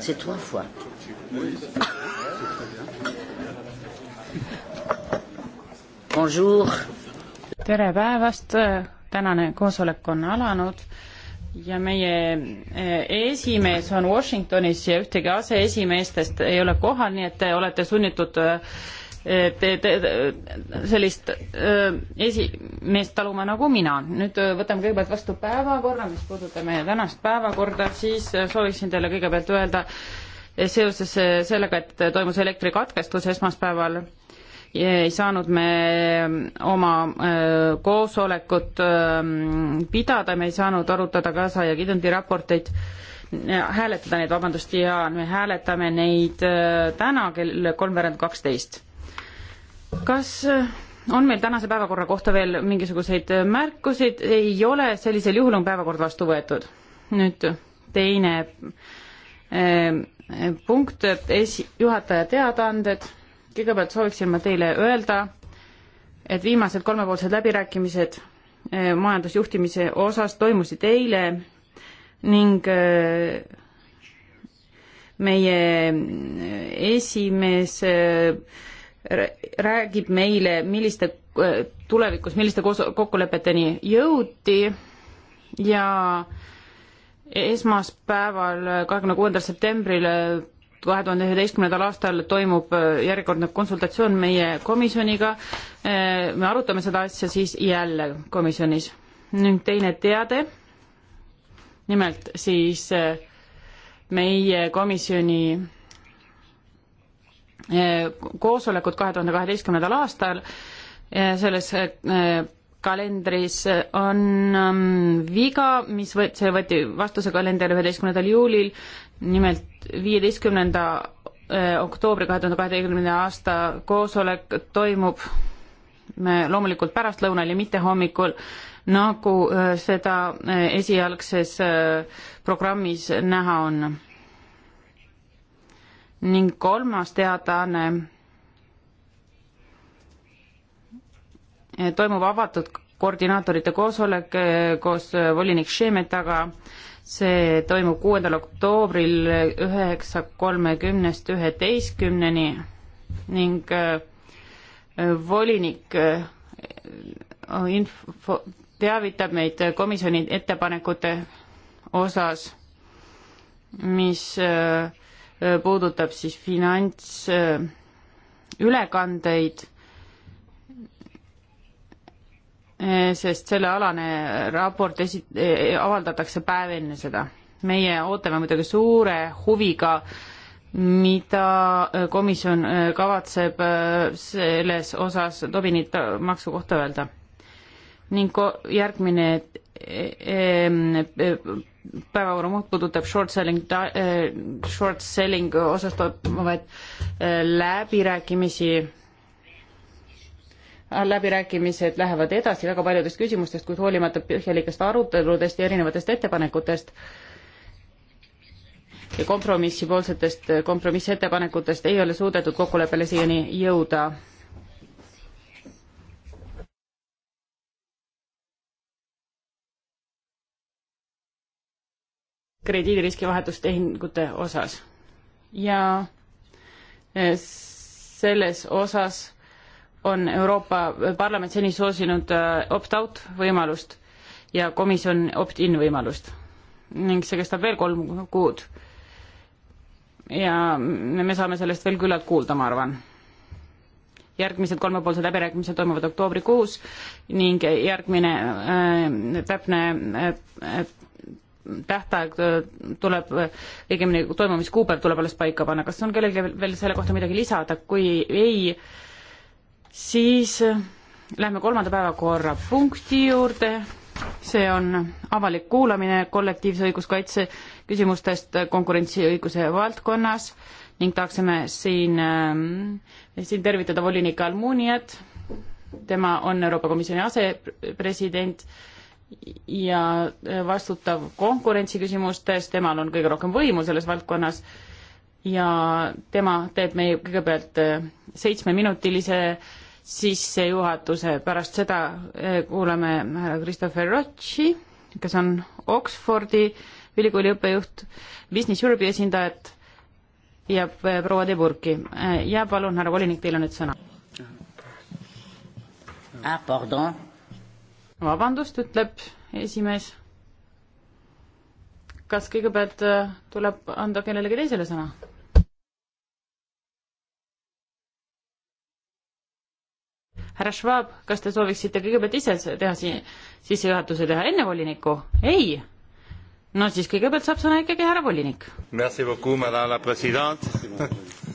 C'est trois fois. Bonjour. tere päevast, tänane koosolek on alanud ja meie eh, esimees on Washingtonis ja ühtegi aseesimeestest ei ole kohal, nii et te olete sunnitud eh, sellist äh, esimeest taluma nagu mina. nüüd äh, võtame kõigepealt vastu päevakorra, mis puudutab meie tänast päevakorda, siis äh, sooviksin teile kõigepealt öelda seoses sellega, et toimus elektrikatkestus esmaspäeval, ei saanud me oma koosolekut ähm, pidada, me ei saanud arutada Gaza ja Kidundi raporteid hääletada neid, vabandust, ja me hääletame neid täna kell kolmveerand kaksteist kas äh, on meil tänase päevakorra kohta veel mingisuguseid äh, märkusid, ei ole, sellisel juhul on päevakord vastu võetud. nüüd teine äh, punkt, esi-, juhataja teadaanded, kõigepealt sooviksin ma teile öelda, et viimased kolmepoolsed läbirääkimised äh, majandusjuhtimise osas toimusid eile ning äh, meie äh, esimees räägib meile, milliste äh, tulevikus, milliste kokkulepeteni jõuti ja esmaspäeval, kahekümne kuuendal septembril kahe tuhande üheteistkümnendal aastal toimub äh, järjekordne konsultatsioon meie komisjoniga. Äh, me arutame seda asja siis jälle komisjonis. ning teine teade, nimelt siis meie komisjoni Eh, koosolekut kahe tuhande kaheteistkümnendal aastal. Eh, selles eh, kalendris on mm, viga, mis võt-, see võeti vastu, see kalender üheteistkümnendal juulil, nimelt viieteistkümnenda oktoobri kahe tuhande kaheteistkümnenda aasta koosolek toimub loomulikult pärastlõunal ja mitte hommikul, nagu seda esialgses programmis näha on ning kolmas teadaanne toimub avatud koordinaatorite koosolek eh, koos eh, volinik Šemetaga. see toimub kuuendal oktoobril üheksa kolmekümnest üheteistkümneni ning eh, volinik info, teavitab meid komisjoni ettepanekute osas, mis äh, Äh, puudutab siis finantsülekandeid, äh, äh, sest sellealane raport esi-, avaldatakse päev enne seda. meie ootame muidugi suure huviga, mida komisjon kavatseb selles osas Tobini maksu kohta öelda ning. ning järgmine päevakorrapunkt puudutab short selling, eh, short selling osas toimuvaid eh, läbirääkimisi. Äh, läbirääkimised lähevad edasi väga paljudest küsimustest, kuid hoolimata põhjalikest aruteludest ja erinevatest ettepanekutest ja kompromissipoolsetest kompromissettepanekutest ei ole suudetud kokkuleppele siiani jõuda krediidiriski vahetustehingute osas. ja e, selles osas on Euroopa Parlament seni soosinud e, opt-out võimalust ja komisjon opt-in võimalust ning see kestab veel kolm kuud. ja me saame sellest veel küllalt kuulda, ma arvan. järgmised kolmepoolsed läbirääkimised toimuvad oktoobrikuus ning järgmine äh, täpne äh, tähtaeg äh, tuleb, äh, õigemini toimumiskuupäev tuleb alles paika panna, kas on kellelgi veel selle kohta midagi lisada, kui ei, siis äh, lähme kolmanda päevakorrapunkti juurde, see on avalik kuulamine kollektiivse õiguskaitse küsimustest konkurentsiõiguse valdkonnas ning tahaksime siin, siin tervitada volinik Almuniat, tema on Euroopa Komisjoni asepresident ja vastutav konkurentsiküsimustest, temal on kõige rohkem võimu selles valdkonnas ja tema teeb meie kõigepealt eh, seitsmeminutilise sissejuhatuse, pärast seda eh, kuulame härra Christopher Rochi, kes on Oxfordi ülikooli õppejuht, Business Europe'i esindajat ja eh, proua De Burki. ja palun, härra volinik, teil on nüüd sõna. Ah, pardon vabandust, ütleb esimees. kas kõigepealt äh, tuleb anda kellelegi teisele sõna? härra Schwab, kas te sooviksite kõigepealt ise teha siin sissejuhatuse teha enne volinikku? ei. no siis kõigepealt saab sõna ikkagi härra volinik. Merci beaucoup, madame la president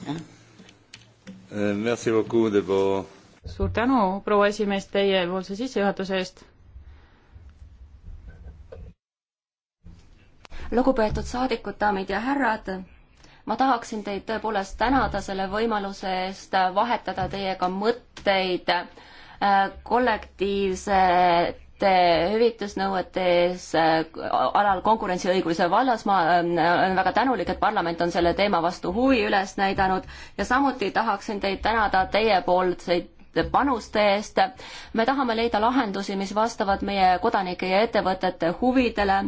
euh, Merci beaucoup de vos suur tänu, proua esimees, teiepoolse sissejuhatuse eest. lugupeetud saadikud, daamid ja härrad, ma tahaksin teid tõepoolest tänada selle võimaluse eest vahetada teiega mõtteid äh, kollektiivse erinevate hüvitusnõuete ees äh, alal konkurentsiõiguse vallas. ma äh, olen väga tänulik, et parlament on selle teema vastu huvi üles näidanud ja samuti tahaksin teid tänada teiepoolseid panuste eest. me tahame leida lahendusi, mis vastavad meie kodanike ja ettevõtete huvidele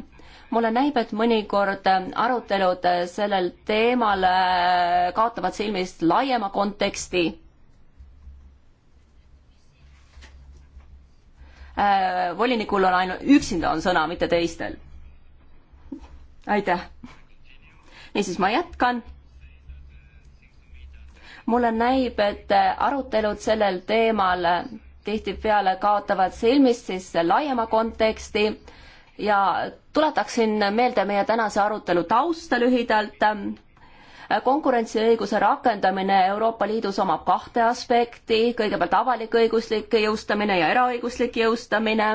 mulle näib, et mõnikord arutelud sellel teemal äh, kaotavad silmist laiema konteksti äh, volinikul on ainult, üksinda on sõna, mitte teistel. aitäh. niisiis, ma jätkan. mulle näib, et arutelud sellel teemal tihtipeale kaotavad silmist siis laiema konteksti ja tuletaksin meelde meie tänase arutelu tausta lühidalt. konkurentsiõiguse rakendamine Euroopa Liidus omab kahte aspekti, kõigepealt avalik-õiguslik jõustamine ja eraõiguslik jõustamine.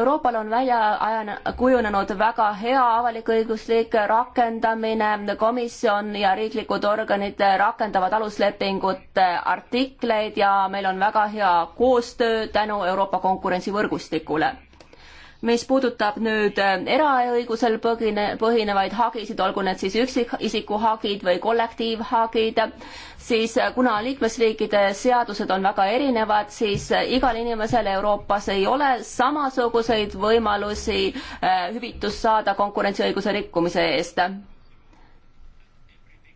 Euroopal on välja ajane, kujunenud väga hea avalik-õiguslik rakendamine, komisjon ja riiklikud organid rakendavad aluslepingute artikleid ja meil on väga hea koostöö tänu Euroopa konkurentsivõrgustikule mis puudutab nüüd äh, eraõigusel põgine, põhinevaid hagisid, olgu need siis üksikisiku hagid või kollektiivhagid, siis äh, kuna liikmesriikide seadused on väga erinevad, siis äh, igal inimesel Euroopas ei ole samasuguseid võimalusi hüvitust saada konkurentsiõiguse rikkumise eest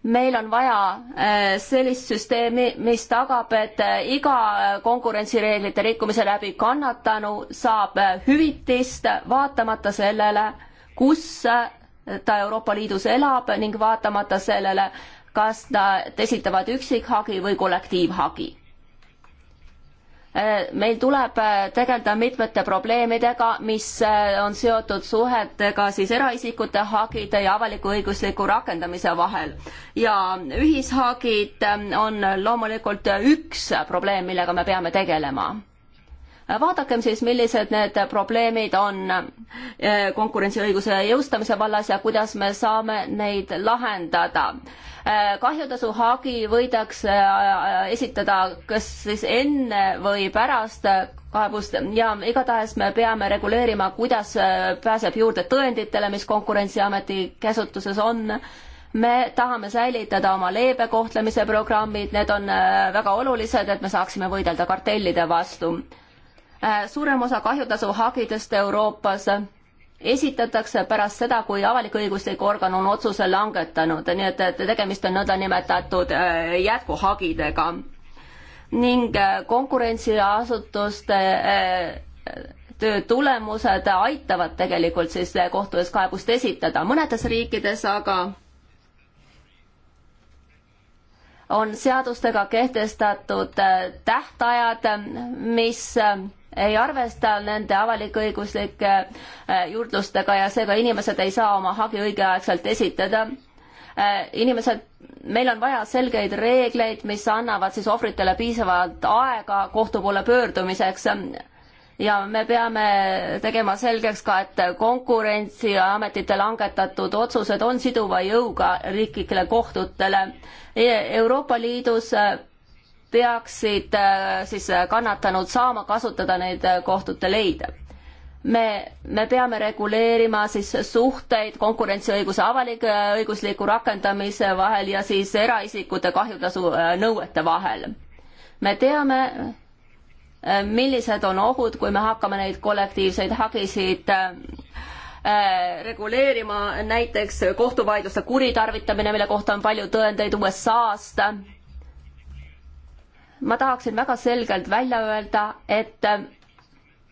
meil on vaja äh, sellist süsteemi, mis tagab, et äh, iga äh, konkurentsireeglite rikkumise läbi kannatanu saab hüvitist, vaatamata sellele, kus ta Euroopa Liidus elab ning vaatamata sellele, kas nad esitavad üksikhagi või kollektiivhagi meil tuleb äh, tegeleda mitmete probleemidega, mis äh, on seotud suhetega siis eraisikute hagide ja avaliku-õigusliku rakendamise vahel. ja ühishagid ähm, on loomulikult üks probleem, millega me peame tegelema vaadakem siis, millised need probleemid on eh, konkurentsiõiguse jõustamise vallas ja kuidas me saame neid lahendada. Eh, kahjutasu hagi võidakse eh, esitada kas siis enne või pärast kaebust ja igatahes me peame reguleerima, kuidas pääseb juurde tõenditele, mis Konkurentsiameti käsutuses on me tahame säilitada oma leebe kohtlemise programmid, need on väga olulised, et me saaksime võidelda kartellide vastu. Äh, suurem osa kahjutasu hagidest Euroopas esitatakse pärast seda, kui avalik-õiguslik organ on otsuse langetanud, nii et, et tegemist on nõndanimetatud äh, jätkuhagidega. ning äh, konkurentsiasutuste töö tulemused aitavad tegelikult siis kohtu ees kaebust esitada, mõnedes riikides aga on seadustega kehtestatud tähtajad, mis ei arvesta nende avalik-õiguslike äh, juurdlustega ja seega inimesed ei saa oma hagi õigeaegselt esitada. Äh, inimesed, meil on vaja selgeid reegleid, mis annavad siis ohvritele piisavalt aega kohtu poole pöördumiseks ja me peame tegema selgeks ka, et konkurentsiametite langetatud otsused on siduva jõuga riiklikele kohtutele. E-, Euroopa Liidus äh, peaksid äh, siis äh, kannatanud saama kasutada neid äh, kohtute leide. me, me peame reguleerima siis suhteid konkurentsiõiguse avalike õigusliku rakendamise vahel ja siis eraisikute kahjutasu nõuete vahel. me teame, millised on ohud, kui me hakkame neid kollektiivseid hagisid reguleerima, näiteks kohtuvaidluste kuritarvitamine, mille kohta on palju tõendeid USA-st ma tahaksin väga selgelt välja öelda, et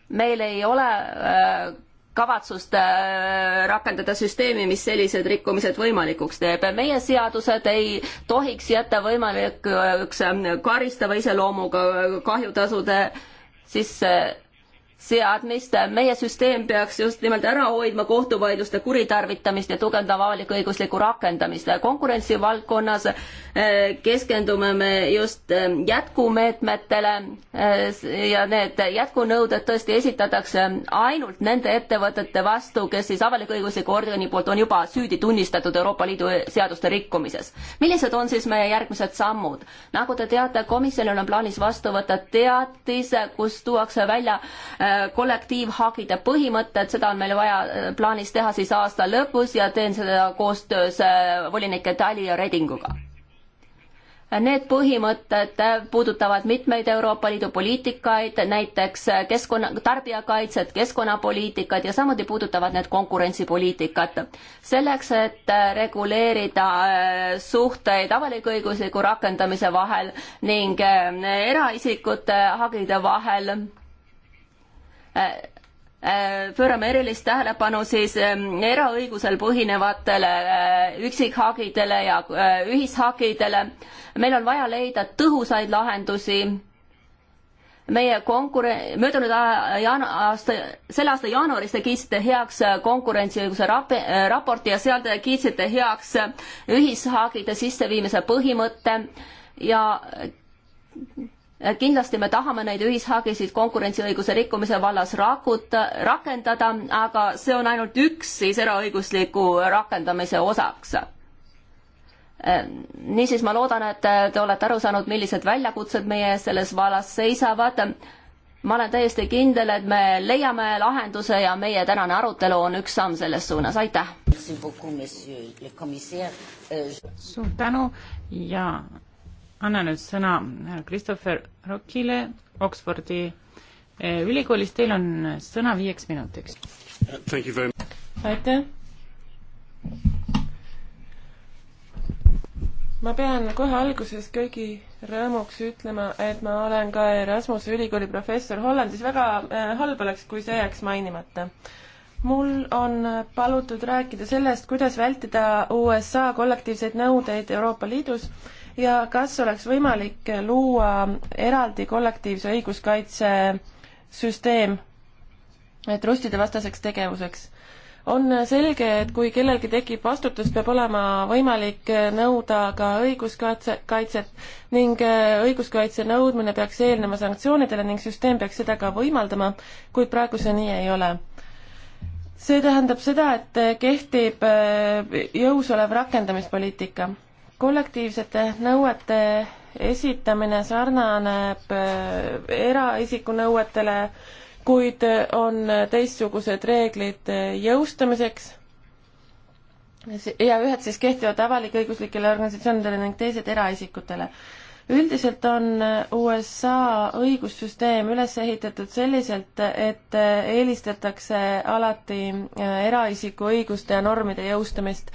meil ei ole äh, kavatsust äh, rakendada süsteemi, mis sellised rikkumised võimalikuks teeb. meie seadused ei tohiks jätta võimalikuks karistava iseloomuga kahjutasude sisse seadmist. meie süsteem peaks just nimelt ära hoidma kohtuvaidluste kuritarvitamist ja tugevdama avalik-õiguslikku rakendamist. konkurentsi valdkonnas eh, keskendume me just eh, jätkumeetmetele eh, ja need jätkunõuded tõesti esitatakse ainult nende ettevõtete vastu, kes siis avalik-õigusliku organi poolt on juba süüdi tunnistatud Euroopa Liidu seaduste rikkumises. millised on siis meie järgmised sammud? nagu te teate, komisjonil on plaanis vastu võtta teatis, kus tuuakse välja kollektiivhagide põhimõtted, seda on meil vaja äh, plaanis teha siis aasta lõpus ja teen seda koostöös äh, volinike Tali ja Redinguga. Need põhimõtted puudutavad mitmeid Euroopa Liidu poliitikaid, näiteks äh, keskkonna, tarbijakaitset, keskkonnapoliitikat ja samuti puudutavad need konkurentsipoliitikat. selleks, et reguleerida suhteid avalik-õigusliku rakendamise vahel ning eraisikute hagide vahel Äh, äh, pöörame erilist tähelepanu siis ähm, eraõigusel põhinevatele äh, üksikhagidele ja ühishagidele. meil on vaja leida tõhusaid lahendusi. meie konkure-, möödunud jaan-, aasta, selle aasta jaanuaris te kiitsite heaks konkurentsiõiguse rap-, raporti ja seal te kiitsite heaks ühishagide sisseviimise põhimõtte ja Äh, kindlasti me tahame neid ühishagisid konkurentsiõiguse rikkumise vallas rakuta, rakendada, aga see on ainult üks siis eraõigusliku rakendamise osaks. Äh, niisiis, ma loodan, et äh, te olete aru saanud, millised väljakutsed meie ees selles vallas seisavad. ma olen täiesti kindel, et me leiame lahenduse ja meie tänane arutelu on üks samm selles suunas, aitäh! Euh, suur tänu ja annan nüüd sõna härra Christopher Rockile Oxfordi eh, ülikoolist, teil on sõna viieks minutiks. aitäh. ma pean kohe alguses kõigi rõõmuks ütlema, et ma olen ka Erasmuse ülikooli professor Hollandis, väga eh, halb oleks, kui see jääks mainimata mul on palutud rääkida sellest, kuidas vältida USA kollektiivseid nõudeid Euroopa Liidus ja kas oleks võimalik luua eraldi kollektiivse õiguskaitse süsteem trustide vastaseks tegevuseks? on selge, et kui kellelgi tekib vastutus, peab olema võimalik nõuda ka õiguskaitset ning äh, õiguskaitse nõudmine peaks eelnema sanktsioonidele ning süsteem peaks seda ka võimaldama, kuid praegu see nii ei ole see tähendab seda, et äh, kehtib äh, jõus olev rakendamispoliitika kollektiivsete nõuete esitamine sarnaneb äh, eraisiku nõuetele, kuid on teistsugused reeglid jõustamiseks ja ühed siis kehtivad avalik-õiguslikele organisatsioonidele ning teised eraisikutele. üldiselt on USA õigussüsteem üles ehitatud selliselt, et eelistatakse alati äh, eraisiku õiguste ja normide jõustamist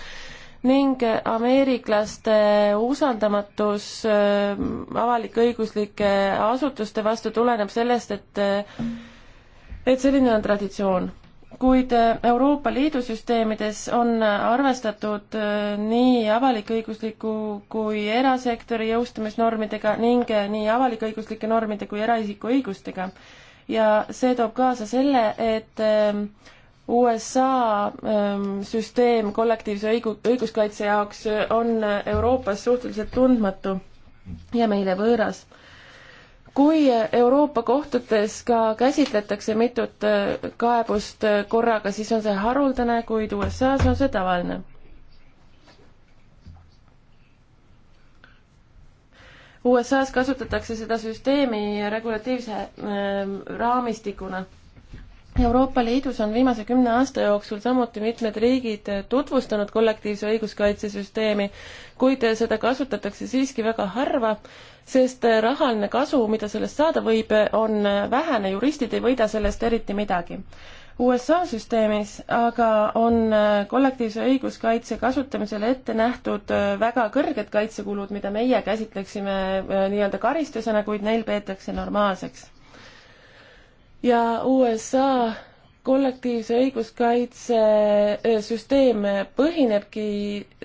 ning ameeriklaste usaldamatus äh, avalik-õiguslike asutuste vastu tuleneb sellest, et äh, et selline on traditsioon. kuid äh, Euroopa Liidu süsteemides on arvestatud nii avalik-õigusliku kui erasektori jõustumisnormidega ning nii avalik-õiguslike normide kui eraisiku õigustega. ja see toob kaasa selle, et äh, USA ähm, süsteem kollektiivse õigu-, õiguskaitse jaoks äh, on äh, Euroopas suhteliselt tundmatu ja meile võõras. kui äh, Euroopa kohtutes ka käsitletakse mitut kaebust korraga, siis on see haruldane, kuid USA-s on see tavaline. USA-s kasutatakse seda süsteemi regulatiivse ähm, raamistikuna Euroopa Liidus on viimase kümne aasta jooksul samuti mitmed riigid tutvustanud kollektiivse õiguskaitsesüsteemi, kuid seda kasutatakse siiski väga harva, sest rahaline kasu, mida sellest saada võib, on vähene, juristid ei võida sellest eriti midagi. USA süsteemis aga on kollektiivse õiguskaitse kasutamisel ette nähtud väga kõrged kaitsekulud, mida meie käsitleksime eh, nii-öelda karistusena, kuid neil peetakse normaalseks ja USA kollektiivse õiguskaitse süsteem põhinebki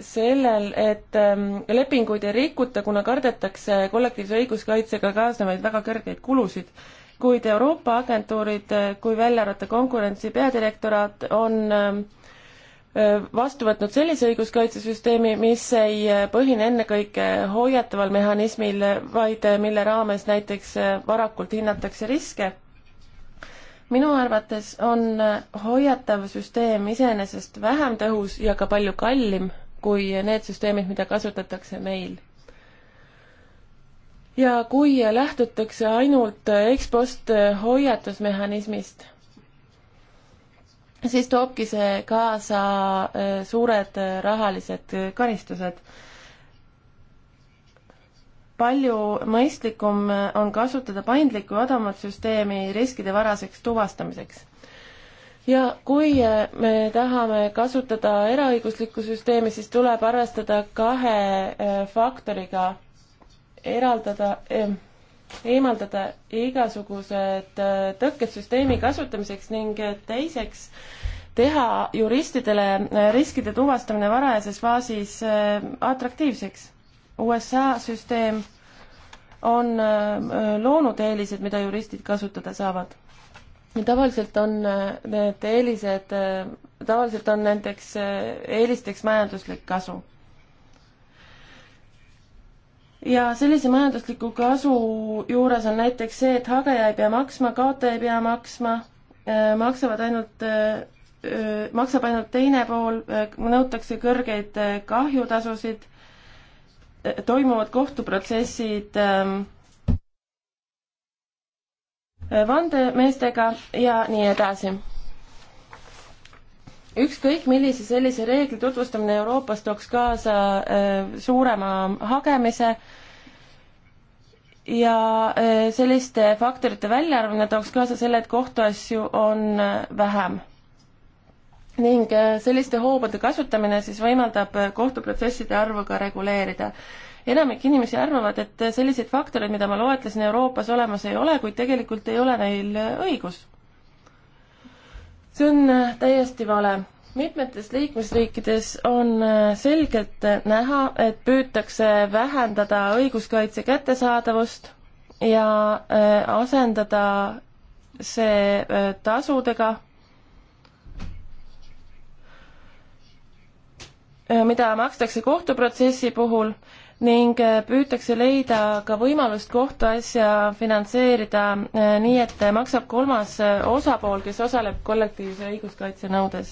sellel, et ähm, lepinguid ei rikuta, kuna kardetakse kollektiivse õiguskaitsega kaasnevaid väga kõrgeid kulusid. kuid Euroopa agentuurid, kui välja arvata konkurentsi peadirektoraat, on ähm, vastu võtnud sellise õiguskaitsesüsteemi, mis ei äh, põhine ennekõike hoiataval mehhanismil, vaid äh, mille raames näiteks äh, varakult hinnatakse riske minu arvates on äh, hoiatav süsteem iseenesest vähem tõhus ja ka palju kallim kui need süsteemid, mida kasutatakse meil. ja kui lähtutakse ainult äh, ekspost äh, hoiatusmehhanismist, siis toobki see kaasa suured rahalised karistused palju mõistlikum on kasutada paindlikku ja odavamat süsteemi riskide varaseks tuvastamiseks. ja kui me tahame kasutada eraõiguslikku süsteemi, siis tuleb arvestada kahe eh, faktoriga, eraldada eh, eemaldada igasugused eh, tõkked süsteemi kasutamiseks ning teiseks teha juristidele riskide tuvastamine varajases faasis atraktiivseks USA süsteem on äh, loonud eelised, mida juristid kasutada saavad. tavaliselt on äh, need eelised, äh, tavaliselt on nendeks eelisteks majanduslik kasu. ja sellise majandusliku kasu juures on näiteks see, et hageja ei pea maksma, kaotaja ei pea maksma, maksavad ainult maksab ainult teine pool, nõutakse kõrgeid kahjutasusid toimuvad kohtuprotsessid ähm, vandemeestega ja nii edasi. ükskõik millise sellise reegli tutvustamine Euroopas tooks kaasa äh, suurema hagemise ja äh, selliste faktorite väljaarvamine tooks kaasa selle, et kohtuasju on äh, vähem ning äh, selliste hoobade kasutamine siis võimaldab äh, kohtuprotsesside arvu ka reguleerida. enamik inimesi arvavad, et äh, selliseid faktoreid, mida ma loetlesin, Euroopas olemas ei ole, kuid tegelikult ei ole neil õigus. see on täiesti vale. mitmetes liikmesriikides on selgelt näha, et püütakse vähendada õiguskaitse kättesaadavust ja asendada see tasudega Äh, mida makstakse kohtuprotsessi puhul ning äh, püütakse leida ka võimalust kohtuasja finantseerida äh, nii, et maksab kolmas osapool, kes osaleb kollektiivse õiguskaitse nõudes.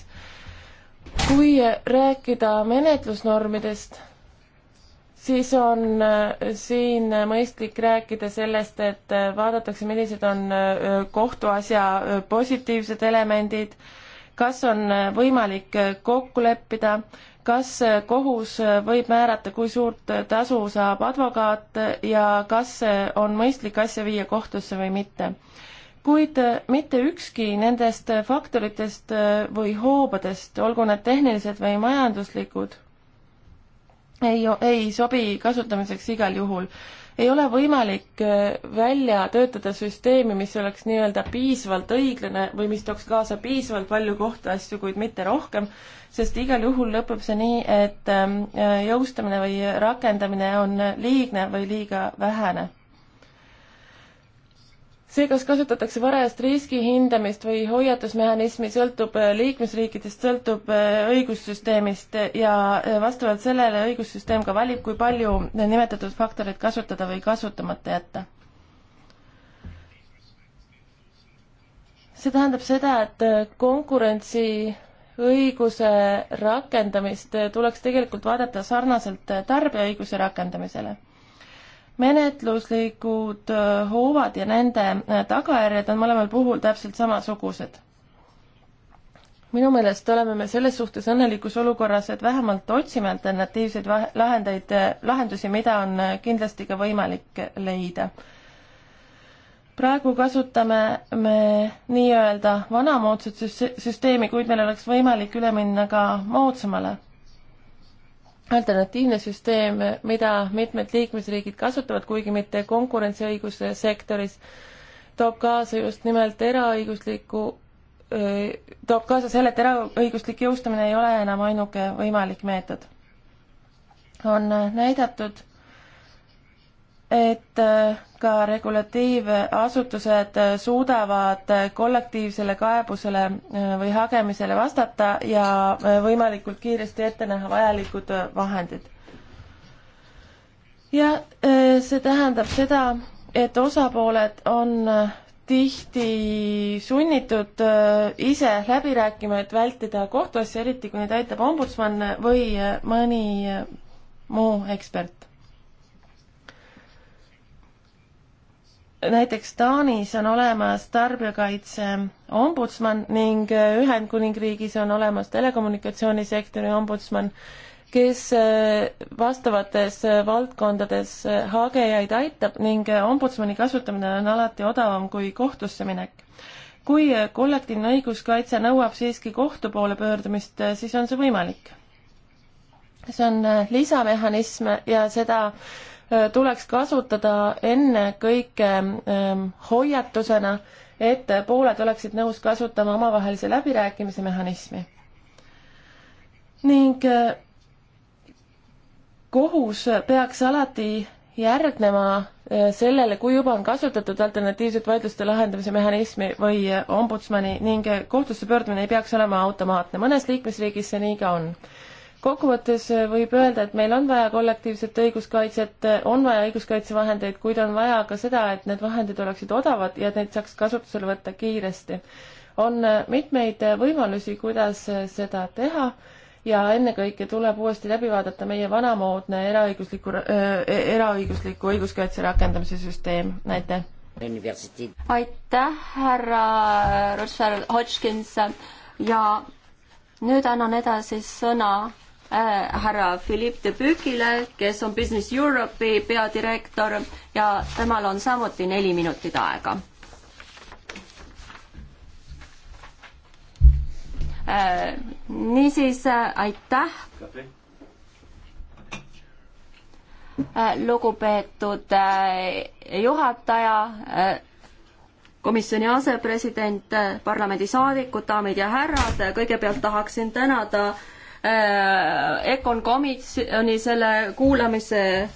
kui rääkida menetlusnormidest, siis on siin mõistlik rääkida sellest, et vaadatakse, millised on kohtuasja positiivsed elemendid, kas on võimalik kokku leppida, kas kohus võib määrata, kui suurt tasu saab advokaat ja kas on mõistlik asja viia kohtusse või mitte. kuid mitte ükski nendest faktoritest või hoobadest, olgu need tehnilised või majanduslikud, ei, ei sobi kasutamiseks igal juhul ei ole võimalik äh, välja töötada süsteemi, mis oleks nii-öelda piisavalt õiglane või mis tooks kaasa piisavalt palju kohtuasju, kuid mitte rohkem, sest igal juhul lõpeb see nii, et ähm, äh, jõustamine või rakendamine on liigne või liiga vähene see, kas kasutatakse varajast riski hindamist või hoiatusmehhanismi, sõltub äh, liikmesriikidest, sõltub äh, õigussüsteemist ja äh, vastavalt sellele õigussüsteem ka valib, kui palju nimetatud faktoreid kasutada või kasutamata jätta. see tähendab seda, et konkurentsi õiguse rakendamist tuleks tegelikult vaadata sarnaselt tarbijaõiguse rakendamisele menetluslikud äh, hoovad ja nende äh, tagajärjed on mõlemal puhul täpselt samasugused. minu meelest oleme me selles suhtes õnnelikus olukorras, et vähemalt otsime alternatiivseid lahendeid, äh, lahendusi, mida on kindlasti ka võimalik leida. praegu kasutame me nii-öelda vanamoodsat süsteemi, kuid meil oleks võimalik üle minna ka moodsamale alternatiivne süsteem, mida mitmed liikmesriigid kasutavad, kuigi mitte konkurentsiõiguse sektoris, toob kaasa just nimelt eraõigusliku, toob kaasa selle, et eraõiguslik jõustamine ei ole enam ainuke võimalik meetod. on näidatud, et äh, ka regulatiivasutused äh, suudavad äh, kollektiivsele kaebusele või hagemisele vastata ja võimalikult kiiresti ette näha vajalikud vahendid. ja see tähendab seda, et osapooled on tihti sunnitud ise läbi rääkima, et vältida kohtuasja, eriti kui neid aitab ombudsman või mõni muu ekspert näiteks Taanis on olemas tarbijakaitse ombudsman ning Ühendkuningriigis on olemas telekommunikatsioonisektori ombudsman, kes eh, vastavates eh, valdkondades eh, hagejaid aitab ning ombudsmani kasutamine on alati odavam kui kohtusse minek. kui kollektiivne õiguskaitse nõuab siiski kohtu poole pöördumist, siis on see võimalik. see on lisamehhanism ja seda Äh, tuleks kasutada ennekõike ähm, hoiatusena, et pooled oleksid nõus kasutama omavahelise läbirääkimise mehhanismi. ning äh, kohus peaks alati järgnema äh, sellele, kui juba on kasutatud alternatiivset vaidluste lahendamise mehhanismi või ombudsmani ning kohtusse pöördumine ei peaks olema automaatne, mõnes liikmesriigis see nii ka on kokkuvõttes äh, võib öelda, et meil on vaja kollektiivset õiguskaitset, äh, on vaja õiguskaitsevahendeid, kuid on vaja ka seda, et need vahendid oleksid odavad ja et neid saaks kasutusele võtta kiiresti. on äh, mitmeid võimalusi, kuidas seda teha ja ennekõike tuleb uuesti läbi vaadata meie vanamoodne eraõigusliku äh,, e, eraõigusliku õiguskaitse rakendamise süsteem, aitäh! aitäh, härra Roger Hodgkins ja nüüd annan edasi sõna Äh, härra Philippe de Bükile, kes on Business Europe'i peadirektor ja temal on samuti neli minutit aega. Äh, niisiis, äh, aitäh. lugupeetud juhataja, komisjoni asepresident, parlamendisaadikud, daamid ja härrad, kõigepealt tahaksin tänada äh, Äh, EKOn komisjoni selle kuulamise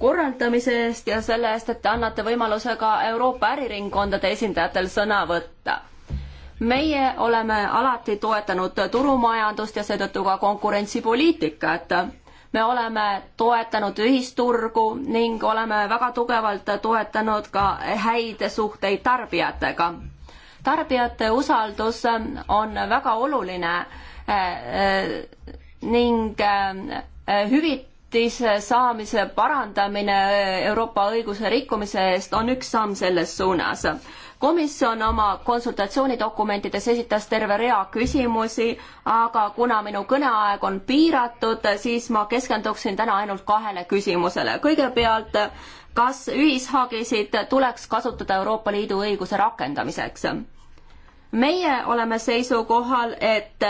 korraldamise eest ja selle eest, et te annate võimaluse ka Euroopa äriringkondade esindajatel sõna võtta meie oleme alati toetanud turumajandust ja seetõttu ka konkurentsipoliitikat. me oleme toetanud ühisturgu ning oleme väga tugevalt toetanud ka häid suhteid tarbijatega. tarbijate usaldus on väga oluline ning äh, hüvitis saamise parandamine Euroopa õiguse rikkumise eest on üks samm selles suunas. komisjon oma konsultatsioonidokumentides esitas terve rea küsimusi, aga kuna minu kõneaeg on piiratud, siis ma keskenduksin täna ainult kahele küsimusele. kõigepealt, kas ühishagisid tuleks kasutada Euroopa Liidu õiguse rakendamiseks? meie oleme seisukohal, et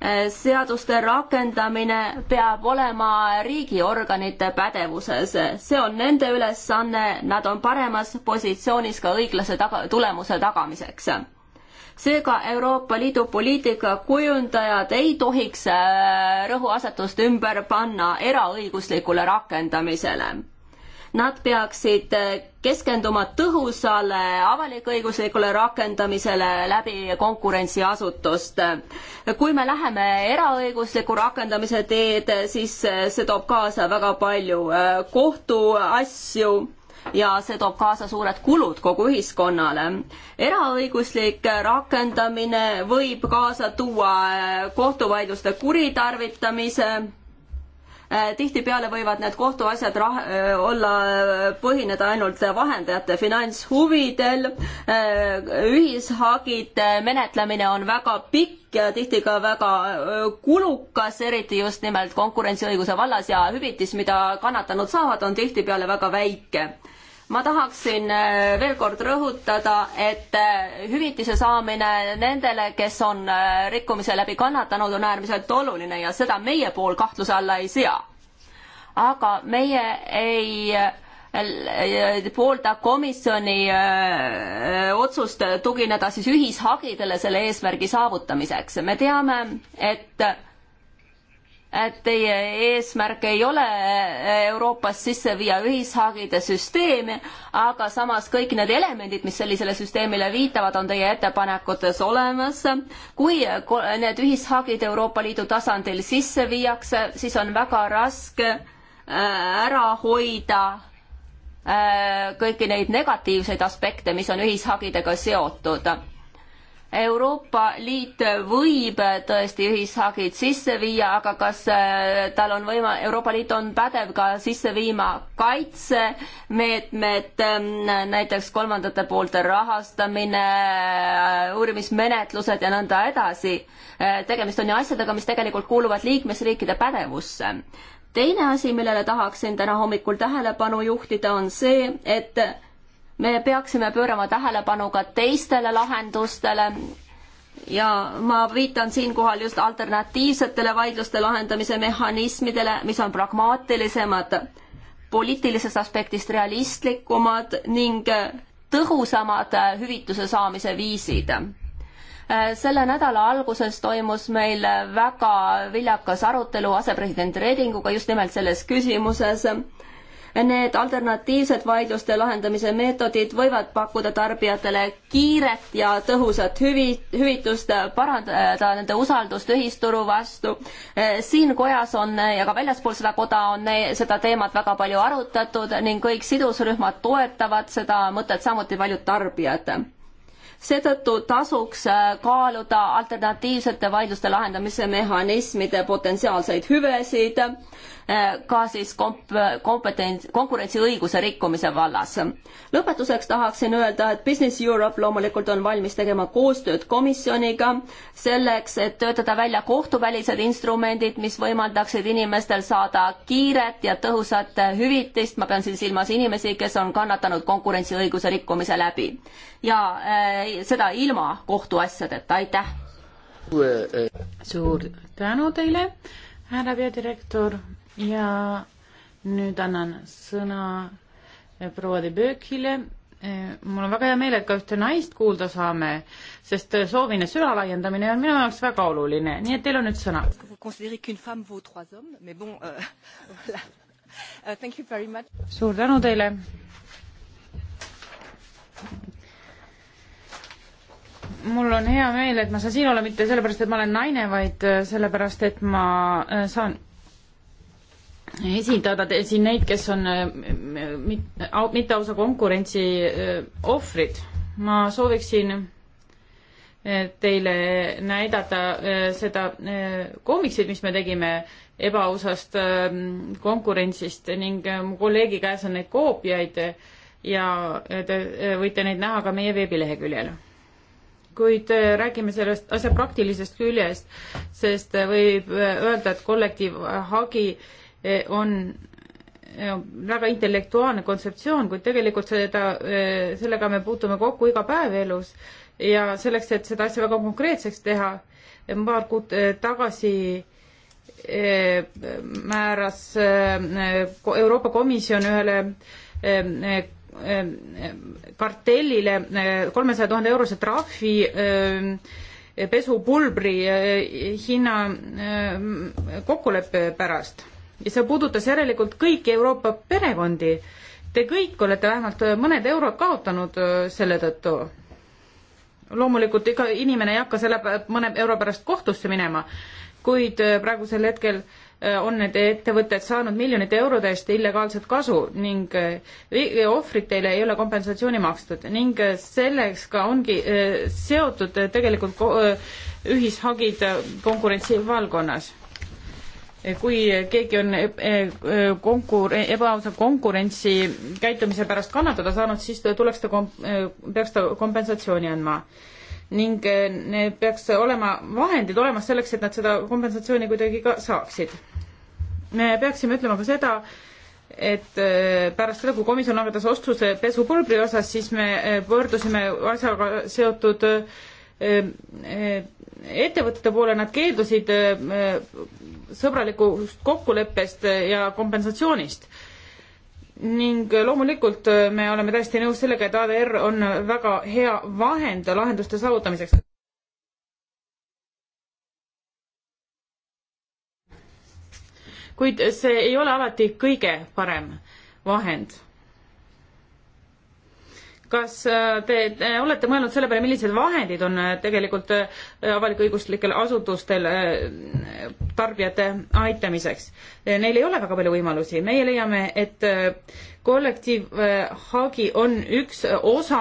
Eh, seaduste rakendamine peab olema riigiorganite pädevuses, see on nende ülesanne, nad on paremas positsioonis ka õiglase taga, tulemuse tagamiseks. seega Euroopa Liidu poliitika kujundajad ei tohiks eh, rõhuasetust ümber panna eraõiguslikule rakendamisele Nad peaksid äh, keskenduma tõhusale avalik-õiguslikule rakendamisele läbi konkurentsiasutust. kui me läheme eraõigusliku rakendamise teed, siis äh, see toob kaasa väga palju äh, kohtuasju ja see toob kaasa suured kulud kogu ühiskonnale. eraõiguslik rakendamine võib kaasa tuua kohtuvaidluste kuritarvitamise Äh, tihtipeale võivad need kohtuasjad rah-, äh, olla, äh, põhineda ainult vahendajate finantshuvidel, ühishagide menetlemine on väga pikk ja tihti ka väga kulukas, eriti just nimelt konkurentsiõiguse vallas ja hüvitis, mida kannatanud saavad, on tihtipeale väga väike ma tahaksin äh, veel kord rõhutada, et äh, hüvitise saamine nendele, kes on äh, rikkumise läbi kannatanud, on äärmiselt oluline ja seda meie pool kahtluse alla ei sea. aga meie ei poolda komisjoni otsust tugineda siis ühishagidele selle eesmärgi saavutamiseks. me teame, et et teie eesmärk ei ole eh, Euroopas sisse viia ühishagide süsteemi, aga samas kõik need elemendid, mis sellisele süsteemile viitavad, on teie ettepanekutes olemas. kui eh, need ühishagid Euroopa Liidu tasandil sisse viiakse, siis on väga raske eh, ära hoida kõiki neid negatiivseid aspekte, mis on ühishagidega seotud Euroopa Liit võib tõesti ühishagid sisse viia, aga kas äh, tal on võima-, Euroopa Liit on pädev ka sisse viima kaitsemeetmed, ähm, näiteks kolmandate poolte rahastamine, äh, uurimismenetlused ja nõnda edasi. Äh, tegemist on ju asjadega, mis tegelikult kuuluvad liikmesriikide pädevusse. teine asi, millele tahaksin täna hommikul tähelepanu juhtida, on see, et me peaksime pöörama tähelepanu ka teistele lahendustele ja ma viitan siinkohal just alternatiivsetele vaidluste lahendamise mehhanismidele, mis on pragmaatilisemad, poliitilisest aspektist realistlikumad ning tõhusamad hüvituse saamise viisid. selle nädala alguses toimus meil väga viljakas arutelu asepresident Redinguga just nimelt selles küsimuses Need alternatiivsed vaidluste lahendamise meetodid võivad pakkuda tarbijatele kiiret ja tõhusat hüvi, hüvitust, parandada nende usaldust ühisturu vastu. Eh, siin kojas on ja ka väljaspool seda koda on seda teemat väga palju arutatud ning kõik sidusrühmad toetavad seda mõtet, samuti paljud tarbijad seetõttu tasuks eh, kaaluda alternatiivsete vaidluste lahendamise mehhanismide potentsiaalseid hüvesid Äh, ka siis komp-, äh, kompetents, konkurentsiõiguse rikkumise vallas. lõpetuseks tahaksin öelda, et Business Europe loomulikult on valmis tegema koostööd komisjoniga selleks, et töötada välja kohtuvälised instrumendid, mis võimaldaksid inimestel saada kiiret ja tõhusat hüvitist, ma pean siin silmas inimesi, kes on kannatanud konkurentsiõiguse rikkumise läbi. ja äh, seda ilma kohtuasjadeta, aitäh! suur tänu teile, härra peadirektor ja nüüd annan sõna eh, proua de Böökile. Eh, mul on väga hea meel, et ka ühte naist kuulda saame, sest eh, soovine süvalaiendamine on minu jaoks väga oluline, nii et teil on nüüd sõna. Euh, euh, suur tänu teile. mul on hea meel, et ma saan siin olla mitte sellepärast, et ma olen naine, vaid sellepärast, et ma saan esindada siin neid, kes on äh, mitteausa konkurentsi äh, ohvrid. ma sooviksin äh, teile näidata seda koomiksit, mis me tegime ebaausast ähm, konkurentsist ning mu kolleegi käes on neid koopiaid ja te võite neid näha ka meie veebileheküljel kuid räägime sellest asja praktilisest küljest, sest võib öelda, et kollektiivhagi on väga intellektuaalne kontseptsioon, kuid tegelikult seda, sellega me puutume kokku iga päev elus ja selleks, et seda asja väga konkreetseks teha, paar kuud eh, tagasi eh, määras eh, Euroopa Komisjon ühele kartellile kolmesaja tuhande eurose trahvi pesupulbri hinna kokkuleppe pärast ja see puudutas järelikult kõiki Euroopa perekondi. Te kõik olete vähemalt mõned eurod kaotanud äh, selle tõttu. loomulikult iga inimene ei hakka selle mõne euro pärast kohtusse minema, kuid äh, praegusel hetkel äh, on need ettevõtted saanud miljonite eurode eest illegaalset kasu ning ohvritele ei ole kompensatsiooni makstud ning selleks ka ongi seotud tegelikult ühishagid konkurentsi valdkonnas kui keegi on eh, eh, konkur-, ebaausa konkurentsi käitumise pärast kannatada saanud, siis tuleks ta kom-, eh, peaks ta kompensatsiooni andma. ning need peaks olema vahendid olemas selleks, et nad seda kompensatsiooni kuidagi ka saaksid. me peaksime ütlema ka seda, et pärast seda, kui komisjon langetas otsuse pesupulbri osas, siis me pöördusime asjaga seotud ettevõtete poole, nad keeldusid äh, sõbralikust kokkuleppest ja kompensatsioonist. ning loomulikult äh, me oleme täiesti nõus sellega, et ADR on väga hea vahend lahenduste saavutamiseks. kuid see ei ole alati kõige parem vahend kas äh, te, te äh, olete mõelnud selle peale, millised vahendid on äh, tegelikult avalik-õiguslikel asutustel tarbijate aitamiseks? Neil ei ole väga palju võimalusi, meie leiame, et kollektiivhagi on üks osa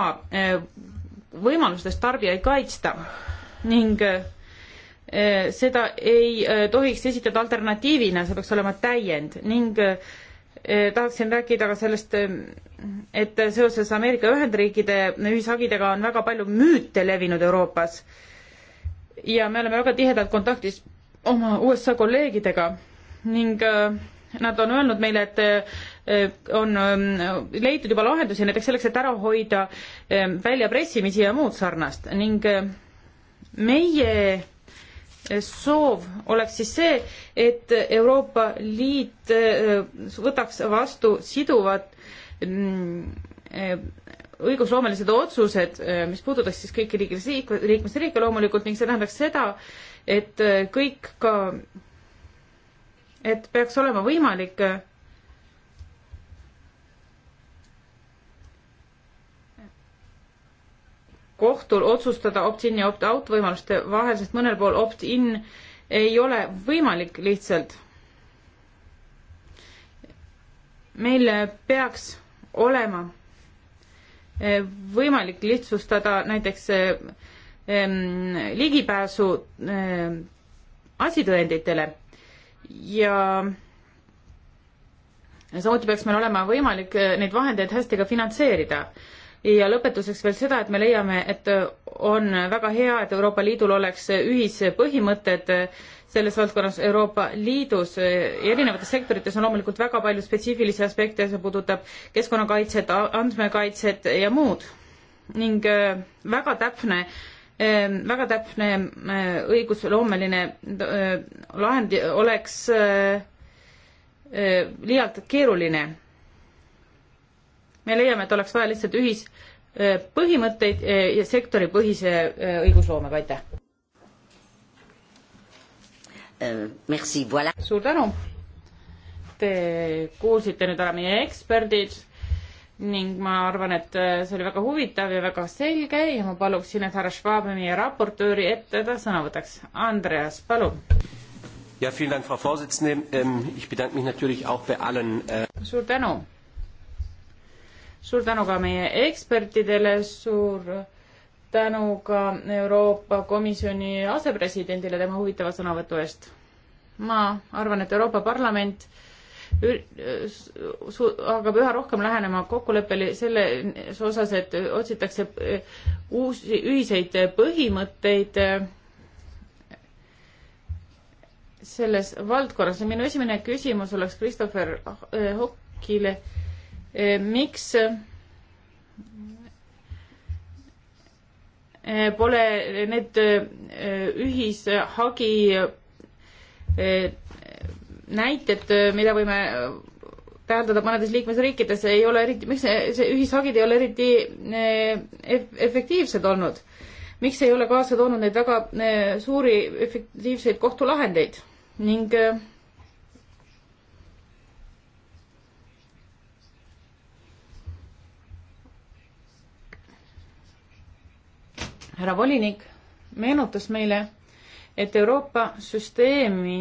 võimalustest tarbijaid kaitsta ning seda ei tohiks esitada alternatiivina, see peaks olema täiend ning äh, Eh, tahaksin rääkida ka sellest, eh, et seoses Ameerika Ühendriikide ühishagidega on väga palju müüte levinud Euroopas. ja me oleme väga tihedalt kontaktis oma USA kolleegidega ning eh, nad on öelnud meile, et on leitud juba lahendusi näiteks selleks, et ära hoida väljapressimisi ja muud sarnast ning meie soov oleks siis see, et Euroopa Liit äh, võtaks vastu siduvad mm, õigusloomelised otsused, äh, mis puudutaks siis kõiki liikmesriike, liikmesriike loomulikult ning see tähendaks seda, et äh, kõik ka, et peaks olema võimalik kohtul otsustada opt-in ja opt-out võimaluste vahel, sest mõnel pool opt-in ei ole võimalik lihtsalt. meil peaks olema eh, võimalik lihtsustada näiteks eh, ligipääsu eh, asitõenditele ja samuti peaks meil olema võimalik neid vahendeid hästi ka finantseerida ja lõpetuseks veel seda, et me leiame, et on väga hea, et Euroopa Liidul oleks ühispõhimõtted selles valdkonnas Euroopa Liidus. erinevates sektorites on loomulikult väga palju spetsiifilisi aspekte, see puudutab keskkonnakaitset, andmekaitset ja muud. ning äh, väga täpne äh, väga täpne äh, õigusloomeline lahend oleks liialt keeruline me leiame, et oleks vaja lihtsalt ühispõhimõtteid äh, äh, ja sektoripõhise äh, õigusloomega, aitäh! merci, voilà. suur tänu. Te kuulsite nüüd ära meie eksperdid ning ma arvan, et see oli väga huvitav ja väga selge ja ma paluksin, et härra Schwab, meie raportööri, et ta sõna võtaks. Andreas, palun. Ja, vielen Dank, Frau Vorsitzende. Ähm, ich bedanke mich natürlich auch bei allen. Suur tänu suur tänu ka meie ekspertidele, suur tänu ka Euroopa Komisjoni asepresidendile tema huvitava sõnavõtu eest. ma arvan, et Euroopa Parlament hakkab üha rohkem lähenema kokkuleppele selles osas, et otsitakse uusi ühiseid põhimõtteid selles valdkonnas ja minu esimene küsimus oleks Christopher Hockile eh, äh, Eh, miks eh, pole need eh, ühishagi näited, mida võime täheldada mõnedes liikmesriikides, ei ole eriti, miks see, see ühishagid ei ole eriti efektiivsed olnud? miks ei ole kaasa toonud neid väga suuri efektiivseid kohtulahendeid ning äh, härra volinik meenutas meile, et Euroopa süsteemi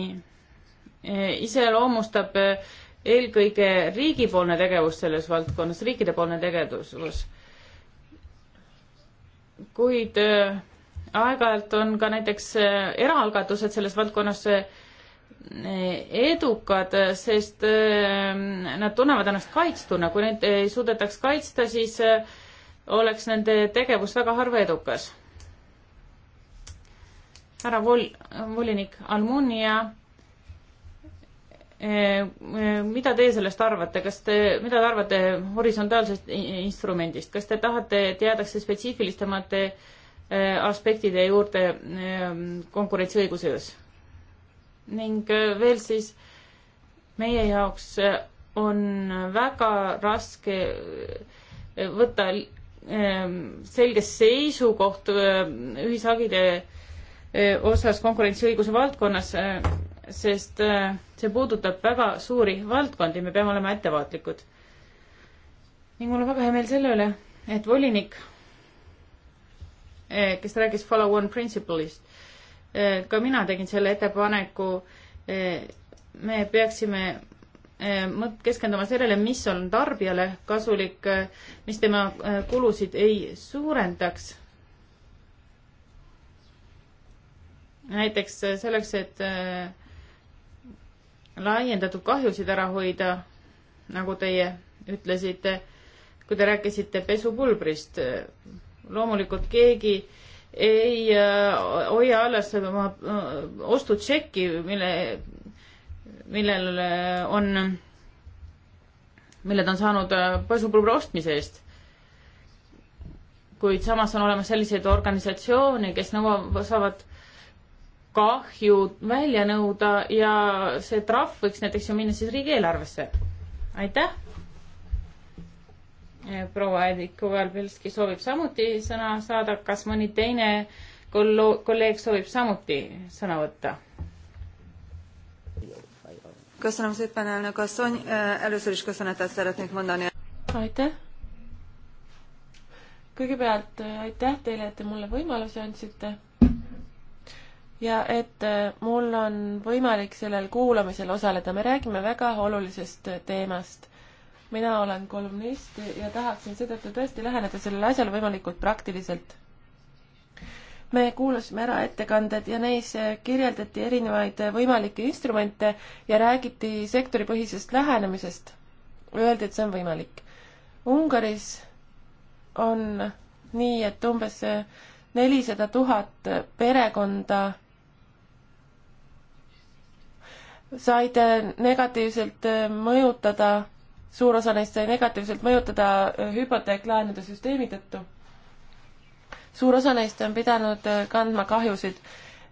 eh, iseloomustab eh, eelkõige riigipoolne tegevus selles valdkonnas, riikidepoolne tegevus. kuid eh, aeg-ajalt on ka näiteks eraalgatused selles valdkonnas edukad, sest nad tunnevad ennast kaitstuna, kui neid ei suudetaks kaitsta, siis oleks nende tegevus väga harva edukas härra vol-, volinik Almunia, eh, eh, mida teie sellest arvate, kas te, mida te arvate horisontaalsest instrumendist, kas te tahate, et jäädakse spetsiifilisemate eh, aspektide juurde konkurentsiõiguses? ning veel siis meie jaoks on väga raske võtta selge seisukoht ühishagide Eh, osas konkurentsiõiguse valdkonnas, eh, sest eh, see puudutab väga suuri valdkondi, me peame olema ettevaatlikud. ning mul on väga hea meel selle üle, et volinik, kes rääkis follow on principle'ist, ka mina tegin selle ettepaneku, me peaksime keskenduma sellele, mis on tarbijale kasulik, mis tema kulusid ei suurendaks näiteks äh, selleks, et äh, laiendatud kahjusid ära hoida, nagu teie ütlesite, kui te rääkisite pesupulbrist. Äh, loomulikult keegi ei hoia alles oma ostutšekki, mille, millel on, mille ta on saanud pesupulbri ostmise eest kuid samas on olemas selliseid organisatsioone, kes nõuavad, saavad kahju välja nõuda ja see trahv võiks näiteks ju minna siis riigieelarvesse. aitäh. proua Edik Koval-Pelski soovib samuti sõna saada, kas mõni teine kollo-, kolleeg soovib samuti sõna võtta? aitäh. kõigepealt aitäh teile, et te mulle võimaluse andsite ja et äh, mul on võimalik sellel kuulamisel osaleda. me räägime väga olulisest äh, teemast. mina olen kolumnist ja tahaksin seetõttu tõesti läheneda sellele asjale võimalikult praktiliselt. me kuulasime ära ettekanded ja neis äh, kirjeldati erinevaid võimalikke instrumente ja räägiti sektoripõhisest lähenemisest. Öeldi, et see on võimalik. Ungaris on nii, et umbes nelisada tuhat perekonda said äh, negatiivselt äh, mõjutada, suur osa neist sai negatiivselt mõjutada äh, hüpoteeklaenude süsteemi tõttu. suur osa neist on pidanud kandma kahjusid.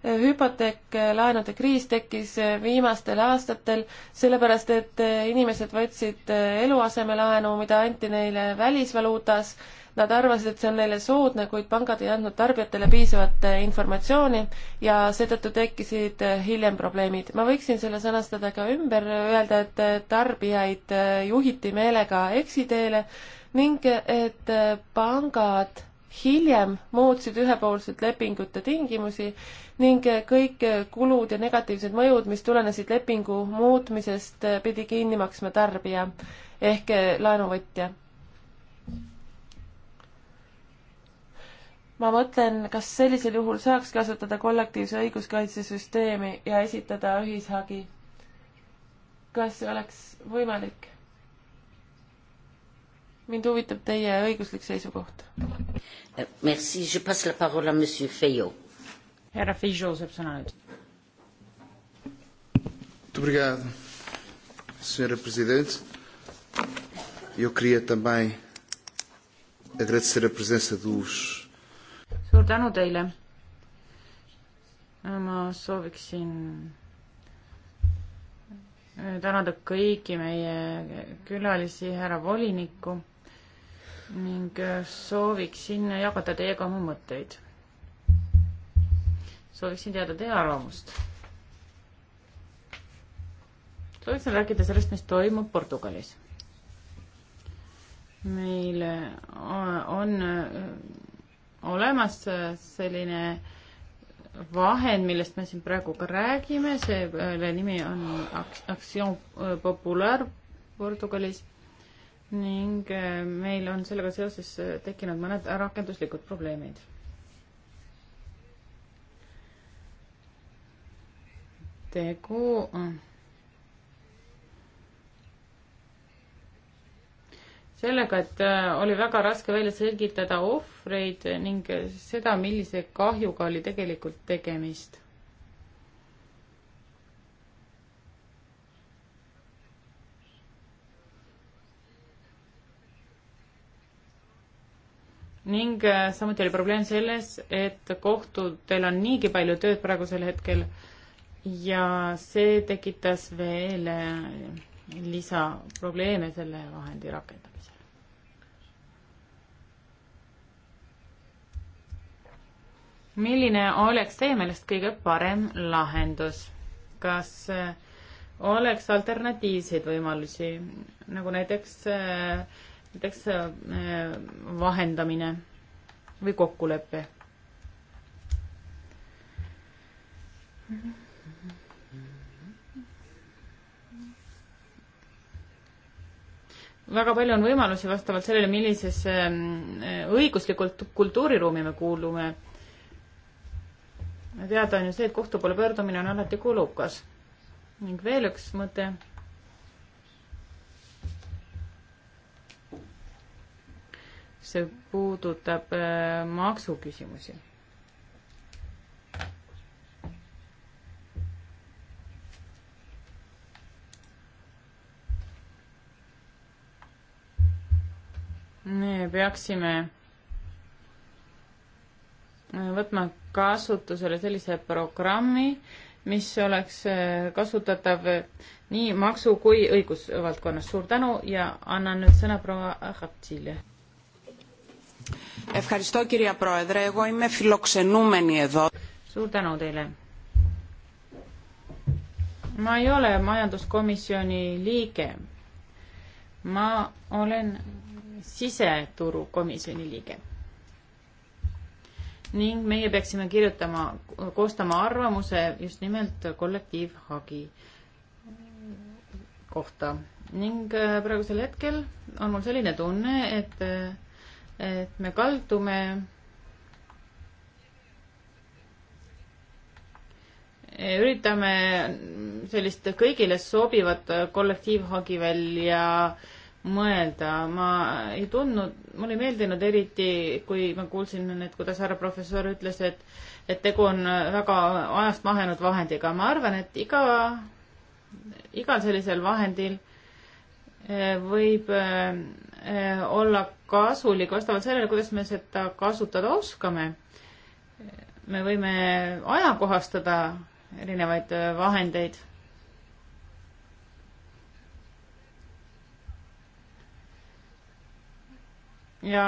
hüpoteeklaenude kriis tekkis viimastel aastatel sellepärast, et inimesed võtsid eluasemelaenu, mida anti neile välisvaluutas Nad arvasid, et see on neile soodne, kuid pangad ei andnud tarbijatele piisavat eh, informatsiooni ja seetõttu tekkisid eh, hiljem probleemid. ma võiksin selle sõnastada ka ümber, öelda, et eh, tarbijaid juhiti meelega eksiteele ning et pangad hiljem muutsid ühepoolselt lepingute tingimusi ning kõik kulud ja negatiivsed mõjud, mis tulenesid lepingu muutmisest, pidi kinni maksma tarbija ehk laenuvõtja. ma mõtlen, kas sellisel juhul saaks kasutada kollektiivse õiguskaitsesüsteemi ja esitada ühishagi. kas see oleks võimalik? mind huvitab teie õiguslik seisukoht. Merci, je passe la parole à monsieur Feio. härra Feio saab sõna nüüd. Obrigado, senhora presidente. Eu queria também agradecer a presença dos suur tänu teile. ma sooviksin tänada kõiki meie külalisi, härra volinikku ning sooviksin jagada teiega oma mõtteid. sooviksin teada teie arvamust. sooviksin rääkida sellest, mis toimub Portugalis. meil on olemas selline vahend, millest me siin praegu ka räägime, selle nimi on Action Populaar Portugalis ning äh, meil on sellega seoses tekkinud mõned rakenduslikud probleemid. tegu on sellega, et äh, oli väga raske välja selgitada ohvreid ning seda, millise kahjuga oli tegelikult tegemist. ning äh, samuti oli probleem selles, et kohtutel on niigi palju tööd praegusel hetkel ja see tekitas veel äh, lisaprobleeme selle vahendi rakendamisel. milline oleks teie meelest kõige parem lahendus? kas äh, oleks alternatiivseid võimalusi, nagu näiteks, äh, näiteks äh, vahendamine või kokkulepe? väga palju on võimalusi vastavalt sellele, millisesse ähm, õiguslikult kultuuriruumi me kuulume teada on ju see, et kohtu poole pöördumine on alati kulukas. ning veel üks mõte. see puudutab äh, maksuküsimusi me peaksime võtma kasutusele sellise programmi, mis oleks äh, kasutatav nii maksu kui õigusvaldkonnas. suur tänu ja annan nüüd sõna proua Ahaptsile. suur tänu teile. ma ei ole majanduskomisjoni liige. ma olen siseturukomisjoni liige ning meie peaksime kirjutama, koostama arvamuse just nimelt kollektiivhagi kohta. ning äh, praegusel hetkel on mul selline tunne, et, äh, et me kaldume üritame sellist kõigile sobivat kollektiivhagi välja äh, mõelda, ma ei tundnud, mulle ei meeldinud eriti, kui ma kuulsin, et kuidas härra professor ütles, et, et tegu on väga ajast mahenud vahendiga. ma arvan, et iga, igal sellisel vahendil eh, võib eh, olla kasulik vastavalt sellele, kuidas me seda kasutada oskame. me võime ajakohastada erinevaid eh, vahendeid ja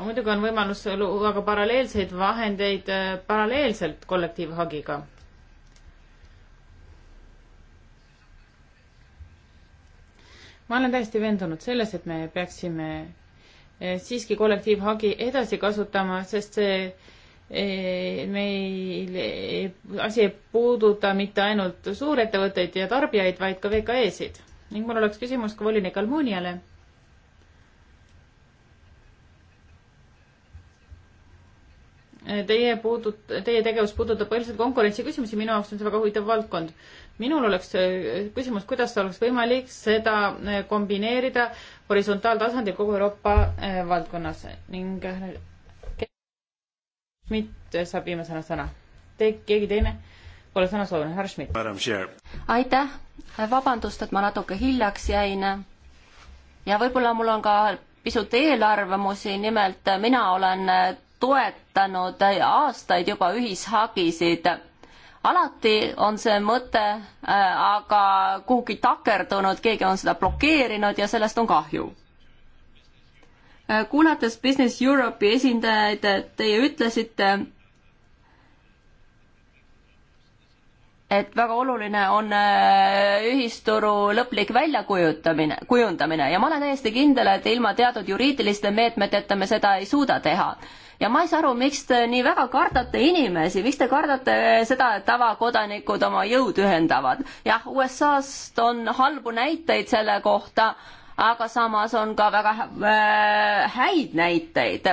muidugi on võimalus luua ka paralleelseid vahendeid äh, paralleelselt kollektiivhagiga. ma olen täiesti veendunud selles, et me peaksime äh, siiski kollektiivhagi edasi kasutama, sest see äh, meil asi ei puuduta mitte ainult suurettevõtteid ja tarbijaid, vaid ka VKE-sid. ning mul oleks küsimus ka volinik Almuniale Teie puudut-, teie tegevus puudutab põhiliselt konkurentsiküsimusi, minu jaoks on see väga huvitav valdkond. minul oleks küsimus, kuidas oleks võimalik seda eh, kombineerida horisontaaltasandil kogu Euroopa eh, valdkonnas ning eh, Schmidt saab viimasena sõna. Te, keegi teine pole sõna soovinud, härra Schmidt. aitäh, vabandust, et ma natuke hiljaks jäin. ja võib-olla mul on ka pisut eelarvamusi, nimelt mina olen toetanud aastaid juba ühishagisid. alati on see mõte äh, aga kuhugi takerdunud, keegi on seda blokeerinud ja sellest on kahju. Äh, kuulates Business Europe'i esindajaid, teie ütlesite, et väga oluline on äh, ühisturu lõplik väljakujutamine, kujundamine ja ma olen täiesti kindel, et ilma teatud juriidiliste meetmeteta me seda ei suuda teha. ja ma ei saa aru, miks te nii väga kardate inimesi, miks te kardate seda, et tavakodanikud oma jõud ühendavad. jah, USA-st on halbu näiteid selle kohta, aga samas on ka väga äh, häid näiteid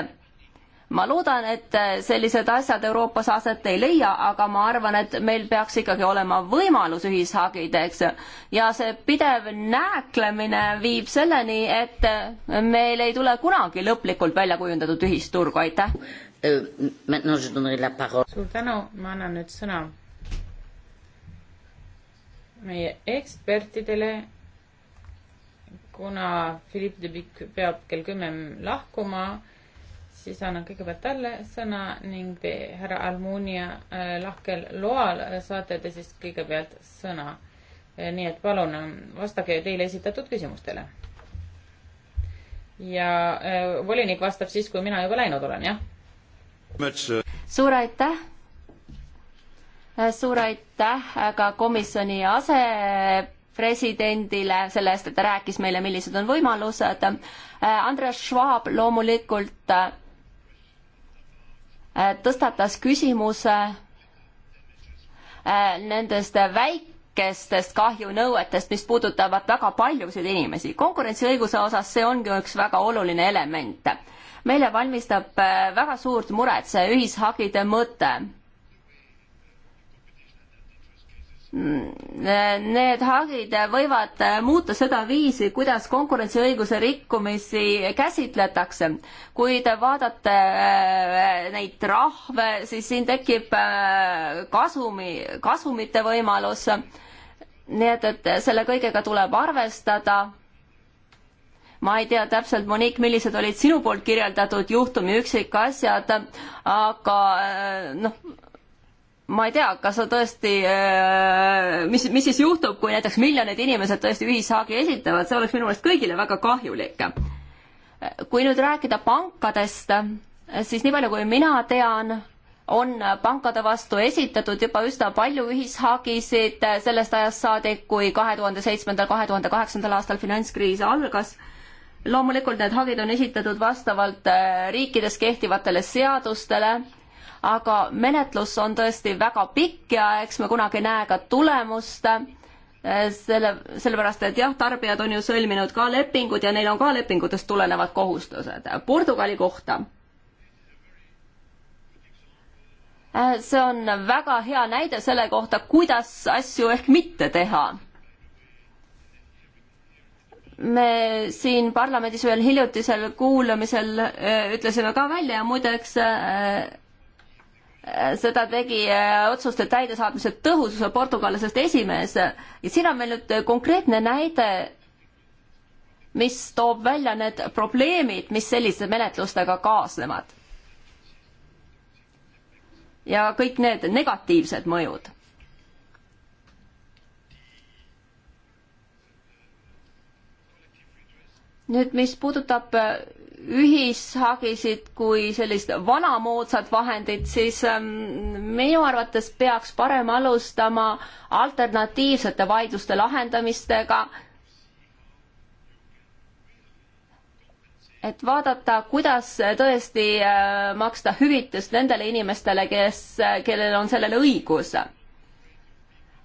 ma loodan, et äh, sellised asjad Euroopas aset ei leia, aga ma arvan, et meil peaks ikkagi olema võimalus ühishagideks ja see pidev nääklemine viib selleni, et äh, meil ei tule kunagi lõplikult välja kujundatud ühisturgu, aitäh. suur tänu, ma annan nüüd sõna meie ekspertidele kuna Philippe de Bic peab kell kümme lahkuma, siis annan kõigepealt talle sõna ning te, härra Almunia, äh, lahkel loal äh, saate te siis kõigepealt sõna. Äh, nii et palun vastage teile esitatud küsimustele. ja volinik vastab siis, kui mina juba läinud olen, jah? suur aitäh! suur aitäh ka komisjoni ase presidendile selle eest, et ta rääkis meile, millised on võimalused. Andres Schwab loomulikult Äh, tõstatas küsimuse äh, nendest väikestest kahjunõuetest, mis puudutavad väga paljusid inimesi. konkurentsiõiguse osas see ongi üks väga oluline element. meile valmistab äh, väga suurt muret see ühishagide mõte Mm, need hagid võivad muuta seda viisi, kuidas konkurentsiõiguse rikkumisi käsitletakse. kui te vaatate äh, neid trahve, siis siin tekib äh, kasumi, kasumite võimalus. nii et, et selle kõigega tuleb arvestada. ma ei tea täpselt, Monique, millised olid sinu poolt kirjeldatud juhtumi üksikasjad, aga äh, noh ma ei tea, kas sa tõesti, äh, mis, mis siis juhtub, kui näiteks miljonid inimesed tõesti ühishaagi esitavad, see oleks minu meelest kõigile väga kahjulik. kui nüüd rääkida pankadest, siis nii palju, kui mina tean, on pankade vastu esitatud juba üsna palju ühishagisid sellest ajast saadik, kui kahe tuhande seitsmendal, kahe tuhande kaheksandal aastal finantskriis algas loomulikult need hagid on esitatud vastavalt äh, riikides kehtivatele seadustele aga menetlus on tõesti väga pikk ja eks me kunagi näe ka tulemust selle, sellepärast et jah, tarbijad on ju sõlminud ka lepingud ja neil on ka lepingutest tulenevad kohustused. Portugali kohta. see on väga hea näide selle kohta, kuidas asju ehk mitte teha. me siin parlamendis ühel hiljutisel kuulamisel öö, eh, ütlesime ka välja ja muideks öö, eh, seda tegi äh, otsuste täidesaatmise tõhususe portugallasest esimees. ja siin on meil nüüd konkreetne näide, mis toob välja need probleemid, mis selliste menetlustega kaasnevad. ja kõik need negatiivsed mõjud. nüüd, mis puudutab äh, ühishagisid kui sellist vanamoodsat vahendit, siis ähm, minu arvates peaks parem alustama alternatiivsete vaidluste lahendamistega. et vaadata, kuidas tõesti äh, maksta hüvitist nendele inimestele, kes, äh, kellel on sellele õigus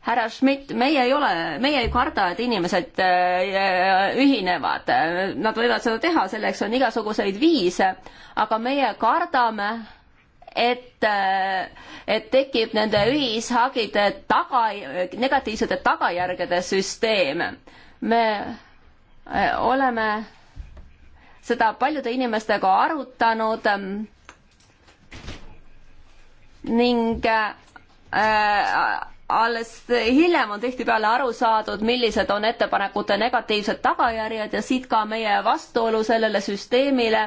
härra Schmidt, meie ei ole, meie ei karda, et inimesed äh, äh, ühinevad, nad võivad seda teha, selleks on igasuguseid viise, aga meie kardame, et, äh, et tekib nende ühishagide taga, negatiivsete tagajärgede süsteem. me oleme seda paljude inimestega arutanud ähm, ning äh, alles hiljem on tihtipeale aru saadud, millised on ettepanekute negatiivsed tagajärjed ja siit ka meie vastuolu sellele süsteemile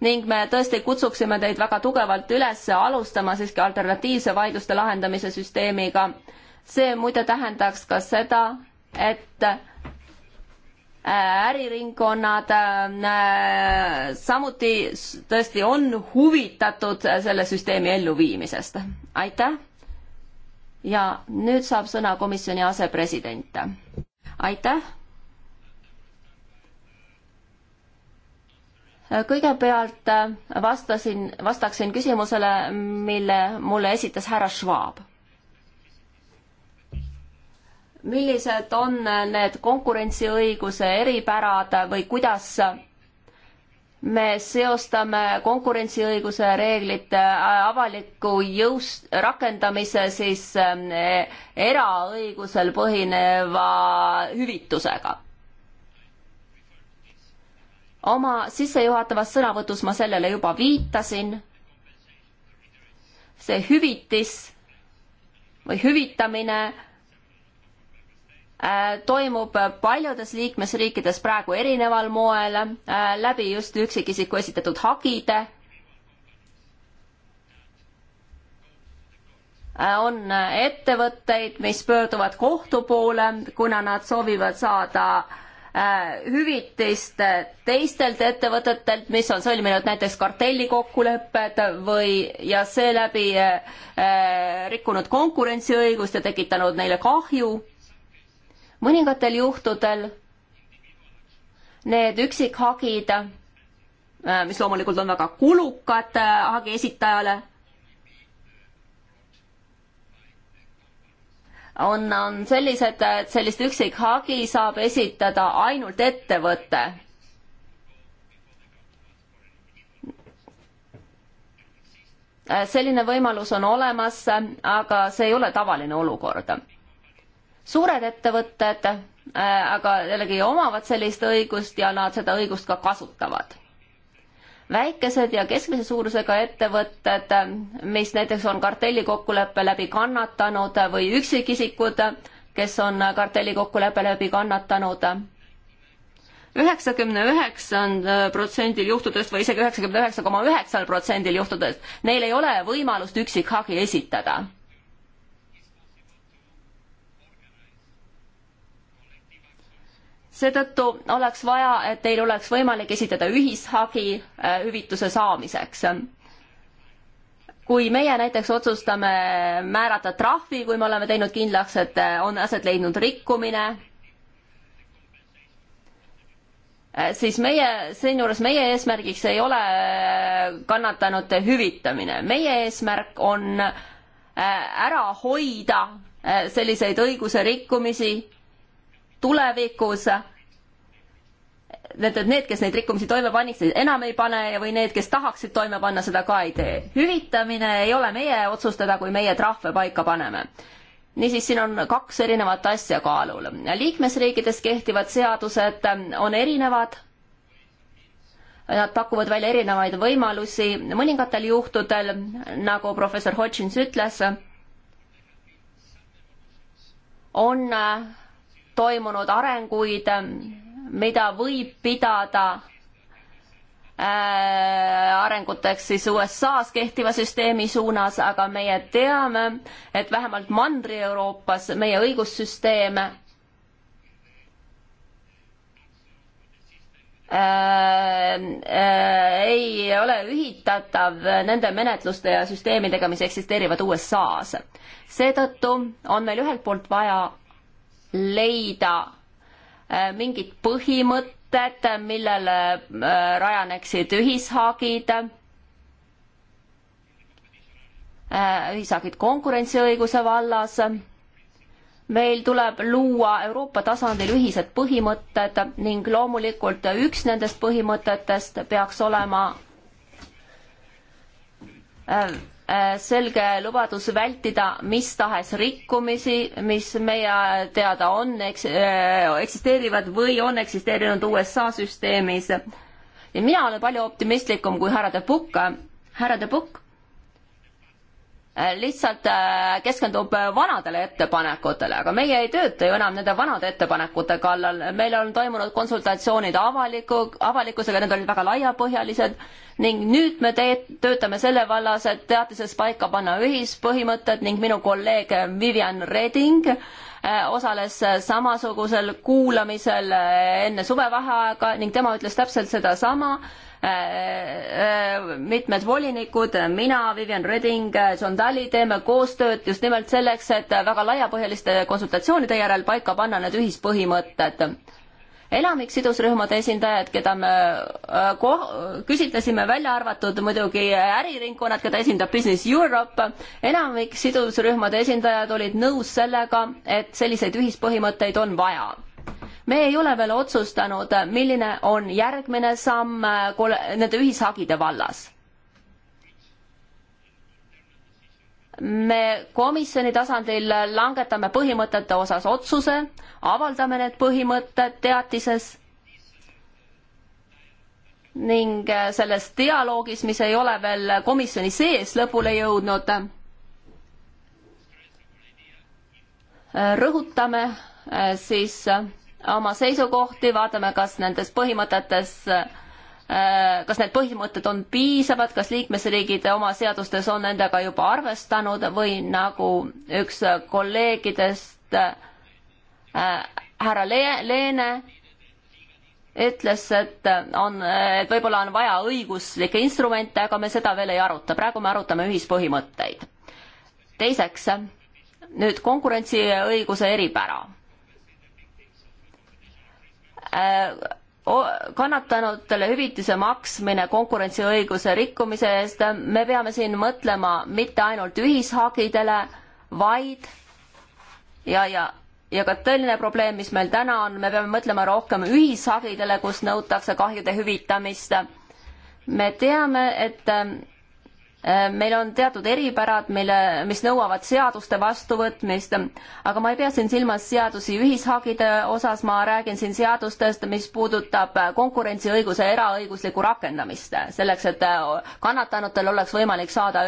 ning me tõesti kutsuksime teid väga tugevalt üles alustama siiski alternatiivse vaidluste lahendamise süsteemiga. see muide tähendaks ka seda, et äh, äriringkonnad äh, samuti tõesti on huvitatud selle süsteemi elluviimisest. aitäh! ja nüüd saab sõna komisjoni asepresident. aitäh. kõigepealt äh, vastasin, vastaksin küsimusele, mille mulle esitas härra Schwab. millised on need konkurentsiõiguse eripärad või kuidas me seostame konkurentsiõiguse reeglite avaliku jõus, rakendamise siis eh, eraõigusel põhineva hüvitusega. oma sissejuhatavas sõnavõtus ma sellele juba viitasin. see hüvitis või hüvitamine Äh, toimub paljudes liikmesriikides praegu erineval moel, äh, läbi just üksikisiku esitatud hagide. Äh, on ettevõtteid, mis pöörduvad kohtu poole, kuna nad soovivad saada hüvitist teistelt ettevõtetelt, mis on sõlminud näiteks kartellikokkulepped või, ja seeläbi äh, rikkunud konkurentsiõigust ja tekitanud neile kahju mõningatel juhtudel need üksikhagid, äh, mis loomulikult on väga kulukad äh, hagi esitajale, on, on sellised, et sellist üksikhagi saab esitada ainult ettevõte äh, selline võimalus on olemas, aga see ei ole tavaline olukord suured ettevõtted äh, aga jällegi omavad sellist õigust ja nad seda õigust ka kasutavad. väikesed ja keskmise suurusega ettevõtted, mis näiteks on kartellikokkuleppe läbi kannatanud või üksikisikud, kes on kartellikokkuleppe läbi kannatanud, üheksakümne üheksandal protsendil juhtudest või isegi üheksakümne üheksa koma üheksal protsendil juhtudest neil ei ole võimalust üksikhagi esitada seetõttu oleks vaja, et teil oleks võimalik esitada ühishagi äh, hüvituse saamiseks. kui meie näiteks otsustame määrata trahvi, kui me oleme teinud kindlaks, et äh, on aset leidnud rikkumine, äh, siis meie, siinjuures meie eesmärgiks ei ole kannatanute hüvitamine, meie eesmärk on ära hoida selliseid õiguse rikkumisi tulevikus need, need, kes neid rikkumisi toime paniksid, enam ei pane ja, või need, kes tahaksid toime panna, seda ka ei tee. hüvitamine ei ole meie otsustada, kui meie trahve paika paneme. niisiis, siin on kaks erinevat asja kaalul. liikmesriikides kehtivad seadused on erinevad. Nad pakuvad välja erinevaid võimalusi, mõningatel juhtudel, nagu professor Hodgins ütles, on toimunud arenguid, mida võib pidada äh, arenguteks siis USA-s kehtiva süsteemi suunas, aga meie teame, et vähemalt Mandri-Euroopas meie õigussüsteem Äh, äh, ei ole ühitatav nende menetluste ja süsteemidega, mis eksisteerivad USA-s. seetõttu on meil ühelt poolt vaja leida äh, mingid põhimõtted, millele äh, rajaneksid ühishagid, äh, ühishagid konkurentsiõiguse vallas. meil tuleb luua Euroopa tasandil ühised põhimõtted ning loomulikult üks nendest põhimõtetest peaks olema Äh, selge lubadus vältida mis tahes rikkumisi, mis meie teada on, eks, äh, eksisteerivad või on eksisteerinud USA süsteemis. ja mina olen palju optimistlikum kui härra De Pukk. härra De Pukk Äh, lihtsalt äh, keskendub äh, vanadele ettepanekutele, aga meie ei tööta ju enam nende vanade ettepanekute kallal, meil on toimunud konsultatsioonid avaliku, avalikkusega, need olid väga laiapõhjalised ning nüüd me te-, töötame selle vallas, et teatises paika panna ühispõhimõtted ning minu kolleeg Vivian Reding osales samasugusel kuulamisel enne suvevaheaega ning tema ütles täpselt sedasama, Äh, äh, mitmed volinikud, mina, Vivian Reding, äh, John Tali teeme koostööd just nimelt selleks, et väga laiapõhjaliste konsultatsioonide järel paika panna need ühispõhimõtted enamik sidusrühmade esindajaid, keda me koh-, küsitlesime, välja arvatud muidugi äriringkonnad, keda esindab Business Europe, enamik sidusrühmade esindajad olid nõus sellega, et selliseid ühispõhimõtteid on vaja me ei ole veel otsustanud, milline on järgmine samm äh, nende ühishagide vallas. me komisjoni tasandil langetame põhimõtete osas otsuse, avaldame need põhimõtted teatises ning äh, selles dialoogis, mis ei ole veel komisjoni sees lõpule jõudnud, äh, rõhutame siis oma seisukohti, vaatame, kas nendes põhimõtetes äh, kas need põhimõtted on piisavad, kas liikmesriigid oma seadustes on nendega juba arvestanud või nagu üks kolleegidest äh, härra Le Leene ütles, et on, et võib-olla on vaja õiguslikke instrumente, aga me seda veel ei aruta, praegu me arutame ühispõhimõtteid. teiseks, nüüd konkurentsiõiguse eripära Äh, kannatanutele hüvitise maksmine konkurentsiõiguse rikkumise eest, me peame siin mõtlema mitte ainult ühishagidele, vaid ja, ja, ja ka tõeline probleem, mis meil täna on, me peame mõtlema rohkem ühishagidele, kus nõutakse kahjude hüvitamist. me teame, et äh, Äh, meil on teatud eripärad, mille, mis nõuavad seaduste vastuvõtmist, aga ma ei pea siin silmas seadusi ühishagide osas, ma räägin siin seadustest, mis puudutab konkurentsiõiguse eraõiguslikku rakendamist, selleks et äh, kannatanutel oleks võimalik saada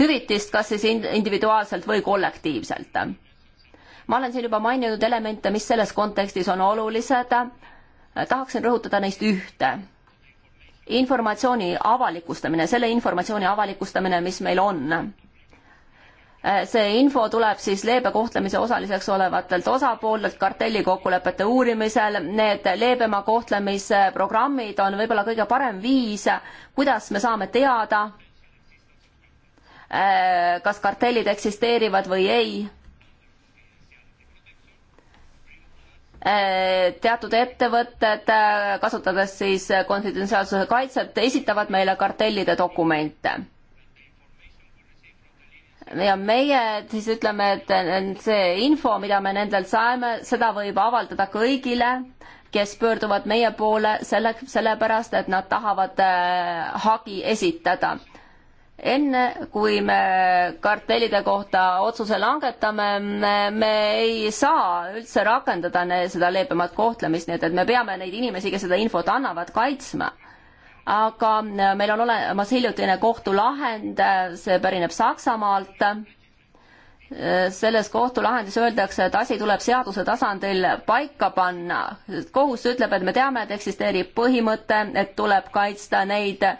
hüvitist kas siis individuaalselt või kollektiivselt. ma olen siin juba maininud elemente, mis selles kontekstis on olulised, tahaksin rõhutada neist ühte informatsiooni avalikustamine, selle informatsiooni avalikustamine, mis meil on. see info tuleb siis leebe kohtlemise osaliseks olevatelt osapooltelt kartellikokkulepete uurimisel, need leebema kohtlemise programmid on võib-olla kõige parem viis, kuidas me saame teada, eh, kas kartellid eksisteerivad või ei Äh, teatud ettevõtted, äh, kasutades siis konfidentsiaalsuse kaitset, esitavad meile kartellide dokumente. ja meie siis ütleme, et see info, mida me nendelt saeme, seda võib avaldada kõigile, kes pöörduvad meie poole selle, sellepärast, et nad tahavad äh, hagi esitada enne, kui me kartellide kohta otsuse langetame, me ei saa üldse rakendada ne, seda leebemat kohtlemist, nii et, et me peame neid inimesi, kes seda infot annavad, kaitsma. aga äh, meil on olemas hiljutine kohtulahend, äh, see pärineb Saksamaalt. Äh, selles kohtulahendis öeldakse, et asi tuleb seaduse tasandil paika panna. kohus ütleb, et me teame, et eksisteerib põhimõte, et tuleb kaitsta neid äh,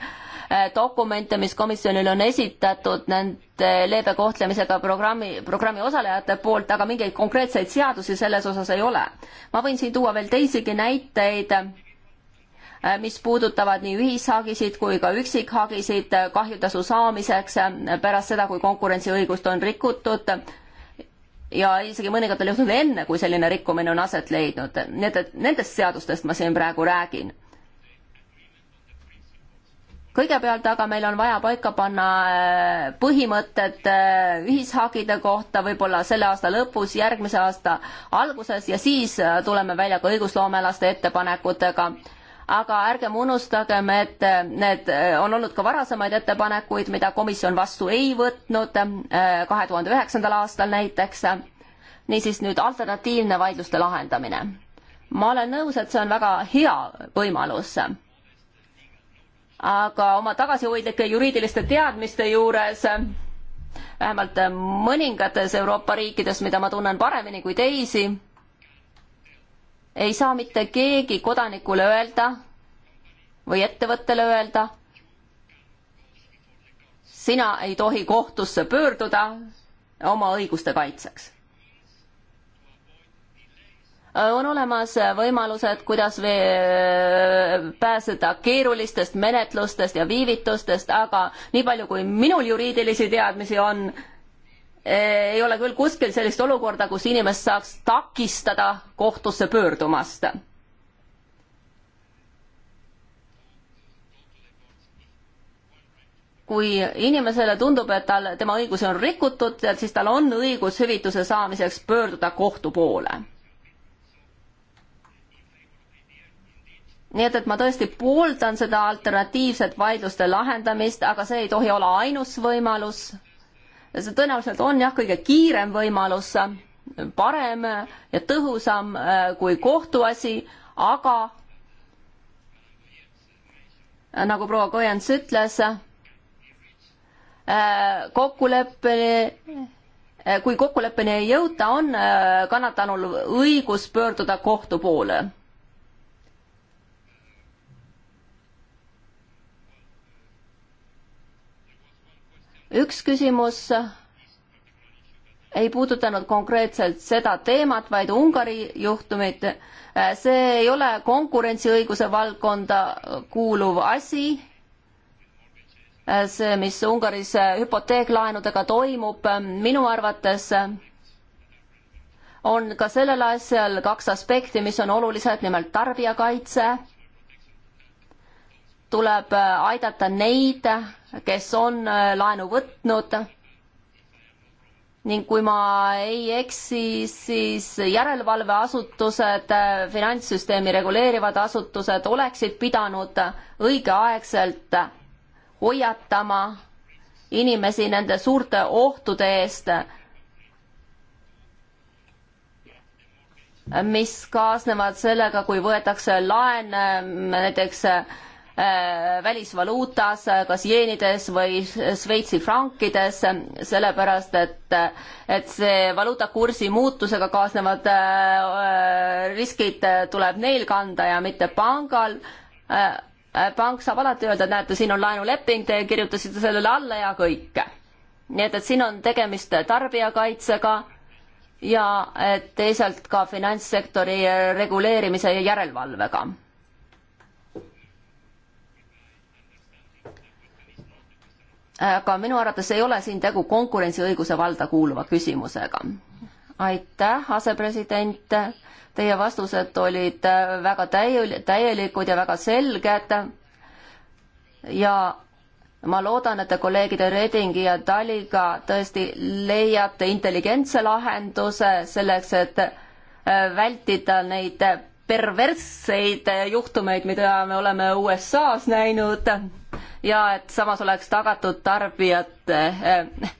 Äh, dokumente, mis komisjonile on esitatud nende leebe kohtlemisega programmi, programmi osalejate poolt, aga mingeid konkreetseid seadusi selles osas ei ole. ma võin siin tuua veel teisigi näiteid äh, mis puudutavad nii ühishagisid kui ka üksikhagisid äh, kahjutasu saamiseks pärast seda, kui konkurentsiõigust on rikutud ja isegi mõningatel juhtudel enne, kui selline rikkumine on aset leidnud. nii et, et nendest seadustest ma siin praegu räägin kõigepealt aga meil on vaja paika panna äh, põhimõtted äh, ühishagide kohta võib-olla selle aasta lõpus, järgmise aasta alguses ja siis äh, tuleme välja ka õigusloomealaste ettepanekutega. aga ärgem unustagem, et need on olnud ka varasemaid ettepanekuid, mida komisjon vastu ei võtnud, kahe tuhande üheksandal aastal näiteks. niisiis nüüd alternatiivne vaidluste lahendamine. ma olen nõus, et see on väga hea võimalus aga oma tagasihoidlike juriidiliste teadmiste juures vähemalt mõningates Euroopa riikides, mida ma tunnen paremini kui teisi, ei saa mitte keegi kodanikule öelda või ettevõttele öelda, sina ei tohi kohtusse pöörduda oma õiguste kaitseks Äh, on olemas võimalused, kuidas äh, pääseda keerulistest menetlustest ja viivitustest, aga nii palju, kui minul juriidilisi teadmisi on, äh, ei ole küll kuskil sellist olukorda, kus inimest saaks takistada kohtusse pöördumast. kui inimesele tundub, et tal, tema õigusi on rikutud, siis tal on õigus hüvituse saamiseks pöörduda kohtu poole nii et, et ma tõesti pooldan seda alternatiivset vaidluste lahendamist, aga see ei tohi olla ainus võimalus. see tõenäoliselt on jah, kõige kiirem võimalus, parem ja tõhusam äh, kui kohtuasi, aga nagu proua Kojans ütles, äh, kokkuleppe, äh, kui kokkuleppeni ei jõuta, on kannatanul õigus pöörduda kohtu poole üks küsimus ei puudutanud konkreetselt seda teemat, vaid Ungari juhtumit. see ei ole konkurentsiõiguse valdkonda kuuluv asi. see, mis Ungaris hüpoteeklaenudega toimub, minu arvates on ka sellel asjal kaks aspekti, mis on olulised, nimelt tarbijakaitse tuleb äh, aidata neid, kes on äh, laenu võtnud ning kui ma ei eksi, siis järelevalveasutused, äh, finantssüsteemi reguleerivad asutused oleksid pidanud õigeaegselt hoiatama inimesi nende suurte ohtude eest, mis kaasnevad sellega, kui võetakse laen näiteks Äh, välisvaluutas, kas jeenides või Šveitsi frankides, sellepärast et, et see valuutakursi muutusega kaasnevad äh, riskid tuleb neil kanda ja mitte pangal äh, pank saab alati öelda, et näete, siin on laenuleping, te kirjutasite sellele alla ja kõik. nii et, et siin on tegemist tarbijakaitsega ja teisalt ka finantssektori reguleerimise ja järelevalvega aga minu arvates ei ole siin tegu konkurentsiõiguse valda kuuluva küsimusega. aitäh, asepresident, teie vastused olid äh, väga täiul-, täielikud ja väga selged ja ma loodan, et te kolleegide Redingi ja Taliga tõesti leiate intelligentse lahenduse selleks, et äh, vältida neid perversseid juhtumeid, mida me oleme USA-s näinud ja et samas oleks tagatud tarbijate eh,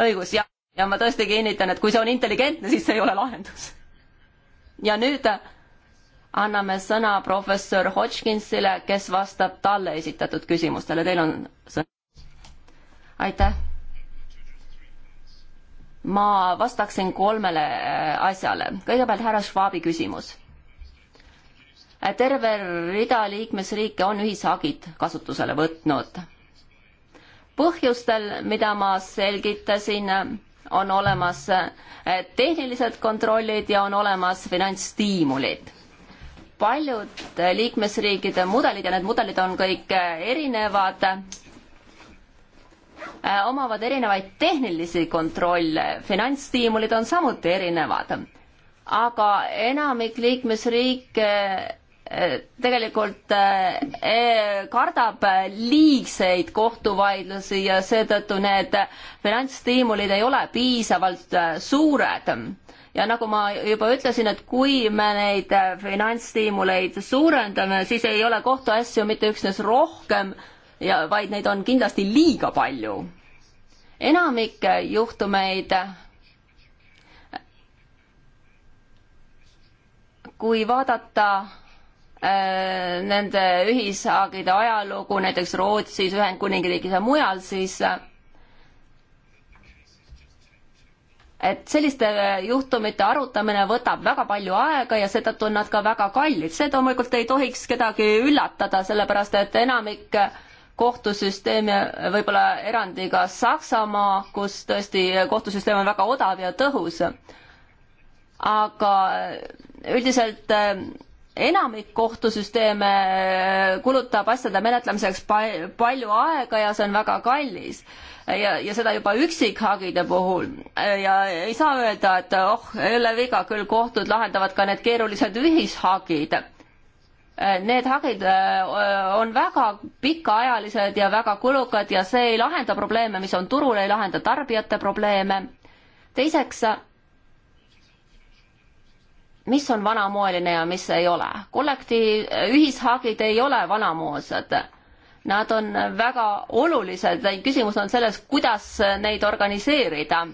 õigus ja, ja ma tõesti kinnitan, et kui see on intelligentne, siis see ei ole lahendus. ja nüüd anname sõna professor Hodgkinsile, kes vastab talle esitatud küsimustele, teil on sõna. aitäh ma vastaksin kolmele eh, asjale. kõigepealt härra Schwabi küsimus terve rida liikmesriike on ühishagid kasutusele võtnud. põhjustel, mida ma selgitasin, on olemas eh, tehnilised kontrollid ja on olemas finantsstiimulid paljud liikmesriikide mudelid ja need mudelid on kõik eh, erinevad, eh, omavad erinevaid tehnilisi kontrolle, finantsstiimulid on samuti erinevad. aga enamik liikmesriike Eh, tegelikult eh, eh, kardab liigseid kohtuvaidlusi ja seetõttu need finantsstiimulid ei ole piisavalt suured. ja nagu ma juba ütlesin, et kui me neid finantsstiimuleid suurendame, siis ei ole kohtuasju mitte üksnes rohkem ja vaid neid on kindlasti liiga palju. enamik juhtumeid kui vaadata Äh, nende ühishaagide ajalugu näiteks Rootsis, Ühendkuningriigis ja mujal, siis et selliste juhtumite arutamine võtab väga palju aega ja seetõttu on nad ka väga kallid. see loomulikult ei tohiks kedagi üllatada, sellepärast et enamik kohtusüsteeme, võib-olla erandiga Saksamaa, kus tõesti kohtusüsteem on väga odav ja tõhus, aga üldiselt äh, enamik kohtusüsteeme äh, kulutab asjade menetlemiseks palju aega ja see on väga kallis ja, ja seda juba üksikhagide puhul ja ei saa öelda, et oh, ei ole viga, küll kohtud lahendavad ka need keerulised ühishagid. Äh, need hagid äh, on väga pikaajalised ja väga kulukad ja see ei lahenda probleeme, mis on turul, ei lahenda tarbijate probleeme. teiseks mis on vanamoeline ja mis ei ole. kollektiiv, ühishagid ei ole vanamoodsad. Nad on väga olulised, küsimus on selles, kuidas neid organiseerida.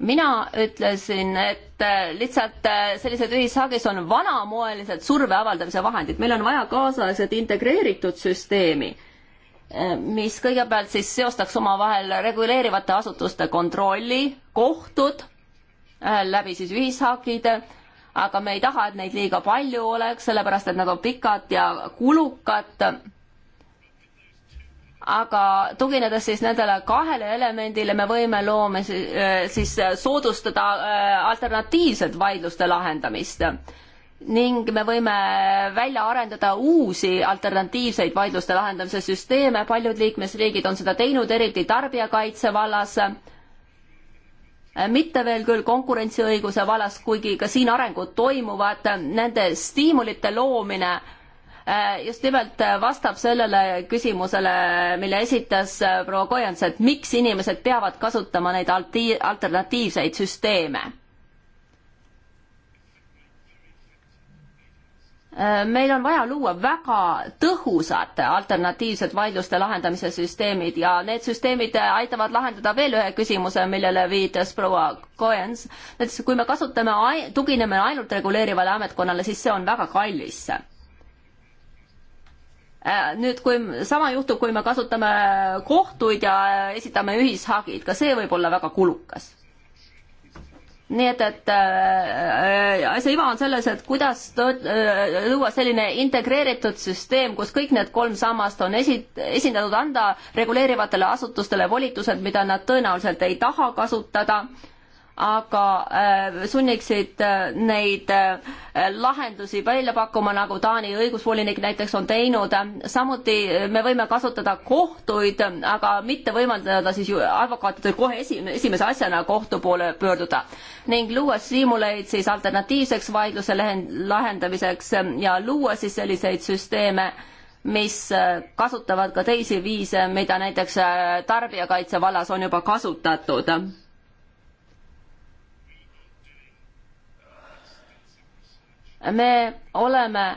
mina ütlesin, et lihtsalt sellised ühishagis on vanamoelised surve avaldamise vahendid, meil on vaja kaasaegset integreeritud süsteemi mis kõigepealt siis seostaks omavahel reguleerivate asutuste kontrolli, kohtud Äh, läbi siis ühishagid, aga me ei taha, et neid liiga palju oleks, sellepärast et nad on pikad ja kulukad. aga tuginedes siis nendele kahele elemendile, me võime loome äh, siis soodustada äh, alternatiivset vaidluste lahendamist ning me võime välja arendada uusi alternatiivseid vaidluste lahendamise süsteeme, paljud liikmesriigid on seda teinud, eriti tarbijakaitse vallas Äh, mitte veel küll konkurentsiõiguse vallas, kuigi ka siin arengud toimuvad, nende stiimulite loomine äh, just nimelt äh, vastab sellele küsimusele, mille esitas proua Kojans, et miks inimesed peavad kasutama neid alti-, alternatiivseid süsteeme Äh, meil on vaja luua väga tõhusad alternatiivsed vaidluste lahendamise süsteemid ja need süsteemid aitavad lahendada veel ühe küsimuse, millele viitas proua Coens. näiteks kui me kasutame, tugineme ainult reguleerivale ametkonnale, siis see on väga kallis äh, nüüd, kui sama juhtub, kui me kasutame kohtuid ja esitame ühishagid, ka see võib olla väga kulukas nii et, et äh, asja äh, iva on selles, et kuidas äh, luua selline integreeritud süsteem, kus kõik need kolm sammast on esi-, esindatud, anda reguleerivatele asutustele volitused, mida nad tõenäoliselt ei taha kasutada äh,, aga äh, sunniksid äh, neid äh, lahendusi välja pakkuma, nagu Taani õigusvolinik näiteks on teinud. samuti me võime kasutada kohtuid, aga mitte võimaldada siis ju advokaatidel kohe esi, esimese asjana kohtu poole pöörduda ning luua stiimuleid siis alternatiivseks vaidluse lahendamiseks ja luua siis selliseid süsteeme mis kasutavad ka teisi viise, mida näiteks tarbijakaitse vallas on juba kasutatud. me oleme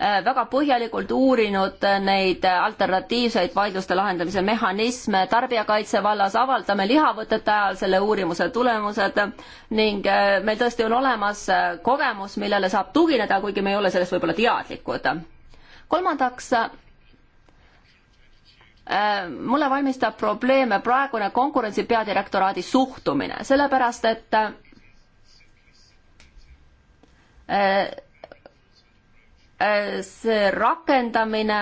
äh, väga põhjalikult uurinud äh, neid äh, alternatiivseid vaidluste lahendamise mehhanisme tarbijakaitse vallas, avaldame lihavõtete ajal selle uurimuse tulemused ning meil tõesti on olemas kogemus, millele saab tugineda, kuigi me ei ole sellest võib-olla teadlikud. kolmandaks, mulle valmistab probleeme praegune konkurentsi peadirektoraadi suhtumine, sellepärast et see rakendamine,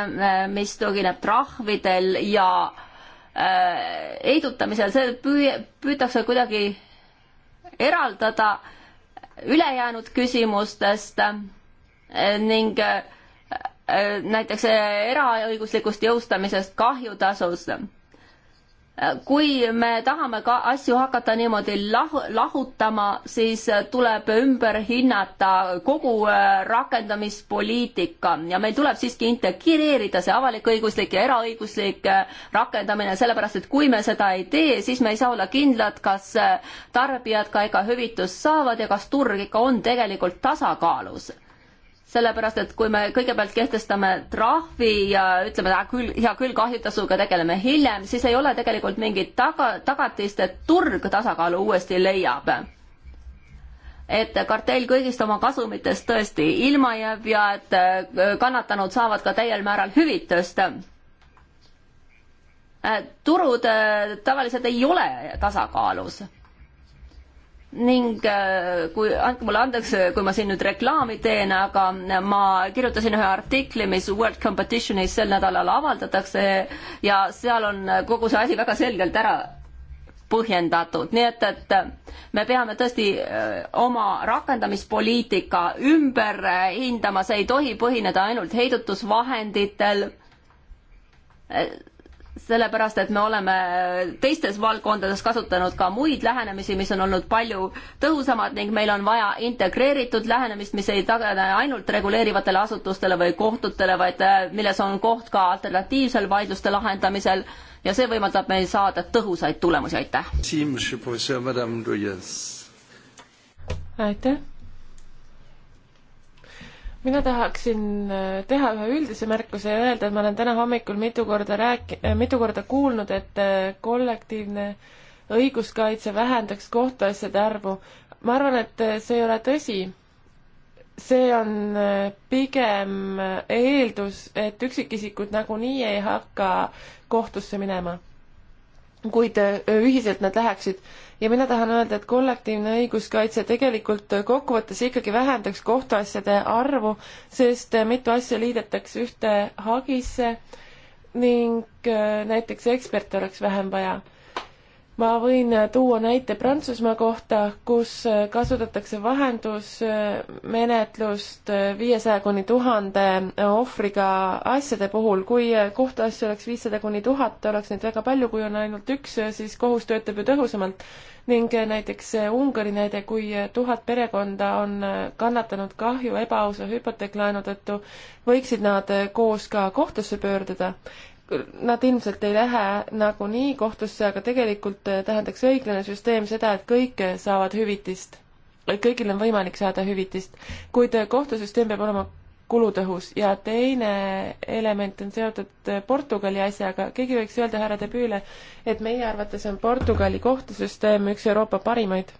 mis tugineb trahvidel ja äh, heidutamisel, see püü-, püütakse kuidagi eraldada ülejäänud küsimustest äh, ning äh, näiteks eraõiguslikust jõustamisest kahjutasust kui me tahame ka asju hakata niimoodi lah-, lahutama, siis tuleb ümber hinnata kogu äh, rakendamispoliitika ja meil tuleb siiski integreerida see avalik-õiguslik ja eraõiguslik äh, rakendamine, sellepärast et kui me seda ei tee, siis me ei saa olla kindlad, kas äh, tarbijad ka ega hüvitust saavad ja kas turg ikka on tegelikult tasakaalus sellepärast et kui me kõigepealt kehtestame trahvi ja ütleme, et hea küll, hea küll, kahjutasuga tegeleme hiljem, siis ei ole tegelikult mingit taga, tagatist, et turg tasakaalu uuesti leiab. et kartell kõigist oma kasumitest tõesti ilma jääb ja et äh, kannatanud saavad ka täiel määral hüvitust. Äh, turud äh, tavaliselt ei ole tasakaalus ning äh, kui, andke mulle andeks, kui ma siin nüüd reklaami teen, aga ma kirjutasin ühe artikli, mis World Competitionis sel nädalal avaldatakse ja seal on kogu see asi väga selgelt ära põhjendatud, nii et, et me peame tõesti äh, oma rakendamispoliitika ümber äh, hindama, see ei tohi põhineda ainult heidutusvahenditel sellepärast, et me oleme teistes valdkondades kasutanud ka muid lähenemisi, mis on olnud palju tõhusamad ning meil on vaja integreeritud lähenemist, mis ei tagane ainult reguleerivatele asutustele või kohtutele, vaid äh, milles on koht ka alternatiivsel vaidluste lahendamisel ja see võimaldab meil saada tõhusaid tulemusi, aitäh! aitäh! mina tahaksin äh, teha ühe üldise märkuse ja öelda, et ma olen täna hommikul mitu korda rääki-, äh, mitu korda kuulnud, et äh, kollektiivne õiguskaitse vähendaks kohtuasjade arvu. ma arvan, et see ei ole tõsi. see on pigem eeldus, et üksikisikud nagunii ei hakka kohtusse minema kuid ühiselt nad läheksid ja mina tahan öelda, et kollektiivne õiguskaitse tegelikult kokkuvõttes ikkagi vähendaks kohtuasjade arvu, sest mitu asja liidetakse ühte hagisse ning äh, näiteks eksperte oleks vähem vaja ma võin tuua näite Prantsusmaa kohta, kus kasutatakse vahendusmenetlust viiesaja kuni tuhande ohvriga asjade puhul. kui kohtuasju oleks viissada kuni tuhat, oleks neid väga palju, kui on ainult üks, siis kohus töötab ju tõhusamalt. ning näiteks Ungari näide, kui tuhat perekonda on kannatanud kahju ebaausa hüpoteeklaenu tõttu, võiksid nad koos ka kohtusse pöörduda nad ilmselt ei lähe nagunii kohtusse, aga tegelikult eh, tähendaks õiglane süsteem seda, et kõik saavad hüvitist. et kõigil on võimalik saada hüvitist, kuid eh, kohtusüsteem peab olema kulutõhus ja teine element on seotud eh, Portugali asjaga. keegi võiks öelda härra De Püüle, et meie arvates on Portugali kohtusüsteem üks Euroopa parimaid,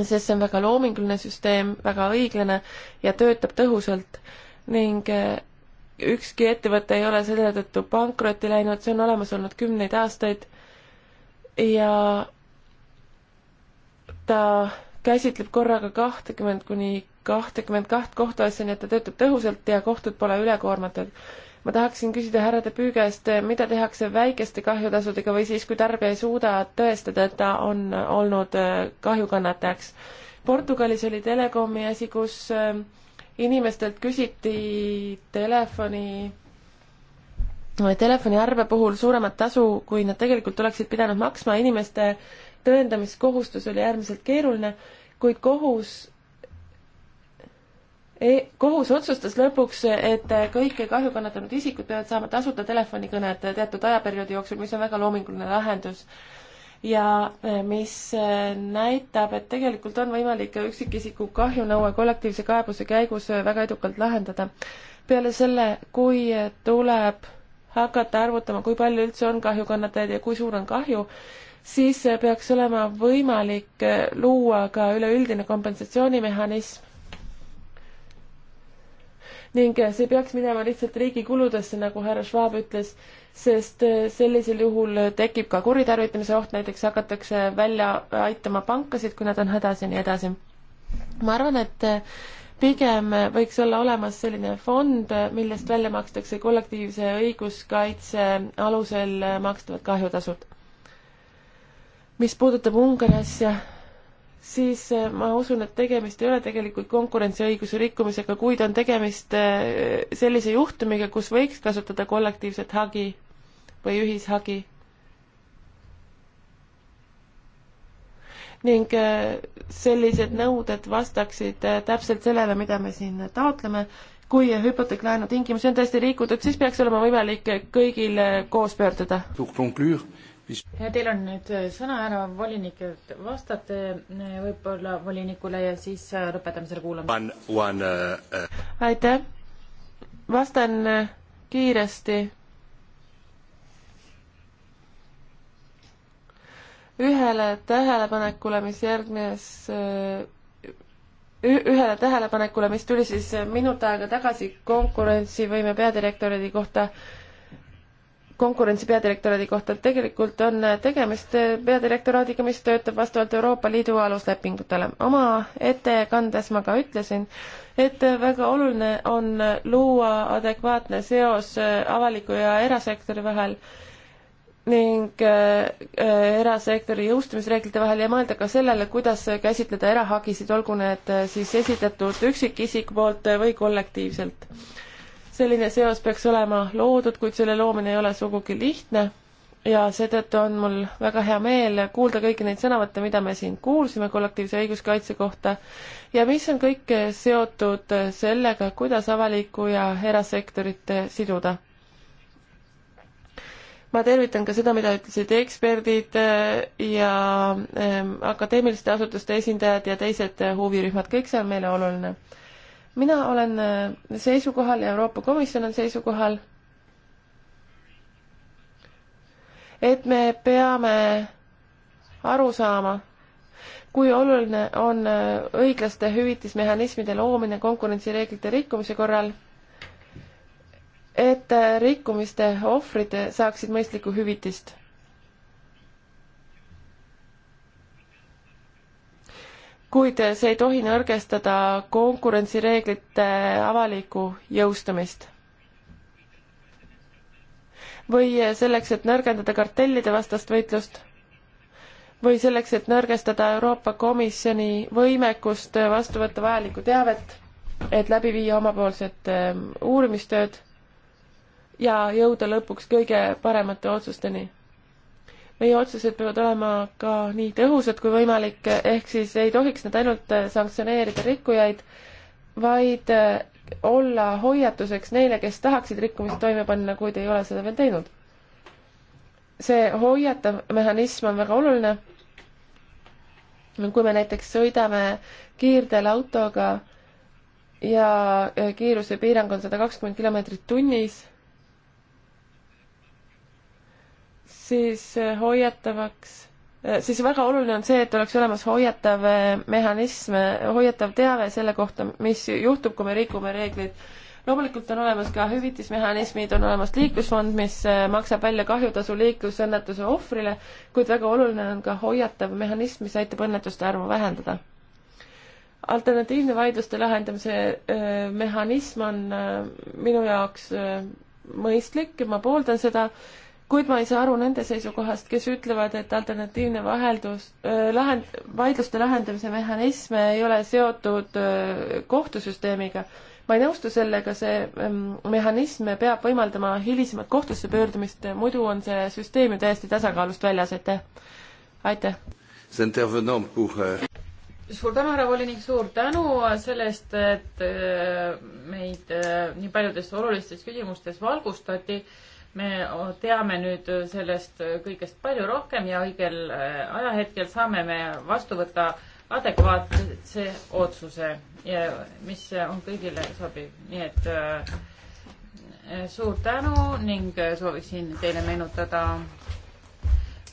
sest see on väga loominguline süsteem, väga õiglane ja töötab tõhusalt ning ükski ettevõte ei ole selle tõttu pankrotti läinud, see on olemas olnud kümneid aastaid ja ta käsitleb korraga kahtekümmend kuni kahtekümmend kaht kohtuasja, nii et ta töötab tõhusalt ja kohtud pole ülekoormatud. ma tahaksin küsida härra De Püü käest, mida tehakse väikeste kahjutasudega või siis, kui tarbija ei suuda tõestada, et ta on olnud kahjukannatajaks. Portugalis oli Telekomi asi, kus äh, inimestelt küsiti telefoni telefoniarve puhul suuremat tasu, kui nad tegelikult oleksid pidanud maksma, inimeste tõendamiskohustus oli äärmiselt keeruline, kuid kohus e,, kohus otsustas lõpuks, et kõik kahju kannatanud isikud peavad saama tasuta telefonikõned teatud ajaperioodi jooksul, mis on väga loominguline lahendus ja eh, mis eh, näitab, et tegelikult on võimalik ka üksikisiku kahjunõue kollektiivse kaebuse käigus eh, väga edukalt lahendada. peale selle, kui tuleb hakata arvutama, kui palju üldse on kahjukannatajaid ja kui suur on kahju, siis peaks olema võimalik luua ka üleüldine kompensatsioonimehhanism. ning see peaks minema lihtsalt riigi kuludesse, nagu härra Schwab ütles sest äh, sellisel juhul tekib ka kuritarvitamise oht, näiteks hakatakse välja aitama pankasid, kui nad on hädas ja nii edasi. ma arvan, et äh, pigem võiks olla olemas selline fond, millest välja makstakse kollektiivse õiguskaitse alusel makstavad kahjutasud. mis puudutab Ungari asja, siis äh, ma usun, et tegemist ei ole tegelikult konkurentsiõiguse rikkumisega, kuid on tegemist äh, sellise juhtumiga, kus võiks kasutada kollektiivset hagi või ühishagi. ning äh, sellised nõuded vastaksid täpselt sellele, mida me siin taotleme. kui hüpoteeklaenu tingimusi on tõesti rikutud, siis peaks olema võimalik kõigil koos pöörduda. Teil on nüüd sõna, härra volinik, et vastate eh, võib-olla volinikule ja siis eh, lõpetame selle kuulamise. Uh... aitäh. vastan kiiresti. ühele tähelepanekule, mis järgnes ühele tähelepanekule, mis tuli siis minut aega tagasi konkurentsivõime peadirektori kohta konkurentsi peadirektoraadi kohta, tegelikult on tegemist peadirektoraadiga, mis töötab vastavalt Euroopa Liidu aluslepingutele. oma ettekandes ma ka ütlesin, et väga oluline on luua adekvaatne seos avaliku ja erasektori vahel ning äh, äh, erasektori jõustumisreeglite vahel ja mõelda ka sellele, kuidas käsitleda erahagisid, olgu need äh, siis esitatud üksikisiku poolt või kollektiivselt selline seos peaks olema loodud, kuid selle loomine ei ole sugugi lihtne ja seetõttu on mul väga hea meel kuulda kõiki neid sõnavõtte, mida me siin kuulsime kollektiivse õiguskaitse kohta ja mis on kõik seotud sellega, kuidas avalikku ja erasektorit siduda. ma tervitan ka seda, mida ütlesid eksperdid ja ähm, akadeemiliste asutuste esindajad ja teised huvirühmad, kõik see on meile oluline mina olen äh, seisukohal ja Euroopa Komisjon on seisukohal, et me peame aru saama, kui oluline on äh, õiglaste hüvitismehhanismide loomine konkurentsireeglite rikkumise korral, et äh, rikkumiste ohvrid saaksid mõistlikku hüvitist. kuid see ei tohi nõrgestada konkurentsireeglite avalikku jõustamist. või selleks, et nõrgendada kartellide vastast võitlust või selleks, et nõrgestada Euroopa Komisjoni võimekust vastu võtta vajalikku teavet, et läbi viia omapoolset ähm, uurimistööd ja jõuda lõpuks kõige paremate otsusteni meie otsused peavad olema ka nii tõhusad kui võimalik, ehk siis ei tohiks nad ainult äh, sanktsioneerida rikkujaid, vaid äh, olla hoiatuseks neile, kes tahaksid rikkumist toime panna, kuid ei ole seda veel teinud. see hoiatav mehhanism on väga oluline. kui me näiteks sõidame kiirteel autoga ja äh, kiirusepiirang on sada kakskümmend kilomeetrit tunnis siis eh, hoiatavaks, eh, siis väga oluline on see, et oleks olemas hoiatav eh, mehhanism, hoiatav teave selle kohta, mis juhtub, kui me rikume reegleid. loomulikult on olemas ka hüvitismehhanismid, on olemas liiklusfond, mis maksab välja kahjutasu liiklusõnnetuse ohvrile, kuid väga oluline on ka hoiatav mehhanism, mis aitab õnnetuste arvu vähendada alternatiivne vaidluste lahendamise mehhanism on minu jaoks mõistlik ja ma pooldan seda, kuid ma ei saa aru nende seisukohast, kes ütlevad, et alternatiivne vaheldus äh,, lahend, vaidluste lahendamise mehhanism ei ole seotud äh, kohtusüsteemiga. ma ei nõustu sellega, see ähm, mehhanism peab võimaldama hilisemat kohtusse pöördumist, muidu on see süsteem ju täiesti tasakaalust väljas, aitäh. aitäh. Euh, suur tänu, härra volinik, suur tänu selle eest, et äh, meid nii paljudes olulistes küsimustes valgustati me teame nüüd sellest kõigest palju rohkem ja õigel äh, ajahetkel saame me vastu võtta adekvaatse otsuse, mis on kõigile sobiv, nii et äh, suur tänu ning äh, sooviksin teile meenutada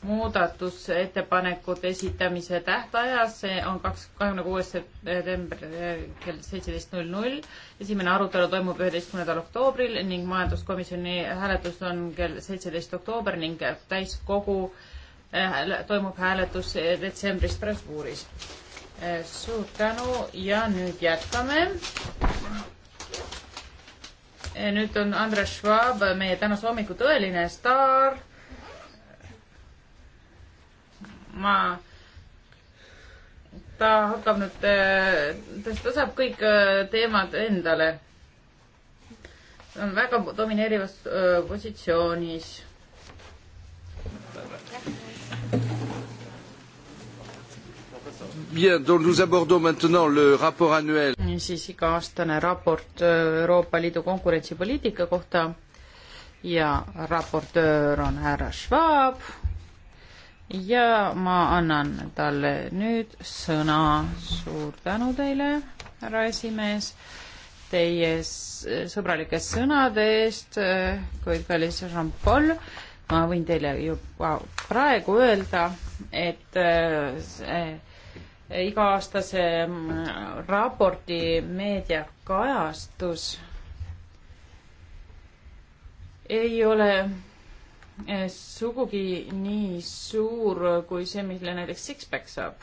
muudatusettepanekute esitamise tähtajas, see on kaks, kahekümne kuues september eh, kell seitseteist null null. esimene arutelu toimub üheteistkümnendal oktoobril ning majanduskomisjoni hääletus on kell seitseteist oktoober ning täiskogu eh, toimub hääletus eh, detsembris Strasbourgis. suur tänu ja nüüd jätkame. nüüd on Andres Schwab, meie tänase hommiku tõeline staar ma, ta hakkab nüüd, eh, ta saab kõik eh, teemad endale. ta on väga domineerivas eh, positsioonis. Bien, donc nous abordons maintenant le rapport annuel. siis iga-aastane raport Euroopa Liidu konkurentsipoliitika kohta ja raportöör on härra Schwab ja ma annan talle nüüd sõna. suur tänu teile, härra esimees, teie sõbralike sõnade eest, kuid kallis Jean-Paul, ma võin teile juba praegu öelda, et see iga-aastase mm, raporti meediakajastus ei ole Eh, sugugi nii suur kui see, mille näiteks Sixpack saab.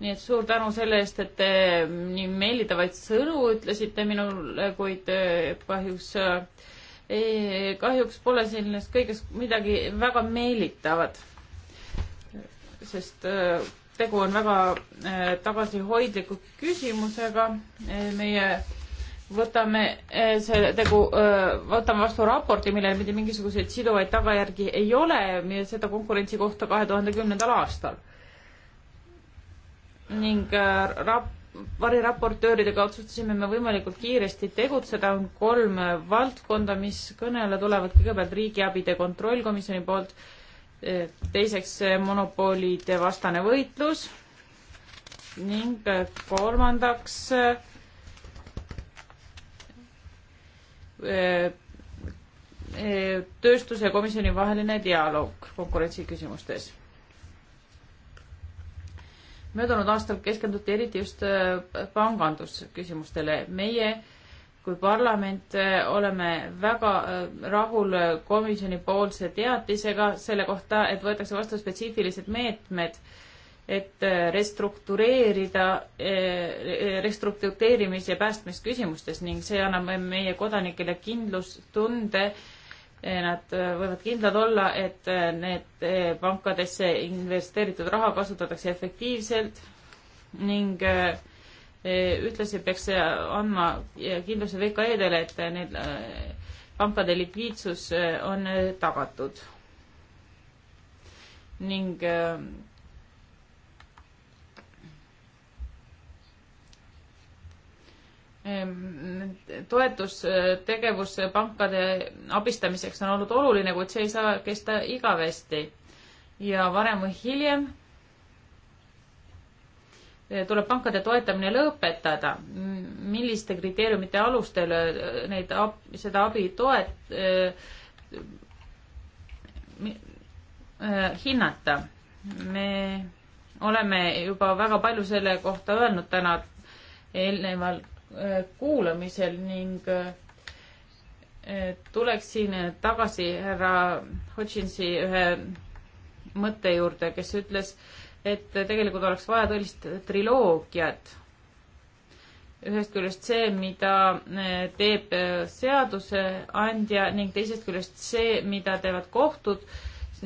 nii et suur tänu selle eest, et te nii meelditavaid sõnu ütlesite minule, kuid eh, kahjuks eh,, kahjuks pole sellest kõigest midagi väga meelitavat. sest eh, tegu on väga tagasihoidliku küsimusega meie võtame eh, see tegu, eh, võtame vastu raporti, millel mitte mingisuguseid siduvaid tagajärgi ei ole, seda konkurentsi kohta kahe tuhande kümnendal aastal. ning eh, rap-, variraportööridega otsustasime me võimalikult kiiresti tegutseda, on kolm valdkonda, mis kõnele tulevad, kõigepealt riigiabide kontroll komisjoni poolt, teiseks monopolide vastane võitlus ning kolmandaks äh, Äh, äh, tööstuse ja komisjoni vaheline dialoog konkurentsi küsimustes. möödunud aastal keskenduti eriti just äh, pangandusküsimustele. meie kui parlament oleme väga rahul komisjoni poolse teatisega selle kohta, et võetakse vastu spetsiifilised meetmed meet et äh, restruktureerida, äh, restruktureerimis- ja päästmisküsimustes ning see annab meie kodanikele kindlustunde. Äh, nad võivad kindlad olla, et need pankadesse investeeritud raha kasutatakse efektiivselt ning ühtlasi peaks see andma kindluse VKE-dele, et need pankade likviidsus on tagatud. ning Ehm, toetustegevus pankade abistamiseks on olnud oluline, kuid see ei saa kesta igavesti. ja varem või hiljem eh, tuleb pankade toetamine lõpetada. milliste kriteeriumite alustel eh, neid, seda abi toet- eh, eh,, hinnata? me oleme juba väga palju selle kohta öelnud täna eelneval Äh, kuulamisel ning äh, äh, tuleksin tagasi härra Hodginsi ühe mõtte juurde, kes ütles, et tegelikult oleks vaja tõelist triloogiat. ühest küljest see, mida teeb seaduseandja ning teisest küljest see, mida teevad kohtud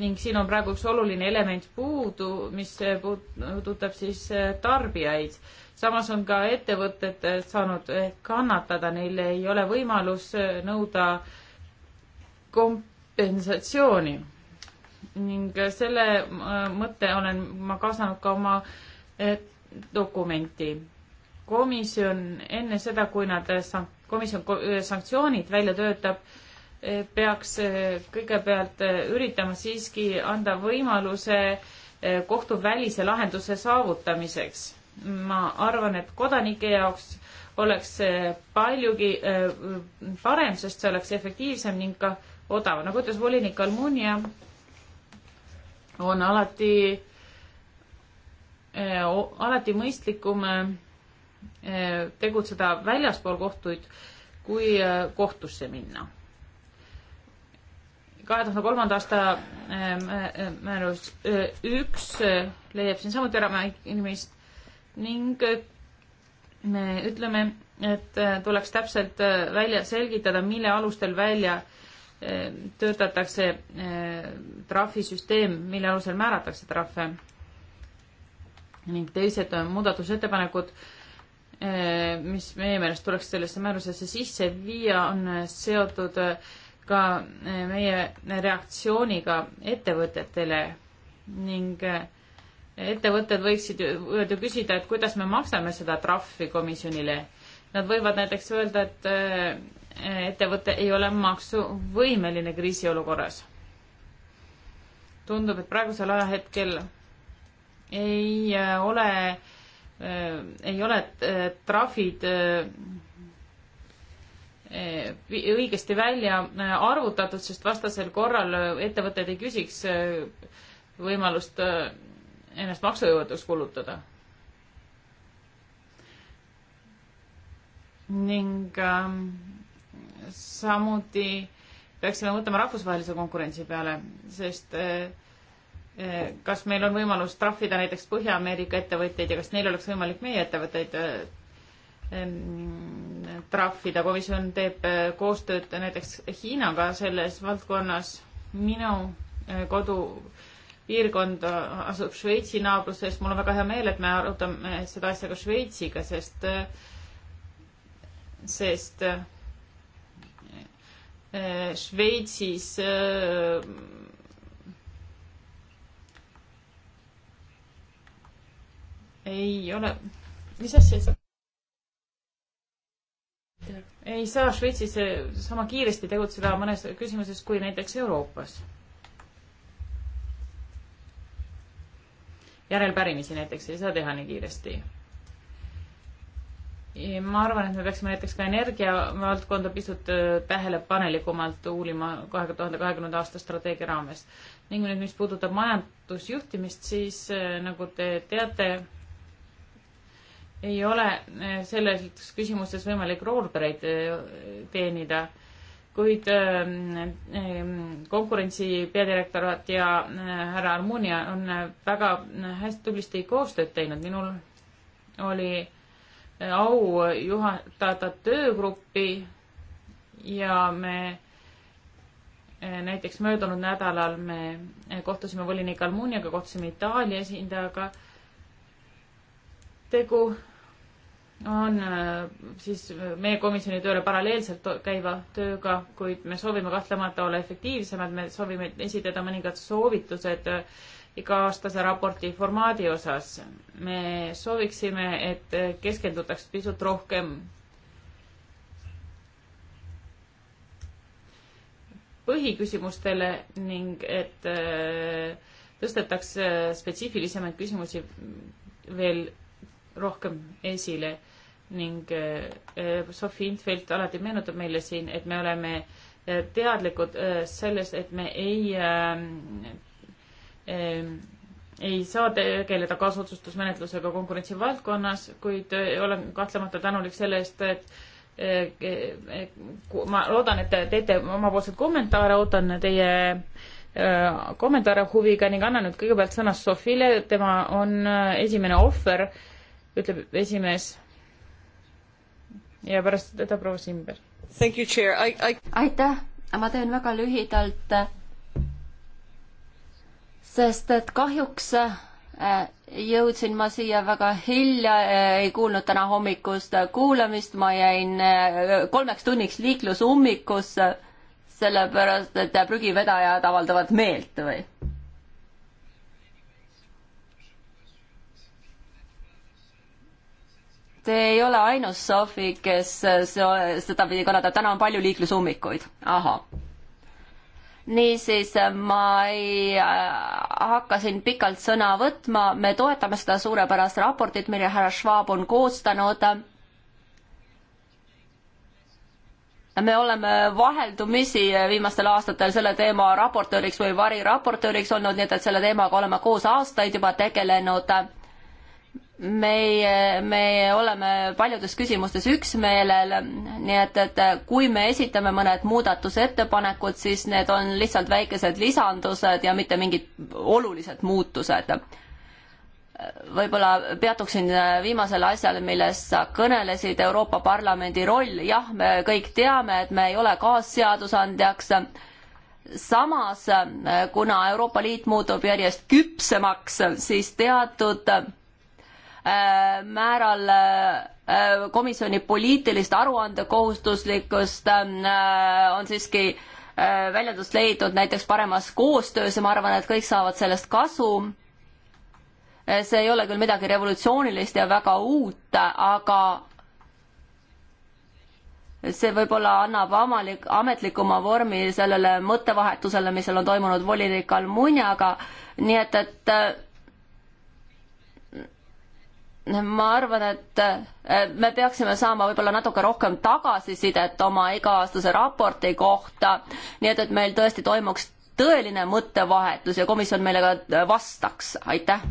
ning siin on praegu üks oluline element puudu, mis puudutab siis äh, tarbijaid. samas on ka ettevõtted äh, saanud äh, kannatada, neil ei ole võimalus nõuda kompensatsiooni. ning selle mõtte olen ma kaasanud ka oma dokumenti. komisjon enne seda, kui nad, komisjon sanktsioonid välja töötab peaks eh, kõigepealt eh, üritama siiski anda võimaluse eh, kohtuvälise lahenduse saavutamiseks. ma arvan, et kodanike jaoks oleks see paljugi parem, sest see oleks efektiivsem ning ka odav. nagu ütles volinik Almunia, on alati, alati mõistlikum tegutseda väljaspool kohtuid, kui kohtusse minna kahe tuhande kolmanda aasta äh, äh, määrus äh, üks leiab siin samuti ära inimest ning me ütleme, et tuleks täpselt välja selgitada, mille alustel välja töötatakse trahvisüsteem, mille alusel määratakse trahve ning teised muudatusettepanekud, mis meie meelest tuleks sellesse määrusesse sisse viia, on seotud äh, ka eh, meie reaktsiooniga ettevõtetele ning eh, ettevõtted võiksid, võivad ju küsida, et kuidas me maksame seda trahvi komisjonile. Nad võivad näiteks öelda, et eh, ettevõte ei ole maksuvõimeline kriisiolukorras. tundub, et praegusel ajahetkel ei ole, ei ole trahvid Eh, õigesti välja eh, arvutatud, sest vastasel korral eh, ettevõtted ei küsiks võimalust ennast maksujõuetuks kulutada. ning samuti peaksime mõtlema rahvusvahelise konkurentsi peale, sest kas meil on võimalus trahvida näiteks Põhja-Ameerika ettevõtteid ja kas neil oleks võimalik meie ettevõtteid Ehm, trahvida. komisjon teeb äh, koostööd näiteks Hiinaga selles valdkonnas. minu äh, kodupiirkond asub Šveitsi naabruses. mul on väga hea meel, et me arutame seda asja ka Šveitsiga, sest, äh, sest Šveitsis ei ole, mis asja see ei saa Šveitsis eh, sama kiiresti tegutseda mõnes küsimuses kui näiteks Euroopas. järelpärimisi näiteks ei saa teha nii kiiresti. ma arvan, et me peaksime näiteks ka energiavaldkonda pisut eh, tähelepanelikumalt uurima kahe tuhande kahekümnenda aasta strateegia raames. ning nüüd, mis puudutab majandusjuhtimist, siis eh, nagu te teate, ei ole eh, selles küsimuses võimalik roolpereid eh, teenida, kuid eh, konkurentsi peadirektorat ja härra Almunia on väga hästi tublisti koostööd teinud, minul oli au juhatada töögruppi ja me näiteks möödunud nädalal me kohtusime volinik Almuniaga, kohtusime Itaalia esindajaga. tegu on äh, siis äh, meie komisjoni tööle paralleelselt käiva tööga, kuid me soovime kahtlemata olla efektiivsemad, me soovime esitada mõningad soovitused äh, iga-aastase raporti formaadi osas. me sooviksime, et keskendutaks pisut rohkem põhiküsimustele ning et tõstetaks spetsiifilisemaid küsimusi veel rohkem esile ning äh, Sofi Intfeld alati meenutab meile siin, et me oleme äh, teadlikud äh, sellest, et me ei ähm, ei saa tegeleda kaasotsustusmenetlusega konkurentsivaldkonnas, kuid olen kahtlemata tänulik selle eest, et ma loodan, et te teete omapoolseid kommentaare, ootan teie kommentaare huviga ning annan nüüd kõigepealt sõna Sofile, tema on esimene ohver, ütleb esimees ja pärast seda proua Simber. aitäh, ma teen väga lühidalt, sest et kahjuks äh, jõudsin ma siia väga hilja, äh, ei kuulnud täna hommikust kuulamist, ma jäin äh, kolmeks tunniks liiklusummikusse, sellepärast et prügivedajad avaldavad meelt või Te ei ole ainus Sofi, kes sedapidi kannatab, täna on palju liiklusummikuid. ahah niisiis ma ei äh, hakka siin pikalt sõna võtma, me toetame seda suurepärast raportit, mille härra Schwab on koostanud. me oleme vaheldumisi viimastel aastatel selle teema raportööriks või variraportööriks olnud, nii et, et selle teemaga oleme koos aastaid juba tegelenud meie, me oleme paljudes küsimustes üksmeelel, nii et, et kui me esitame mõned muudatusettepanekud, siis need on lihtsalt väikesed lisandused ja mitte mingid olulised muutused. võib-olla peatuksin viimasele asjale, millest sa kõnelesid, Euroopa Parlamendi roll, jah, me kõik teame, et me ei ole kaasseadusandjaks, samas kuna Euroopa Liit muutub järjest küpsemaks, siis teatud Äh, määral äh, komisjoni poliitilist aruandekohustuslikkust äh, on siiski väljendust leidnud näiteks paremas koostöös ja ma arvan, et kõik saavad sellest kasu. see ei ole küll midagi revolutsioonilist ja väga uut, aga see võib-olla annab avalik, ametlikuma vormi sellele mõttevahetusele, mis seal on toimunud volinik Almuniaga, nii et, et ma arvan, et me peaksime saama võib-olla natuke rohkem tagasisidet oma iga-aastase raporti kohta, nii et, et meil tõesti toimuks tõeline mõttevahetus ja komisjon meile ka vastaks, aitäh.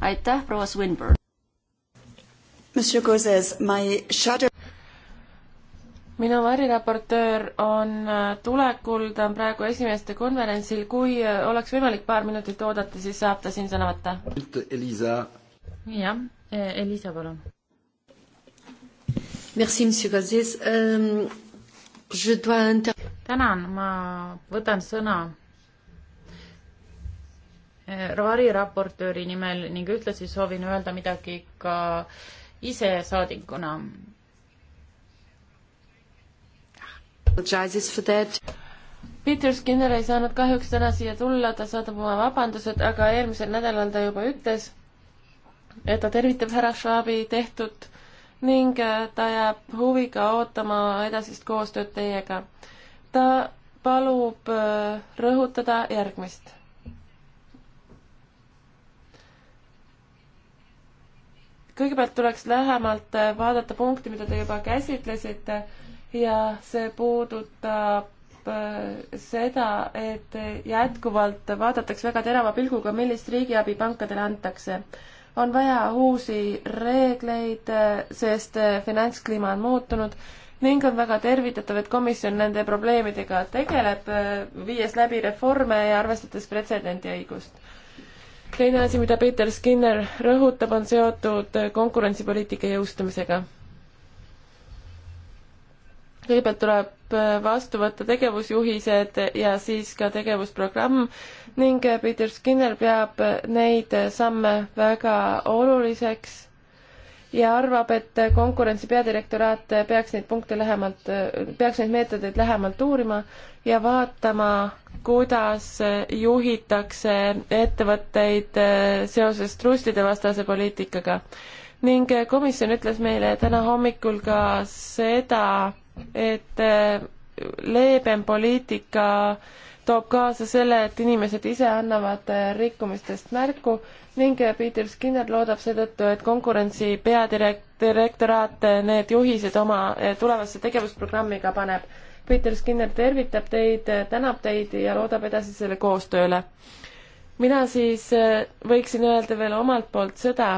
aitäh, proua Swinburne. Monsieur Gauzes, my shadow minu variraportöör on äh, tulekul, ta on praegu esimeeste konverentsil, kui äh, oleks võimalik paar minutit oodata, siis saab ta siin sõna võtta. Elisa. jah, äh, Elisa, palun. Merci, monsieur Gazes euh, um,. Je dois inter-. tänan, ma võtan sõna variraportööri nimel ning ühtlasi soovin öelda midagi ka ise saadikuna Peter Skinner ei saanud kahjuks täna siia tulla, ta saadab oma vabandused, aga eelmisel nädalal ta juba ütles, et ta tervitab härra Schwabi tehtut ning äh, ta jääb huviga ootama edasist koostööd teiega. ta palub äh, rõhutada järgmist. kõigepealt tuleks lähemalt äh, vaadata punkti, mida te juba käsitlesite ja see puudutab äh, seda, et jätkuvalt vaadatakse väga terava pilguga, millist riigiabi pankadele antakse. on vaja uusi reegleid, äh, sest äh, finantskliima on muutunud ning on väga tervitatav, et komisjon nende probleemidega tegeleb, viies läbi reforme ja arvestades pretsedendi õigust. teine asi, mida Peter Skinner rõhutab, on seotud konkurentsipoliitika jõustumisega kõigepealt tuleb äh, vastu võtta tegevusjuhised ja siis ka tegevusprogramm ning äh, Peter Skinner peab äh, neid samme väga oluliseks ja arvab, et konkurentsi peadirektoraat peaks neid punkte lähemalt, peaks neid meetodeid lähemalt uurima ja vaatama, kuidas juhitakse ettevõtteid seoses trustide vastase poliitikaga ning komisjon ütles meile täna hommikul ka seda, et äh, leebem poliitika toob kaasa selle, et inimesed ise annavad äh, rikkumistest märku ning äh, Peter Skinner loodab seetõttu, et konkurentsi peadirektoraat need juhised oma tulevasse tegevusprogrammi ka paneb. Peter Skinner tervitab teid, tänab teid ja loodab edasisele koostööle. mina siis võiksin öelda veel omalt poolt seda,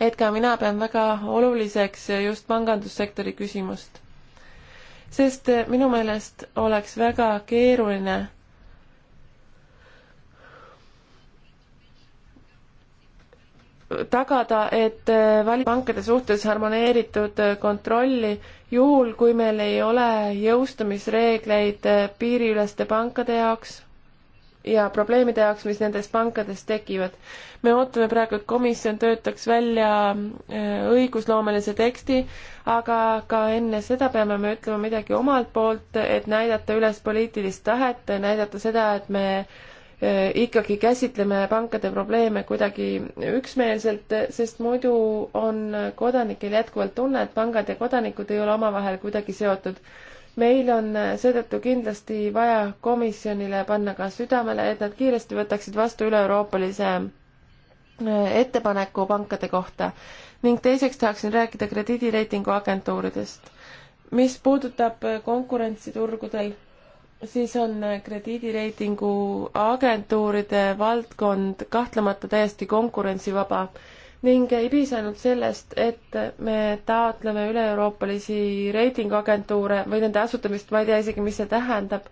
et ka mina pean väga oluliseks just pangandussektori küsimust. sest minu meelest oleks väga keeruline tagada, et valipankade suhtes harmoneeritud kontrolli, juhul kui meil ei ole jõustumisreegleid piiriüleste pankade jaoks ja probleemide jaoks, mis nendes pankades tekivad. me ootame praegu, et komisjon töötaks välja äh, õigusloomelise teksti, aga ka enne seda peame me ütlema midagi omalt poolt, et näidata üles poliitilist tahet, näidata seda, et me äh, ikkagi käsitleme pankade probleeme kuidagi üksmeelselt, sest muidu on kodanikel jätkuvalt tunne, et pangad ja kodanikud ei ole omavahel kuidagi seotud meil on äh, seetõttu kindlasti vaja komisjonile panna ka südamele, et nad kiiresti võtaksid vastu üle-euroopalise äh, ettepaneku pankade kohta ning teiseks tahaksin rääkida krediidireitingu agentuuridest. mis puudutab äh, konkurentsi turgudel, siis on krediidireitingu agentuuride valdkond kahtlemata täiesti konkurentsivaba ning ei piisa ainult sellest, et me taotleme üle-euroopalisi reitinguagentuure või nende asutamist, ma ei tea isegi, mis see tähendab.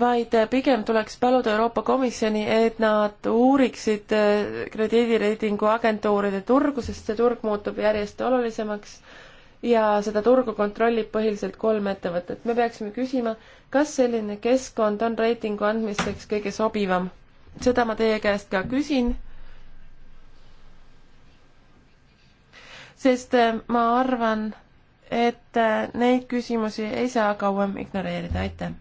vaid pigem tuleks paluda Euroopa Komisjoni, et nad uuriksid krediidireitingu agentuuride turgu, sest see turg muutub järjest olulisemaks ja seda turgu kontrollib põhiliselt kolm ettevõtet. me peaksime küsima, kas selline keskkond on reitingu andmiseks kõige sobivam. seda ma teie käest ka küsin. sest eh, ma arvan, et eh, neid küsimusi ei saa kauem ignoreerida, aitäh.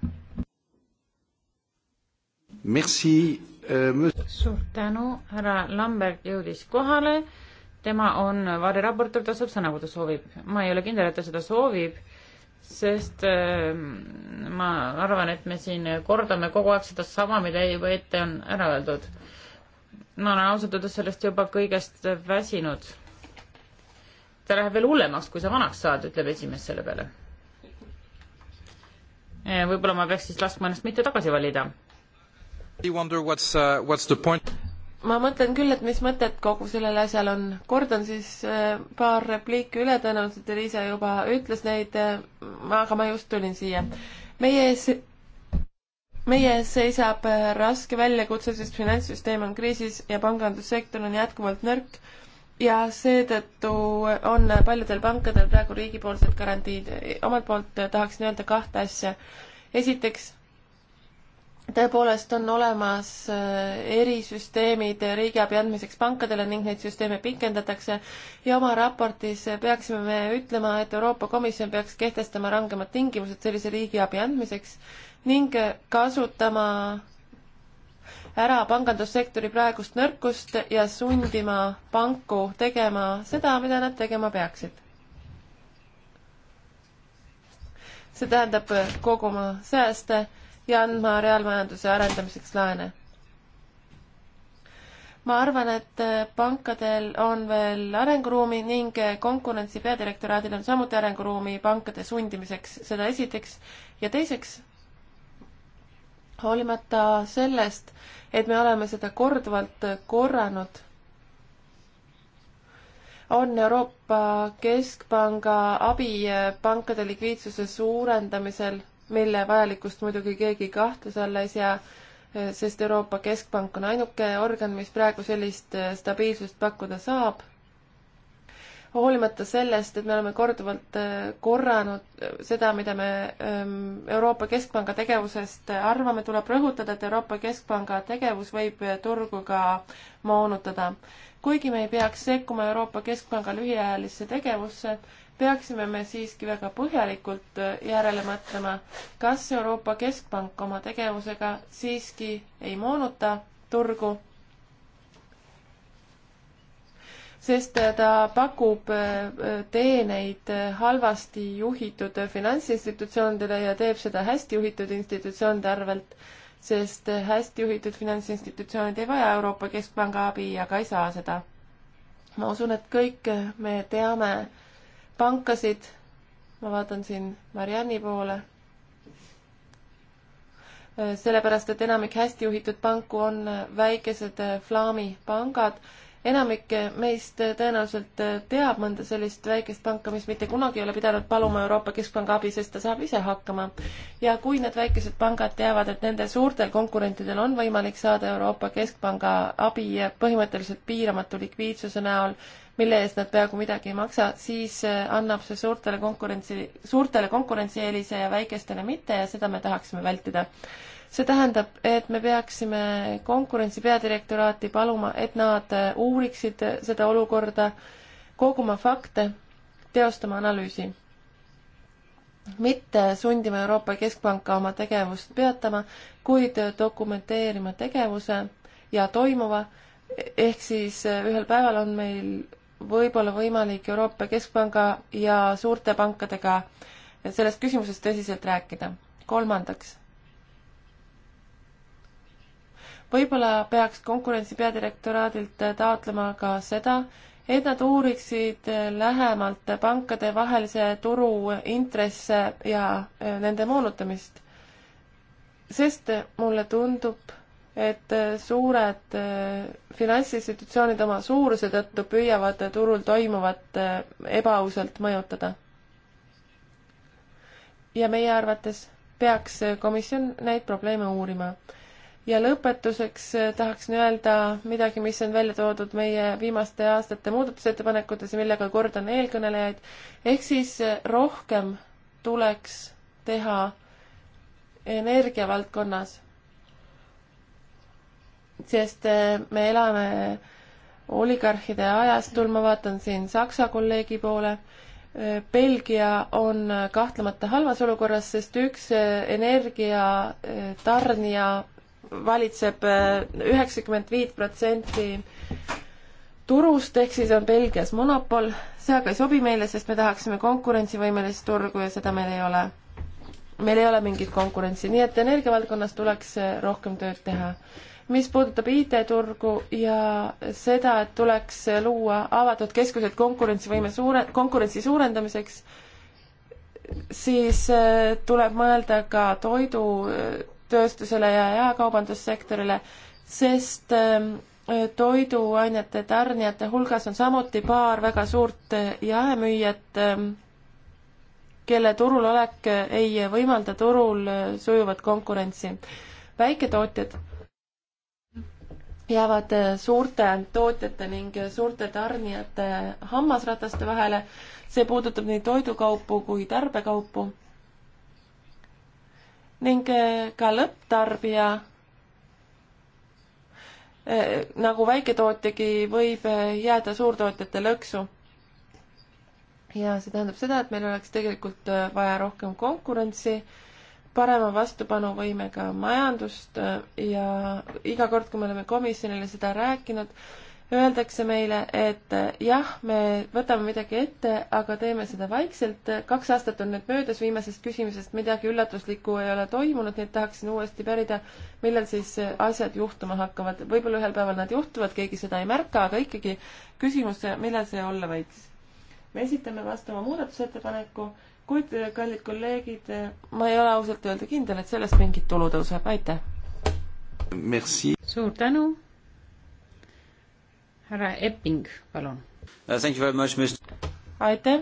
Merci äh,. suur tänu, härra Lambert jõudis kohale tema on variraportor, ta saab sõna, kui ta soovib. ma ei ole kindel, et ta seda soovib, sest ähm, ma arvan, et me siin kordame kogu aeg sedasama, mida juba ette on ära öeldud. ma olen ausalt öeldes sellest juba kõigest väsinud. ta läheb veel hullemaks, kui sa vanaks saad, ütleb esimees selle peale. Äh, võib-olla ma peaks siis laskma ennast mitte tagasi valida. I wonder what's uh,, what's the point? ma mõtlen küll, et mis mõtet kogu sellel asjal on. kordan siis äh, paar repliiki üle, tõenäoliselt Liisa juba ütles neid, äh, aga ma just tulin siia. meie ees, meie ees seisab äh, raske väljakutse, sest finantssüsteem on kriisis ja pangandussektor on jätkuvalt nõrk ja seetõttu on paljudel pankadel praegu riigipoolsed garantiid. omalt poolt tahaksin öelda kahte asja. esiteks tõepoolest on olemas äh, erisüsteemid riigiabi andmiseks pankadele ning neid süsteeme pikendatakse ja oma raportis peaksime me ütlema, et Euroopa Komisjon peaks kehtestama rangemad tingimused sellise riigiabi andmiseks ning kasutama ära pangandussektori praegust nõrkust ja sundima panku tegema seda, mida nad tegema peaksid. see tähendab koguma sääste ja andma reaalmajanduse arendamiseks laene. ma arvan, et äh, pankadel on veel arenguruumi ning äh, konkurentsi peadirektoraadil on samuti arenguruumi pankade sundimiseks, seda esiteks, ja teiseks, hoolimata sellest, et me oleme seda korduvalt äh, korranud, on Euroopa Keskpanga abi pankade likviidsuse suurendamisel mille vajalikkust muidugi keegi kahtluse alla ei sea, eh, sest Euroopa Keskpank on ainuke organ, mis praegu sellist eh, stabiilsust pakkuda saab. hoolimata sellest, et me oleme korduvalt eh, korranud seda, mida me ehm, Euroopa Keskpanga tegevusest arvame, tuleb rõhutada, et Euroopa Keskpanga tegevus võib turgu ka moonutada. kuigi me ei peaks sekkuma Euroopa Keskpanga lühiajalisse tegevusse, peaksime me siiski väga põhjalikult äh, järele mõtlema, kas Euroopa Keskpank oma tegevusega siiski ei moonuta turgu, sest äh, ta pakub äh, teeneid halvasti juhitud finantsinstitutsioonidele ja teeb seda hästi juhitud institutsioonide arvelt, sest hästi juhitud finantsinstitutsioonid ei vaja Euroopa Keskpanga abi ja ka ei saa seda. ma usun, et kõik me teame, pankasid, ma vaatan siin Marianni poole, sellepärast et enamik hästi juhitud panku on väikesed eh, flaami pangad. enamik meist eh, tõenäoliselt eh, teab mõnda sellist väikest panka, mis mitte kunagi ei ole pidanud paluma Euroopa Keskpanga abi, sest ta saab ise hakkama. ja kui need väikesed pangad teavad, et nende suurtel konkurentidel on võimalik saada Euroopa Keskpanga abi põhimõtteliselt piiramatu likviidsuse näol, mille eest nad peaaegu midagi ei maksa, siis äh, annab see suurtele konkurentsi, suurtele konkurentsieelise ja väikestele mitte ja seda me tahaksime vältida. see tähendab, et me peaksime konkurentsi peadirektoraati paluma, et nad äh, uuriksid äh, seda olukorda, koguma fakte, teostama analüüsi mitte sundima Euroopa Keskpanka oma tegevust peatama, kuid dokumenteerima tegevuse ja toimuva, e-, ehk siis ühel päeval on meil võib-olla võimalik Euroopa Keskpanga ja suurte pankadega sellest küsimusest tõsiselt rääkida. kolmandaks, võib-olla peaks konkurentsi peadirektoraadilt taotlema ka seda, et nad uuriksid lähemalt pankade vahelise turu intresse ja äh, nende moonutamist. sest mulle tundub, et äh, suured äh, finantsinstitutsioonid oma suuruse tõttu püüavad turul toimuvat äh, ebaausalt mõjutada. ja meie arvates peaks komisjon neid probleeme uurima. ja lõpetuseks tahaksin öelda midagi, mis on välja toodud meie viimaste aastate muudatusettepanekutes ja millega kordan eelkõnelejaid, ehk siis rohkem tuleks teha energiavaldkonnas sest äh, me elame oligarhide ajastul, ma vaatan siin Saksa kolleegi poole, äh, Belgia on äh, kahtlemata halvas olukorras, sest üks energiatarnija valitseb üheksakümmend viit protsenti turust, ehk siis on Belgias monopol, see aga ei sobi meile, sest me tahaksime konkurentsivõimelist turgu ja seda meil ei ole. meil ei ole mingit konkurentsi, nii et energiavaldkonnas tuleks rohkem tööd teha mis puudutab IT-turgu ja seda, et tuleks luua avatud keskused konkurentsivõime suure, konkurentsi suurendamiseks, siis äh, tuleb mõelda ka toidutööstusele ja jaekaubandussektorile, sest ähm, toiduainete tarnijate hulgas on samuti paar väga suurt äh, jaemüüjat, ähm, kelle turul olek äh, ei võimalda turul sujuvat konkurentsi. väiketootjad jäävad äh, suurte tootjate ning äh, suurte tarnijate äh, hammasrataste vahele. see puudutab nii toidukaupu kui tarbekaupu. ning ka lõpptarbija nagu väiketootjagi võib jääda suurtootjate lõksu. ja see tähendab seda, et meil oleks tegelikult vaja rohkem konkurentsi parema vastupanuvõimega majandust äh, ja iga kord, kui me oleme komisjonile seda rääkinud, öeldakse meile, et äh, jah, me võtame midagi ette, aga teeme seda vaikselt. kaks aastat on nüüd möödas viimasest küsimusest, midagi üllatuslikku ei ole toimunud, nii et tahaksin uuesti pärida, millal siis äh, asjad juhtuma hakkavad. võib-olla ühel päeval nad juhtuvad, keegi seda ei märka, aga ikkagi küsimus, millal see olla võiks. me esitame vastava muudatusettepaneku kuid, kallid kolleegid, ma ei ole ausalt öelda kindel, et sellest mingit tulu tõuseb, aitäh! suur tänu! härra Epping, palun uh,! aitäh!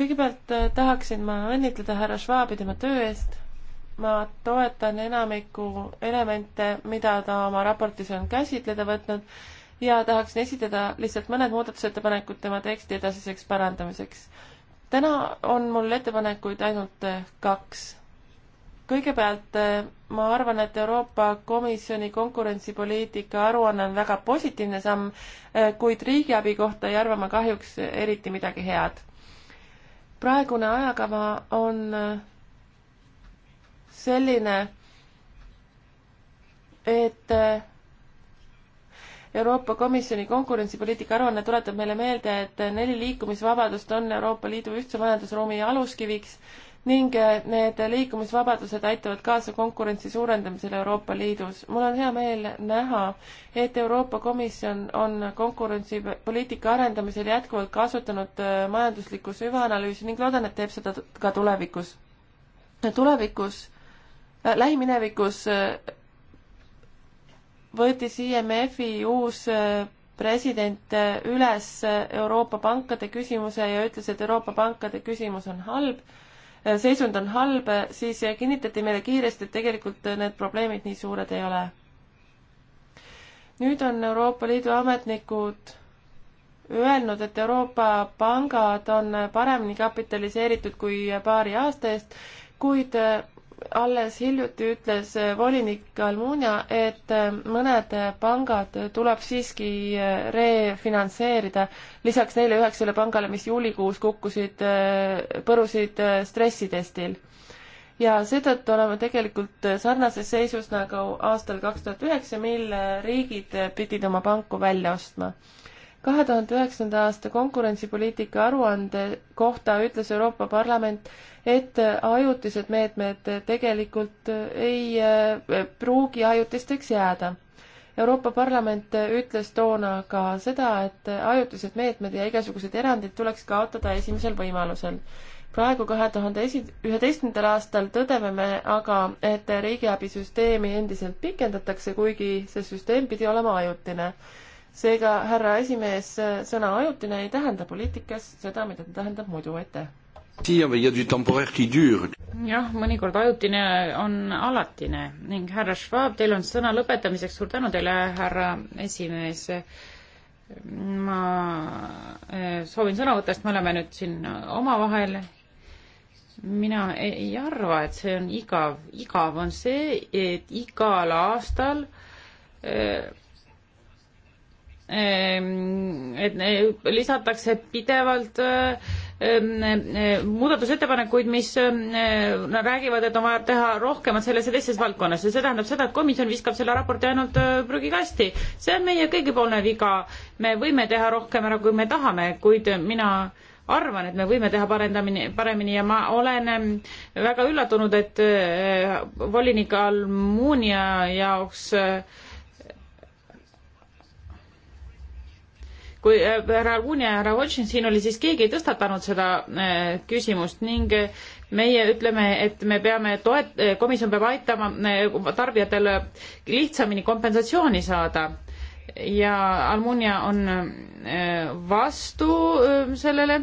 kõigepealt äh, tahaksin ma õnnitleda härra Schwabi tema töö eest. ma toetan enamikku elemente, mida ta oma raportis on käsitleda võtnud ja tahaksin esitada lihtsalt mõned muudatusettepanekud tema teksti edasiseks parandamiseks täna on mul ettepanekuid ainult eh, kaks. kõigepealt eh, ma arvan, et Euroopa Komisjoni konkurentsipoliitika aruanne on väga positiivne samm, eh, kuid riigiabi kohta ei arva ma kahjuks eriti midagi head. praegune ajakava on selline, et Euroopa Komisjoni konkurentsipoliitika aruanne tuletab meile meelde, et neli liikumisvabadust on Euroopa Liidu ühtse majandusruumi aluskiviks ning need liikumisvabadused aitavad kaasa konkurentsi suurendamisele Euroopa Liidus. mul on hea meel näha, et Euroopa Komisjon on konkurentsipoliitika arendamisel jätkuvalt kasutanud äh, majanduslikku süvaanalüüsi ning loodan, et teeb seda ka tulevikus. tulevikus, äh, lähiminevikus äh, võttis IMF-i uus äh, president äh, üles äh, Euroopa pankade küsimuse ja ütles, et Euroopa pankade küsimus on halb, seisund on halb, siis kinnitati meile kiiresti, et tegelikult need probleemid nii suured ei ole. nüüd on Euroopa Liidu ametnikud öelnud, et Euroopa pangad on paremini kapitaliseeritud kui paari aasta eest, kuid alles hiljuti ütles äh, volinik Almunia, et äh, mõned äh, pangad tuleb siiski refinantseerida, lisaks neile üheksale pangale, mis juulikuus kukkusid, põrusid stressitestil. ja seetõttu oleme tegelikult sarnases seisus nagu aastal kaks tuhat üheksa, mil riigid pidid oma panku välja ostma kahe tuhande üheksanda aasta konkurentsipoliitika aruande kohta ütles Euroopa Parlament, et ajutised meetmed tegelikult ei eh, pruugi ajutisteks jääda. Euroopa Parlament ütles toona ka seda, et ajutised meetmed ja igasugused erandid tuleks kaotada esimesel võimalusel praegu, kahe tuhande esi-, üheteistkümnendal aastal tõdeme me aga, et riigiabisüsteemi endiselt pikendatakse, kuigi see süsteem pidi olema ajutine seega, härra esimees, sõna ajutine ei tähenda poliitikas seda, mida ta tähendab muidu, aitäh. jah, mõnikord ajutine on alatine ning härra Schwab, teil on sõna lõpetamiseks, suur tänu teile, härra esimees. ma eh, soovin sõna võtta, sest me oleme nüüd siin omavahel mina ei arva, et see on igav, igav on see, et igal aastal äh, Ehm, et eh, lisatakse pidevalt eh, ehm, eh, muudatusettepanekuid, mis nad räägivad, et on vaja teha rohkemat selles ja teises valdkonnas ja see tähendab seda, et komisjon viskab selle raporti ainult prügikasti. see on meie kõigipoolne viga. me võime teha rohkem ära, kui me tahame, kuid mina arvan, et me võime teha parendamini, paremini ja ma olen väga üllatunud, et volinik Almunia jaoks äh, kui äh, härra Alguni ja härra Hodžin siin oli, siis keegi ei tõstatanud seda äh, küsimust ning äh, meie ütleme, et me peame toet-, komisjon peab aitama tarbijatel lihtsamini kompensatsiooni saada ja Almunia on vastu sellele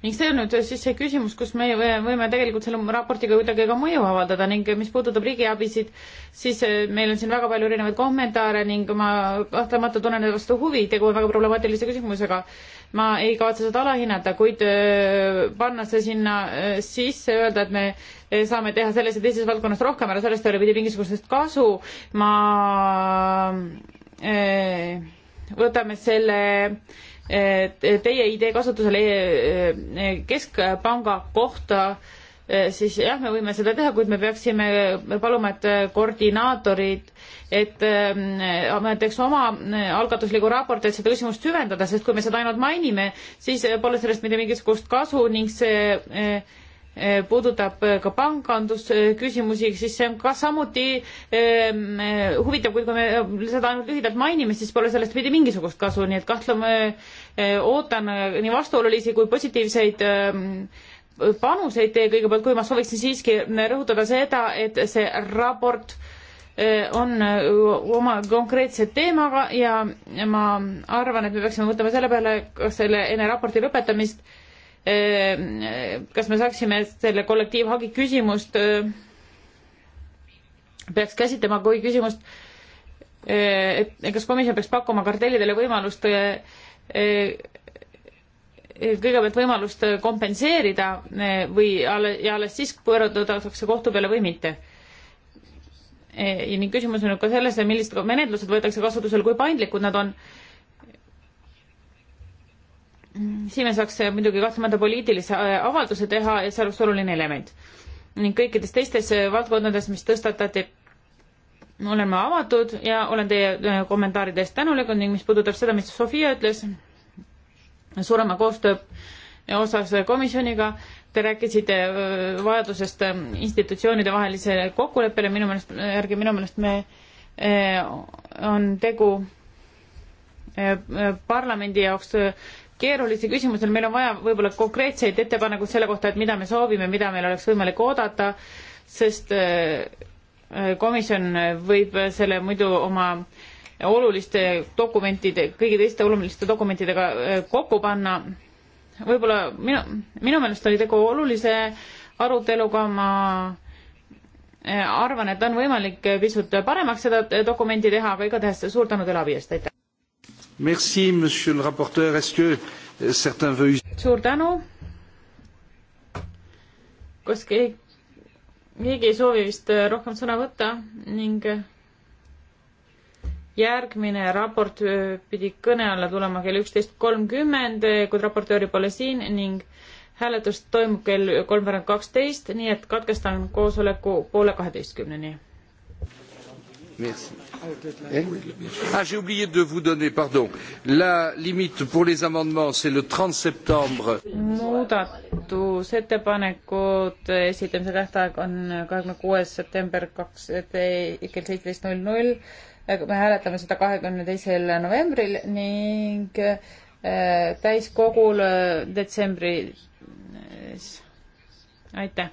ning see on nüüd siis see küsimus, kus me võime tegelikult selle raportiga kuidagi ka mõju avaldada ning mis puudutab riigiabisid, siis äh, meil on siin väga palju erinevaid kommentaare ning ma kahtlemata tunnen enda vastu huvi, tegu on väga problemaatilise küsimusega. ma ei kavatse seda alahinnata, kuid äh, panna see sinna äh, sisse, öelda, et me saame teha selles ja teises valdkonnas rohkem, aga sellest ei ole mitte mingisugusest kasu, ma võtame selle äh, teie idee kasutusele eh, eh, keskpanga kohta, eh, siis jah, me võime seda teha, kuid me peaksime paluma, et koordinaatorid, et me teeks oma algatusliku raporti, et seda küsimust süvendada, sest kui me seda ainult mainime, siis pole sellest mitte mingisugust kasu ning see eh, Eh, puudutab eh, ka pangandusküsimusi, siis see on ka samuti eh, huvitav, kuid kui me seda ainult lühidalt mainime, siis pole sellest mitte mingisugust kasu, nii et kahtleme, ootan nii vastuolulisi kui positiivseid panuseid teie kõigepealt, kui ma sooviksin siiski rõhutada seda, et see raport on oma konkreetse teemaga ja ma arvan, et me peaksime mõtlema selle peale, kas selle enne raporti lõpetamist Äh, kas me saaksime selle kollektiivhagi küsimust, äh, peaks käsitlema kui küsimust, äh, et kas komisjon peaks pakkuma kartellidele võimalust, kõigepealt võimalust kompenseerida või ja alles siis pöördutakse kohtu peale või mitte ja ning küsimus on ka selles, millised menetlused võetakse kasutusele, kui paindlikud nad on siin me saaks äh, muidugi kahtlemata poliitilise äh, avalduse teha ja see oleks oluline element. ning kõikides teistes äh, valdkondades, mis tõstatati, oleme avatud ja olen teie kommentaaride eest tänulikud ning mis puudutab seda, mis Sofia ütles suurema koostöö osas komisjoniga, te rääkisite vajadusest institutsioonide vahelisele kokkuleppele, minu meelest, järgi minu meelest me, on tegu parlamendi jaoks keerulisi küsimusi, meil on vaja võib-olla konkreetseid ettepanekuid selle kohta, et mida me soovime, mida meil oleks võimalik oodata, sest äh, äh, komisjon võib selle muidu oma oluliste dokumentide, kõigi teiste oluliste dokumentidega äh, kokku panna. võib-olla minu, minu meelest oli tegu olulise aruteluga, ma arvan, et on võimalik pisut paremaks seda dokumenti teha, aga igatahes suur tänu teile abi eest, aitäh! Merci, monsieur le rapporteur. Est-ce que euh, certains veulent... suur tänu. kas keegi, keegi ei soovi vist äh, rohkem sõna võtta ning äh, järgmine raport pidi kõne alla tulema kell üksteist kolmkümmend, äh, kuid raportööri pole siin ning hääletus toimub kell kolmveerand kaksteist, nii et katkestan koosoleku poole kaheteistkümneni Merci. Eh? Ah, j'ai oublié de vous donner, pardon. La limite pour les amendements, c'est le 30 septembre. muudatusettepanekud esitamise tähtaeg on kahekümne kuues september kaks, kell seitseteist null null. me hääletame seda kahekümne teisel novembril ning eh, täiskogul eh, detsembris. aitäh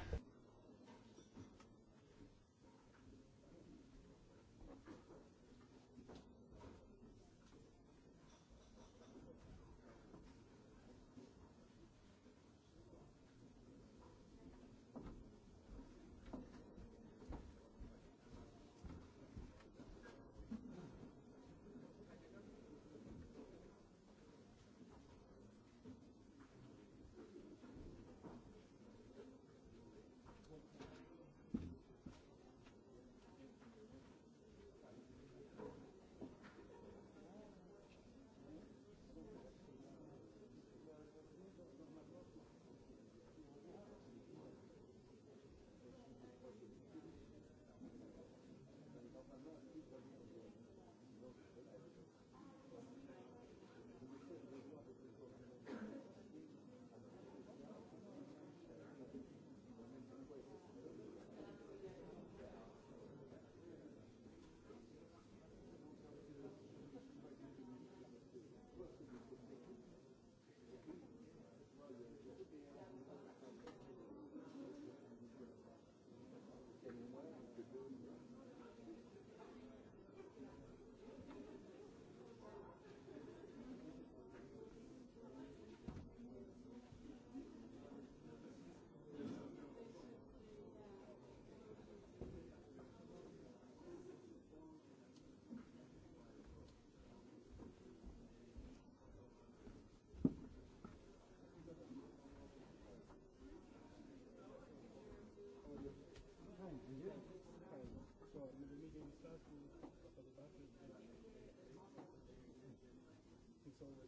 it's always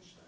Liechtenstein.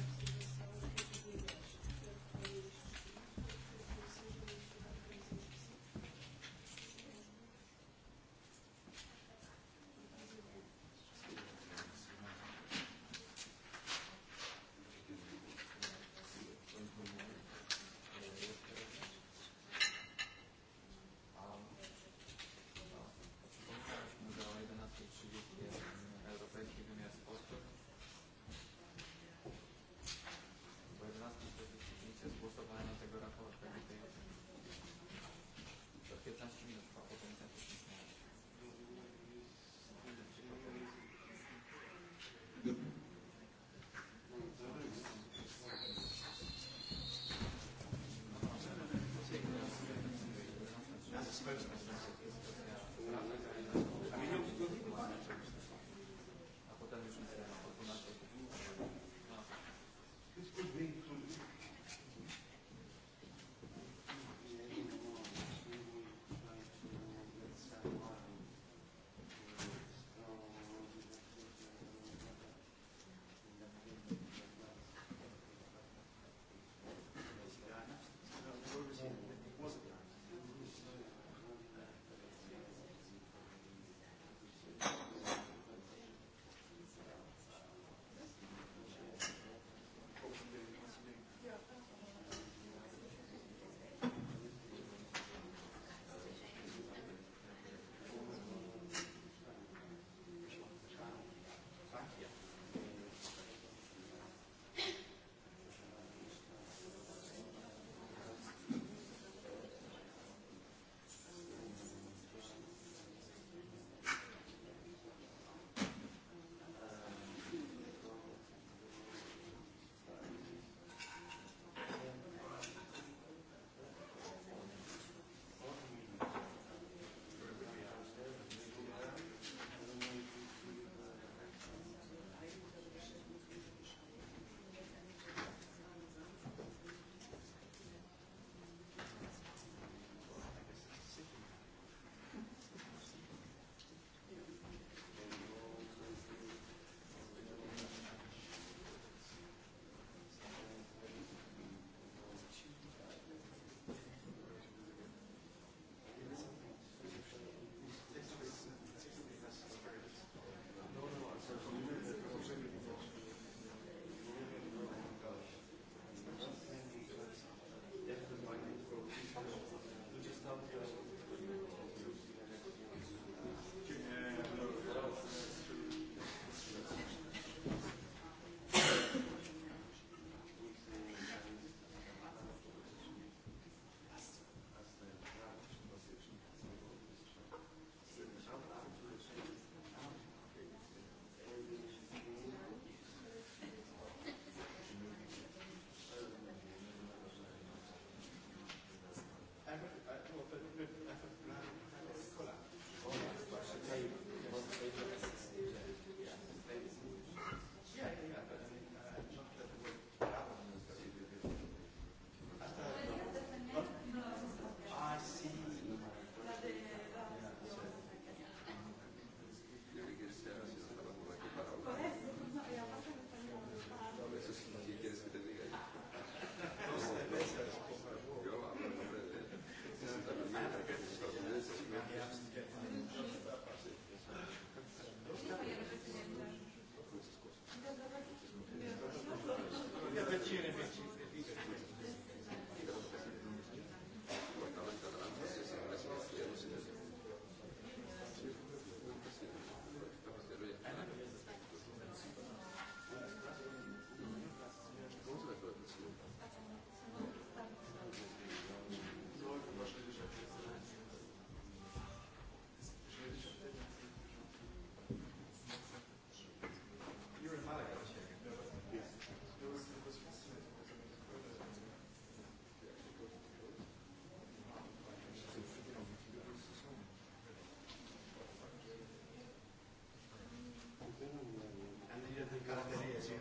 caratterías, sí.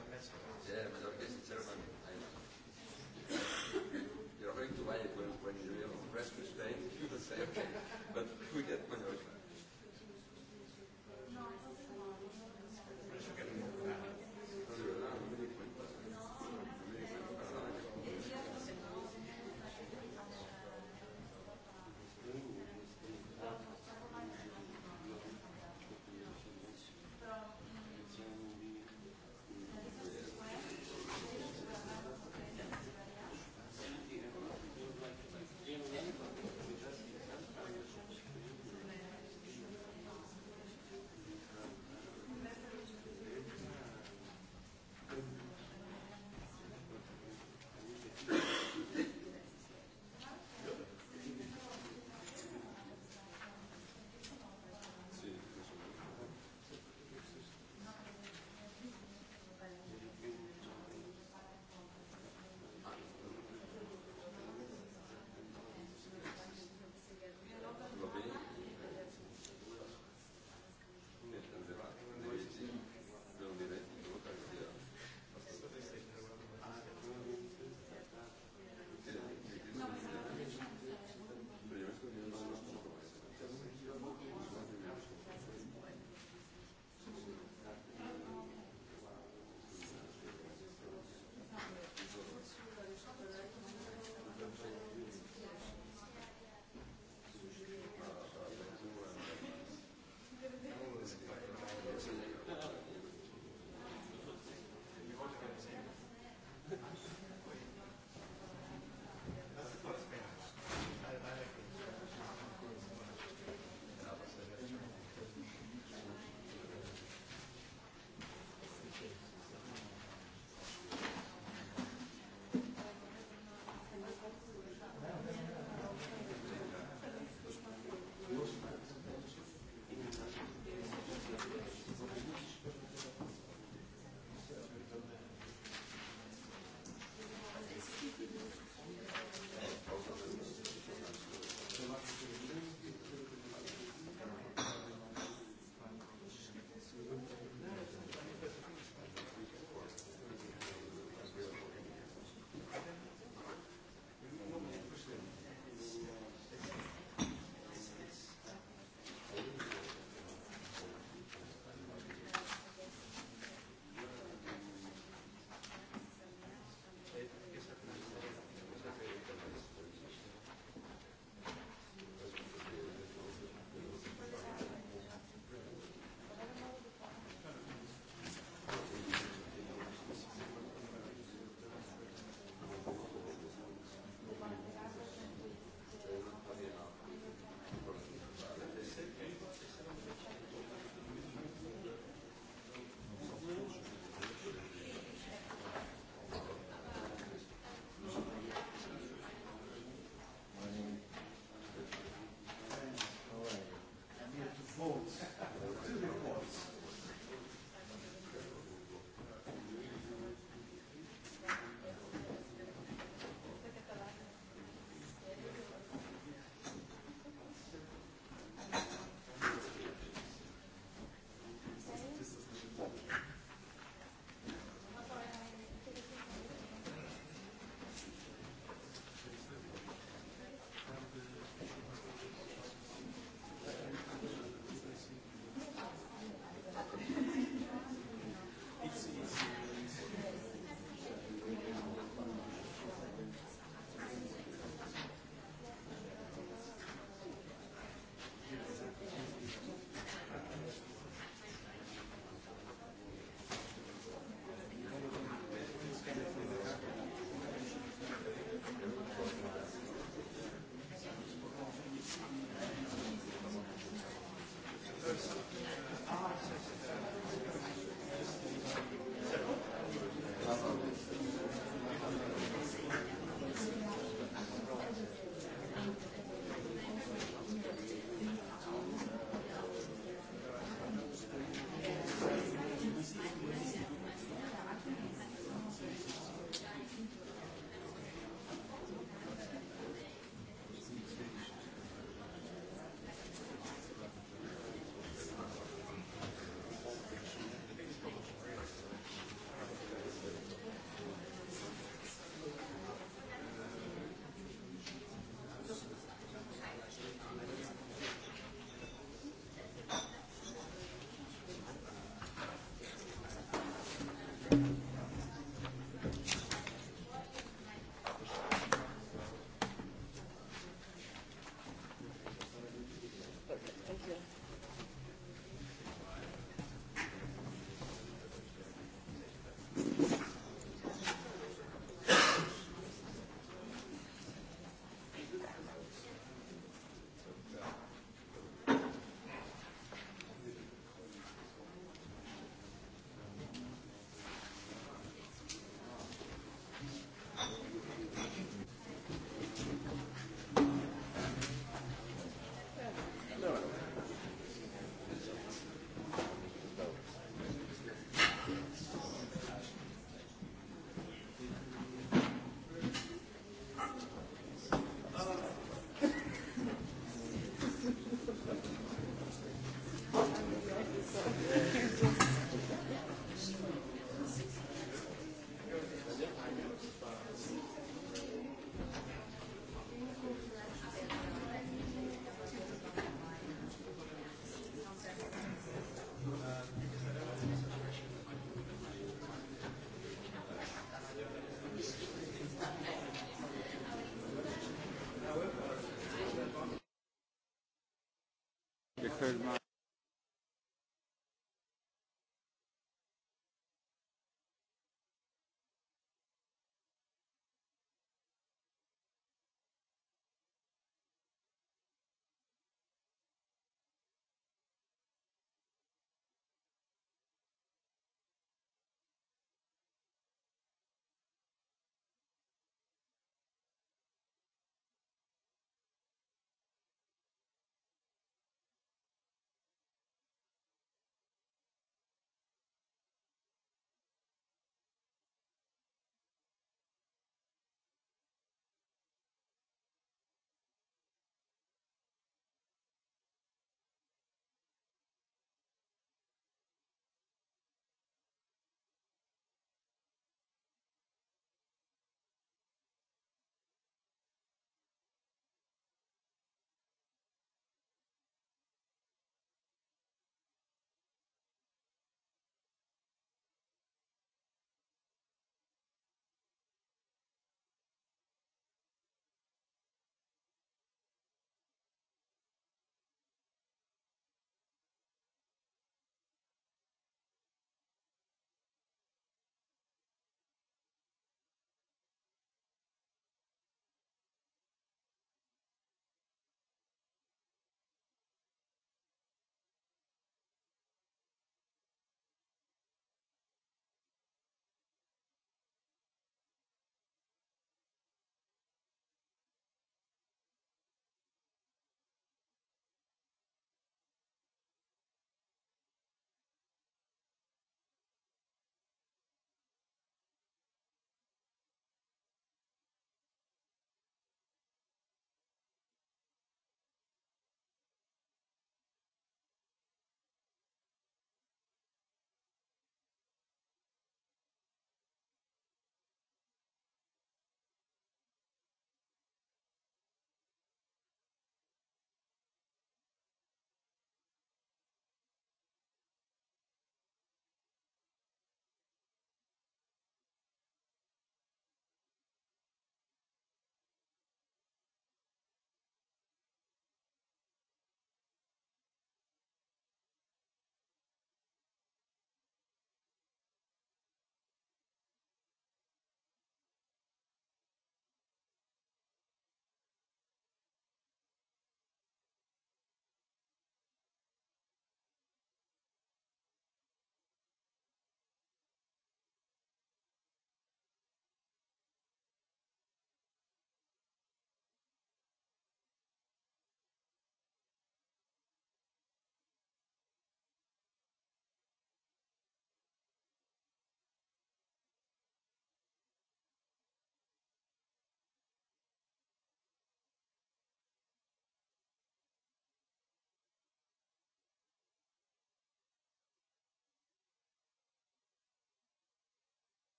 Mart Helme.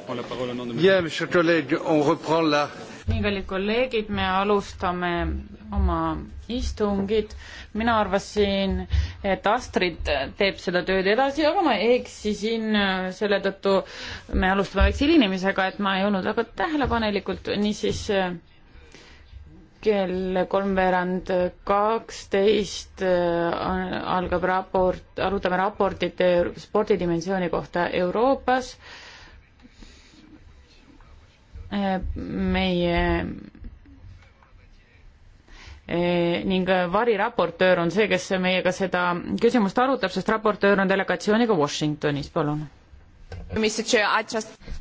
nii, kallid kolleegid, me alustame oma istungit. mina arvasin, et Astrid teeb seda tööd edasi, aga ma eksisin, selle tõttu me alustame väikse hilinemisega, et ma ei olnud väga tähelepanelikult, niisiis kell kolmveerand kaksteist äh, algab raport, arutame raportit spordidimensiooni kohta Euroopas meie e, ning variraportöör on see, kes meiega seda küsimust arutab, sest raportöör on delegatsiooniga Washingtonis, palun.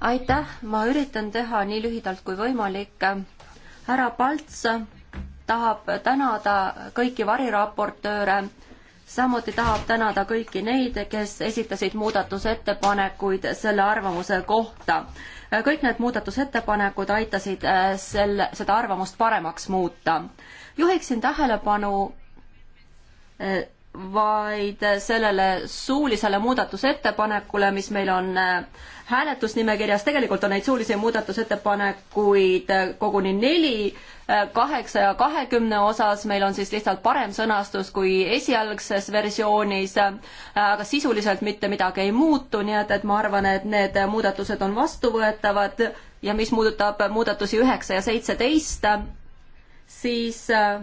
aitäh, ma üritan teha nii lühidalt kui võimalik. härra Palts tahab tänada kõiki variraportööre, samuti tahab tänada kõiki neid, kes esitasid muudatusettepanekuid selle arvamuse kohta kõik need muudatusettepanekud aitasid äh, sel, seda arvamust paremaks muuta. juhiksin tähelepanu äh, vaid sellele suulisele muudatusettepanekule, mis meil on äh, hääletusnimekirjas, tegelikult on neid suulisi muudatusettepanekuid koguni neli, äh, kaheksa ja kahekümne osas meil on siis lihtsalt parem sõnastus kui esialgses versioonis, äh, aga sisuliselt mitte midagi ei muutu, nii et, et ma arvan, et need muudatused on vastuvõetavad ja mis puudutab muudatusi üheksa ja seitseteist, siis äh,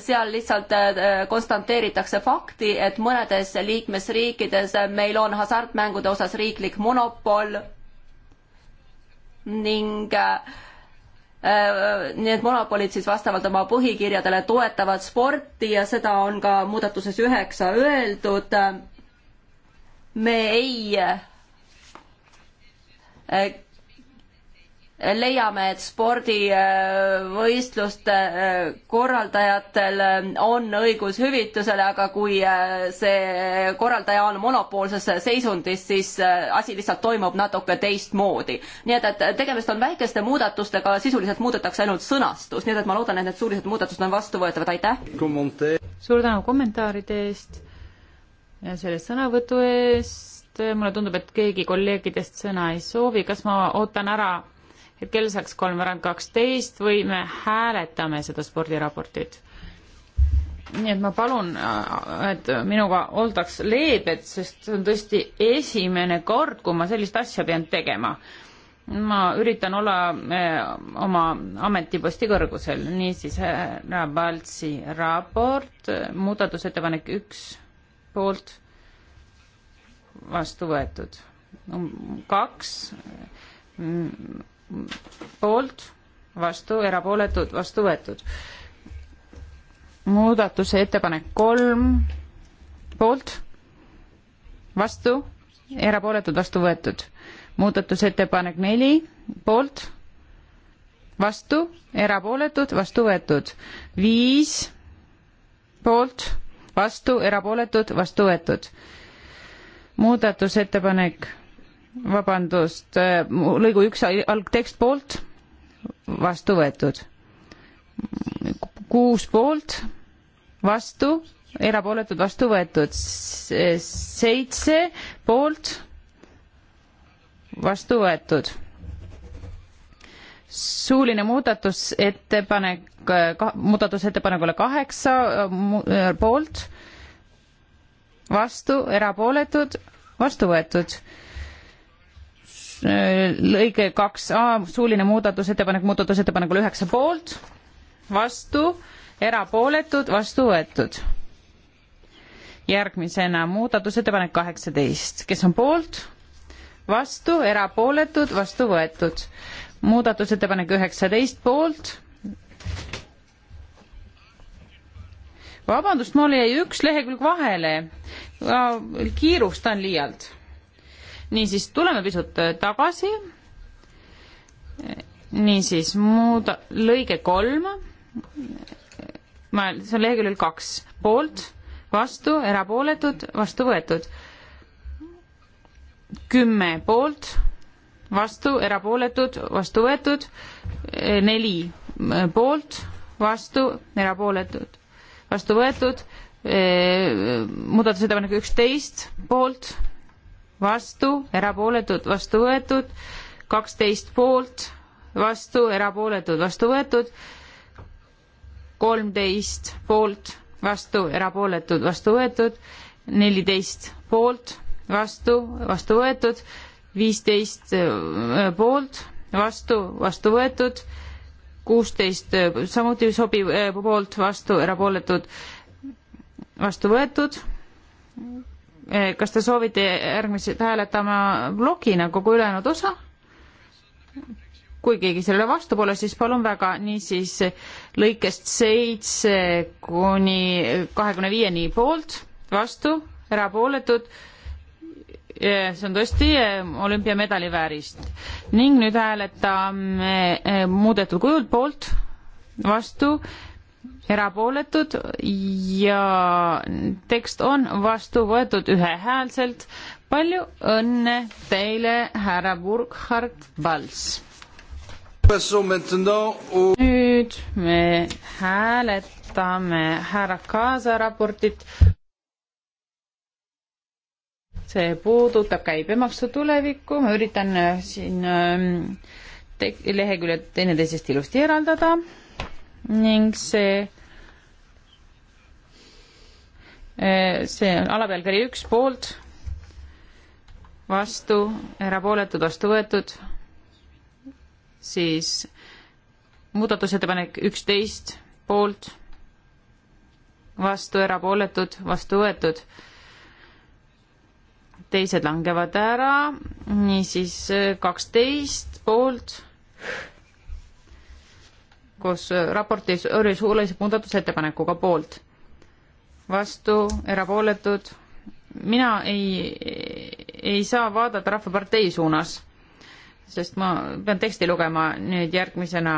seal lihtsalt äh, konstanteeritakse fakti, et mõnedes liikmesriikides meil on hasartmängude osas riiklik monopol ning äh, äh, need monopolid siis vastavalt oma põhikirjadele toetavad sporti ja seda on ka muudatuses üheksa öeldud. me ei leiame, et spordivõistluste äh, äh, korraldajatel äh, on õigus hüvitusele, aga kui see korraldaja on monopoolses seisundis, siis asi lihtsalt toimub natuke teistmoodi. nii et, et tegemist on väikeste muudatustega, sisuliselt muudetakse ainult sõnastus, nii et, et ma loodan, et need suurised muudatused on vastuvõetavad, aitäh! suur tänu kommentaaride eest ja selle sõnavõtu eest, mulle tundub, et keegi kolleegidest sõna ei soovi, kas ma ootan ära et kell saaks kolmveerand kaksteist või me hääletame seda spordiraportit. nii et ma palun, et minuga oldaks leebed, sest see on tõesti esimene kord, kui ma sellist asja pean tegema. ma üritan olla eh, oma ametiposti kõrgusel, niisiis härra Paltsi raport, muudatusettepanek üks poolt vastu võetud. kaks poolt, vastu, erapooletud, vastu võetud. muudatuse ettepanek kolm, poolt, vastu, erapooletud, vastu võetud. muudatusettepanek neli, poolt, vastu, erapooletud, vastu võetud. viis, poolt, vastu, erapooletud, vastu võetud. muudatusettepanek vabandust, äh, lõigu üks algtekst poolt, vastu võetud. kuus poolt, vastu, erapooletud, vastu võetud. seitse poolt, vastu võetud. suuline muudatusettepanek, muudatusettepanekule kaheksa äh, äh, poolt, vastu, erapooletud, vastu võetud lõige kaks A suuline muudatusettepanek muudatusettepanekule üheksa poolt, vastu, erapooletud, vastu võetud. järgmisena muudatusettepanek kaheksateist, kes on poolt, vastu, erapooletud, vastu võetud. muudatusettepanek üheksateist poolt. vabandust, mul jäi üks lehekülg vahele. kiirustan liialt niisiis, tuleme pisut äh, tagasi. niisiis, muuda, lõige kolm. ma, see on leheküljel kaks, poolt, vastu, erapooletud, vastu võetud. kümme poolt, vastu, erapooletud, vastu võetud, äh, neli äh, poolt, vastu, erapooletud, vastu võetud, muudatusettepanek üksteist poolt vastu, erapooletud, vastu võetud, kaksteist poolt, vastu, erapooletud, vastu võetud, kolmteist poolt, vastu, erapooletud, vastu võetud, neliteist poolt, vastu, vastu võetud, viisteist äh, poolt, vastu, vastu võetud, kuusteist äh, samuti sobiv äh, poolt, vastu, erapooletud, vastu võetud, Eh, kas te soovite järgmist hääletama plokina kogu ülejäänud osa? kui keegi sellele vastu pole, siis palun väga, niisiis lõikest seitse kuni kahekümne viieni poolt, vastu, erapooletud. Eh, see on tõesti eh, olümpiamedali väärist ning nüüd hääletame muudetud kujul poolt, vastu erapooletud ja tekst on vastu võetud ühehäälselt. palju õnne teile, härra Burkhard Valls. nüüd me hääletame härra Kaasa raportit see puudutab käibemaksu tulevikku, ma üritan äh, siin ähm, leheküljed teineteisest ilusti eraldada ning see Eh, see on alapealkiri üks poolt, vastu, erapooletud, vastu võetud, siis muudatusettepanek üksteist poolt, vastu, erapooletud, vastu võetud. teised langevad ära, niisiis eh, kaksteist poolt koos raportis olulise muudatusettepanekuga poolt vastu, erapooletud. mina ei, ei saa vaadata Rahvapartei suunas, sest ma pean teksti lugema nüüd järgmisena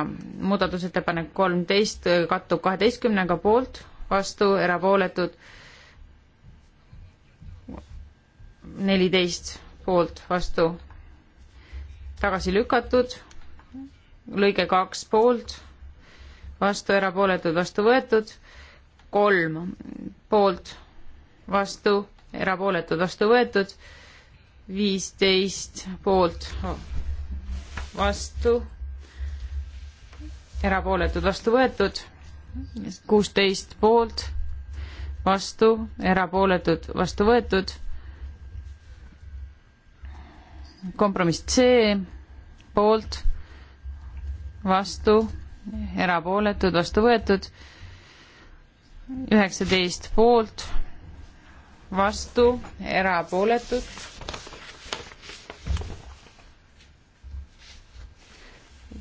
muudatusettepanek kolmteist kattub kaheteistkümnega poolt, vastu, erapooletud. neliteist poolt, vastu, tagasi lükatud, lõige kaks poolt, vastu, erapooletud, vastu võetud kolm poolt, vastu, erapooletud, vastu võetud, viisteist poolt, vastu, erapooletud, vastu võetud, kuusteist poolt, vastu, erapooletud, vastu võetud, kompromiss C poolt, vastu, erapooletud, vastu võetud üheksateist poolt, vastu, erapooletud.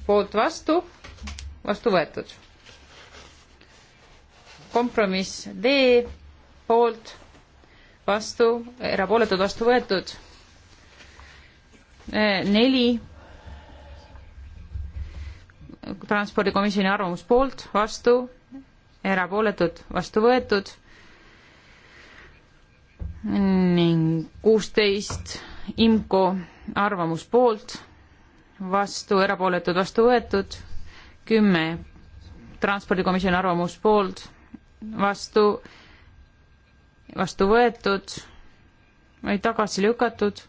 poolt vastu, vastu võetud. kompromiss D poolt, vastu, erapooletud, vastu võetud. Äh, neli transpordikomisjoni arvamus poolt, vastu erapooletud, vastu võetud ning kuusteist IMCO arvamus poolt, vastu erapooletud, vastu võetud, kümme transpordikomisjoni arvamus poolt, vastu, vastu võetud või tagasi lükatud,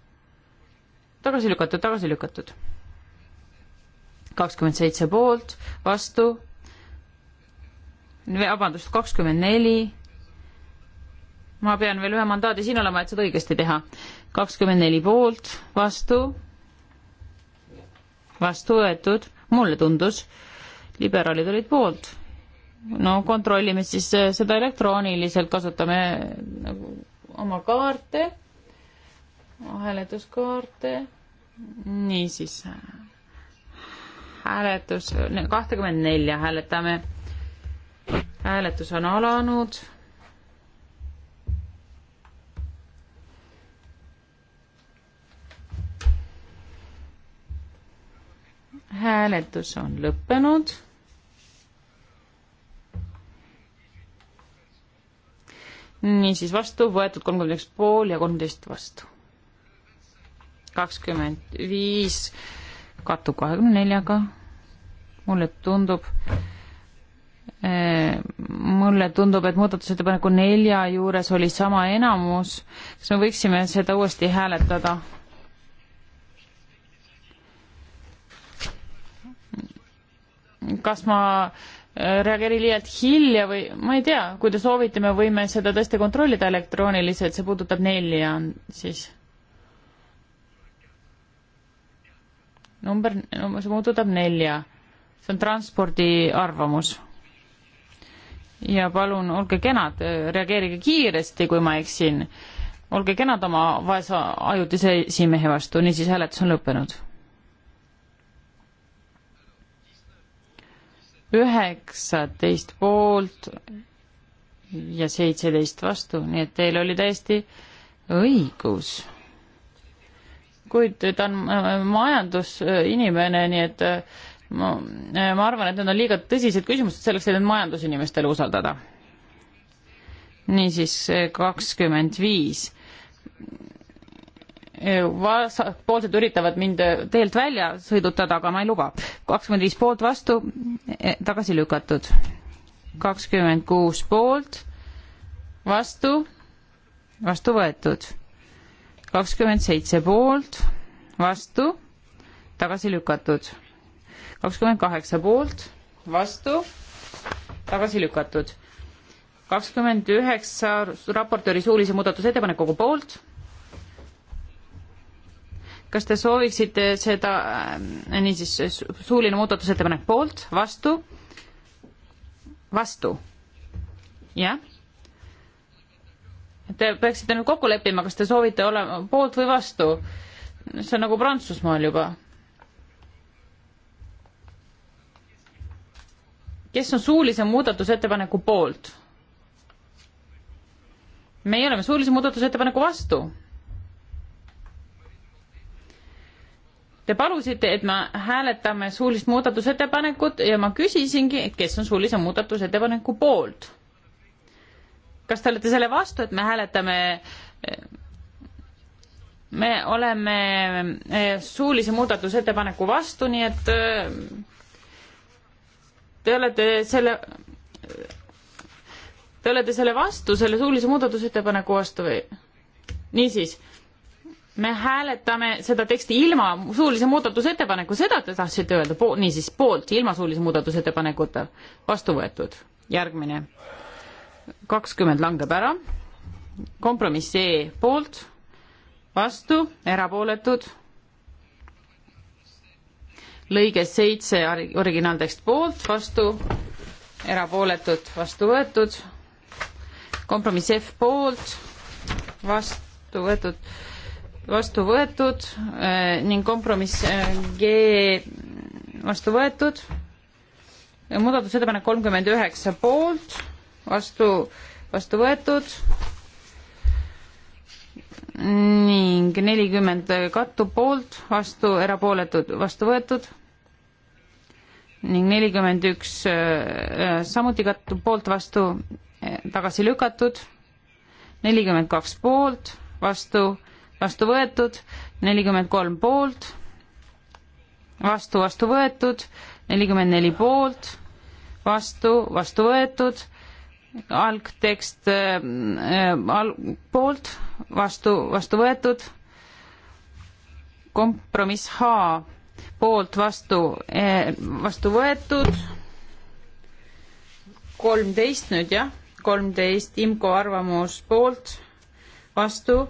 tagasi lükatud, tagasi lükatud. kakskümmend seitse poolt, vastu vabandust, kakskümmend neli. ma pean veel ühe mandaadi siin olema, et seda õigesti teha. kakskümmend neli poolt, vastu, vastu võetud, mulle tundus, liberaalid olid poolt. no kontrollime siis eh, seda elektrooniliselt, kasutame nagu oma kaarte, hääletuskaarte, niisiis hääletus, kahtekümmend nelja hääletame hääletus on alanud. hääletus on lõppenud. niisiis vastu võetud kolmkümmend üks pool ja kolmteist vastu. kakskümmend viis kattub kahekümne neljaga. mulle tundub Äh, mulle tundub, et muudatusettepaneku nelja juures oli sama enamus, kas me võiksime seda uuesti hääletada? kas ma äh, reageerin liialt hilja või ma ei tea, kui te soovite, me võime seda tõesti kontrollida elektrooniliselt, see puudutab nelja siis. number, see puudutab nelja, see on transpordi arvamus ja palun olge kenad, reageerige kiiresti, kui ma eksin. olge kenad oma vaese ajutise esimehe vastu, niisiis hääletus on lõppenud. üheksateist poolt ja seitseteist vastu, nii et teil oli täiesti õigus. kuid ta on äh, majandusinimene, äh, nii et äh, ma, äh, ma arvan, et need on liiga tõsised küsimused selleks, et need majandusinimestele usaldada. niisiis äh, kakskümmend viis. Äh, vasakpoolsed üritavad mind teelt välja sõidutada, aga ma ei luba. kakskümmend viis poolt vastu, tagasi lükatud. kakskümmend kuus poolt, vastu, vastu võetud. kakskümmend seitse poolt, vastu, tagasi lükatud kakskümmend kaheksa poolt, vastu, tagasi lükatud. kakskümmend üheksa raportööri suulise muudatusettepanekuga poolt. kas te sooviksite seda, äh, niisiis suuline muudatusettepanek poolt, vastu, vastu, jah? Te peaksite nüüd kokku leppima, kas te soovite olema poolt või vastu. see on nagu Prantsusmaal juba kes on suulise muudatusettepaneku poolt? meie oleme suulise muudatusettepaneku vastu. Te palusite, et me hääletame suulist muudatusettepanekut ja ma küsisingi, et kes on suulise muudatusettepaneku poolt. kas te olete selle vastu, et me hääletame me oleme eh, suulise muudatusettepaneku vastu, nii et eh, te olete selle, te olete selle vastu, selle suulise muudatusettepaneku vastu või? niisiis, me hääletame seda teksti ilma suulise muudatusettepaneku, seda te tahtsite öelda po, niisiis poolt, ilma suulise muudatusettepanekuta, vastu võetud. järgmine, kakskümmend langeb ära, kompromiss E poolt, vastu, erapooletud lõige seitse originaaltekst poolt, vastu, erapooletud, vastu võetud. kompromiss F poolt, vastu võetud, vastu võetud eh, ning kompromiss eh, G vastu võetud. muudatusettepanek kolmkümmend üheksa poolt, vastu, vastu võetud ning nelikümmend kattu poolt, vastu erapooletud, vastu võetud ning nelikümmend üks äh, samuti kattu poolt, vastu äh, tagasi lükatud, nelikümmend kaks poolt, vastu, vastu võetud, nelikümmend kolm poolt, vastu, vastu võetud, nelikümmend neli poolt, vastu, vastu võetud algtekst äh, äh, al-, poolt, vastu, vastu võetud, kompromiss H poolt vastu, äh, vastu võetud, kolmteist nüüd jah, kolmteist IMCO arvamus poolt, vastu,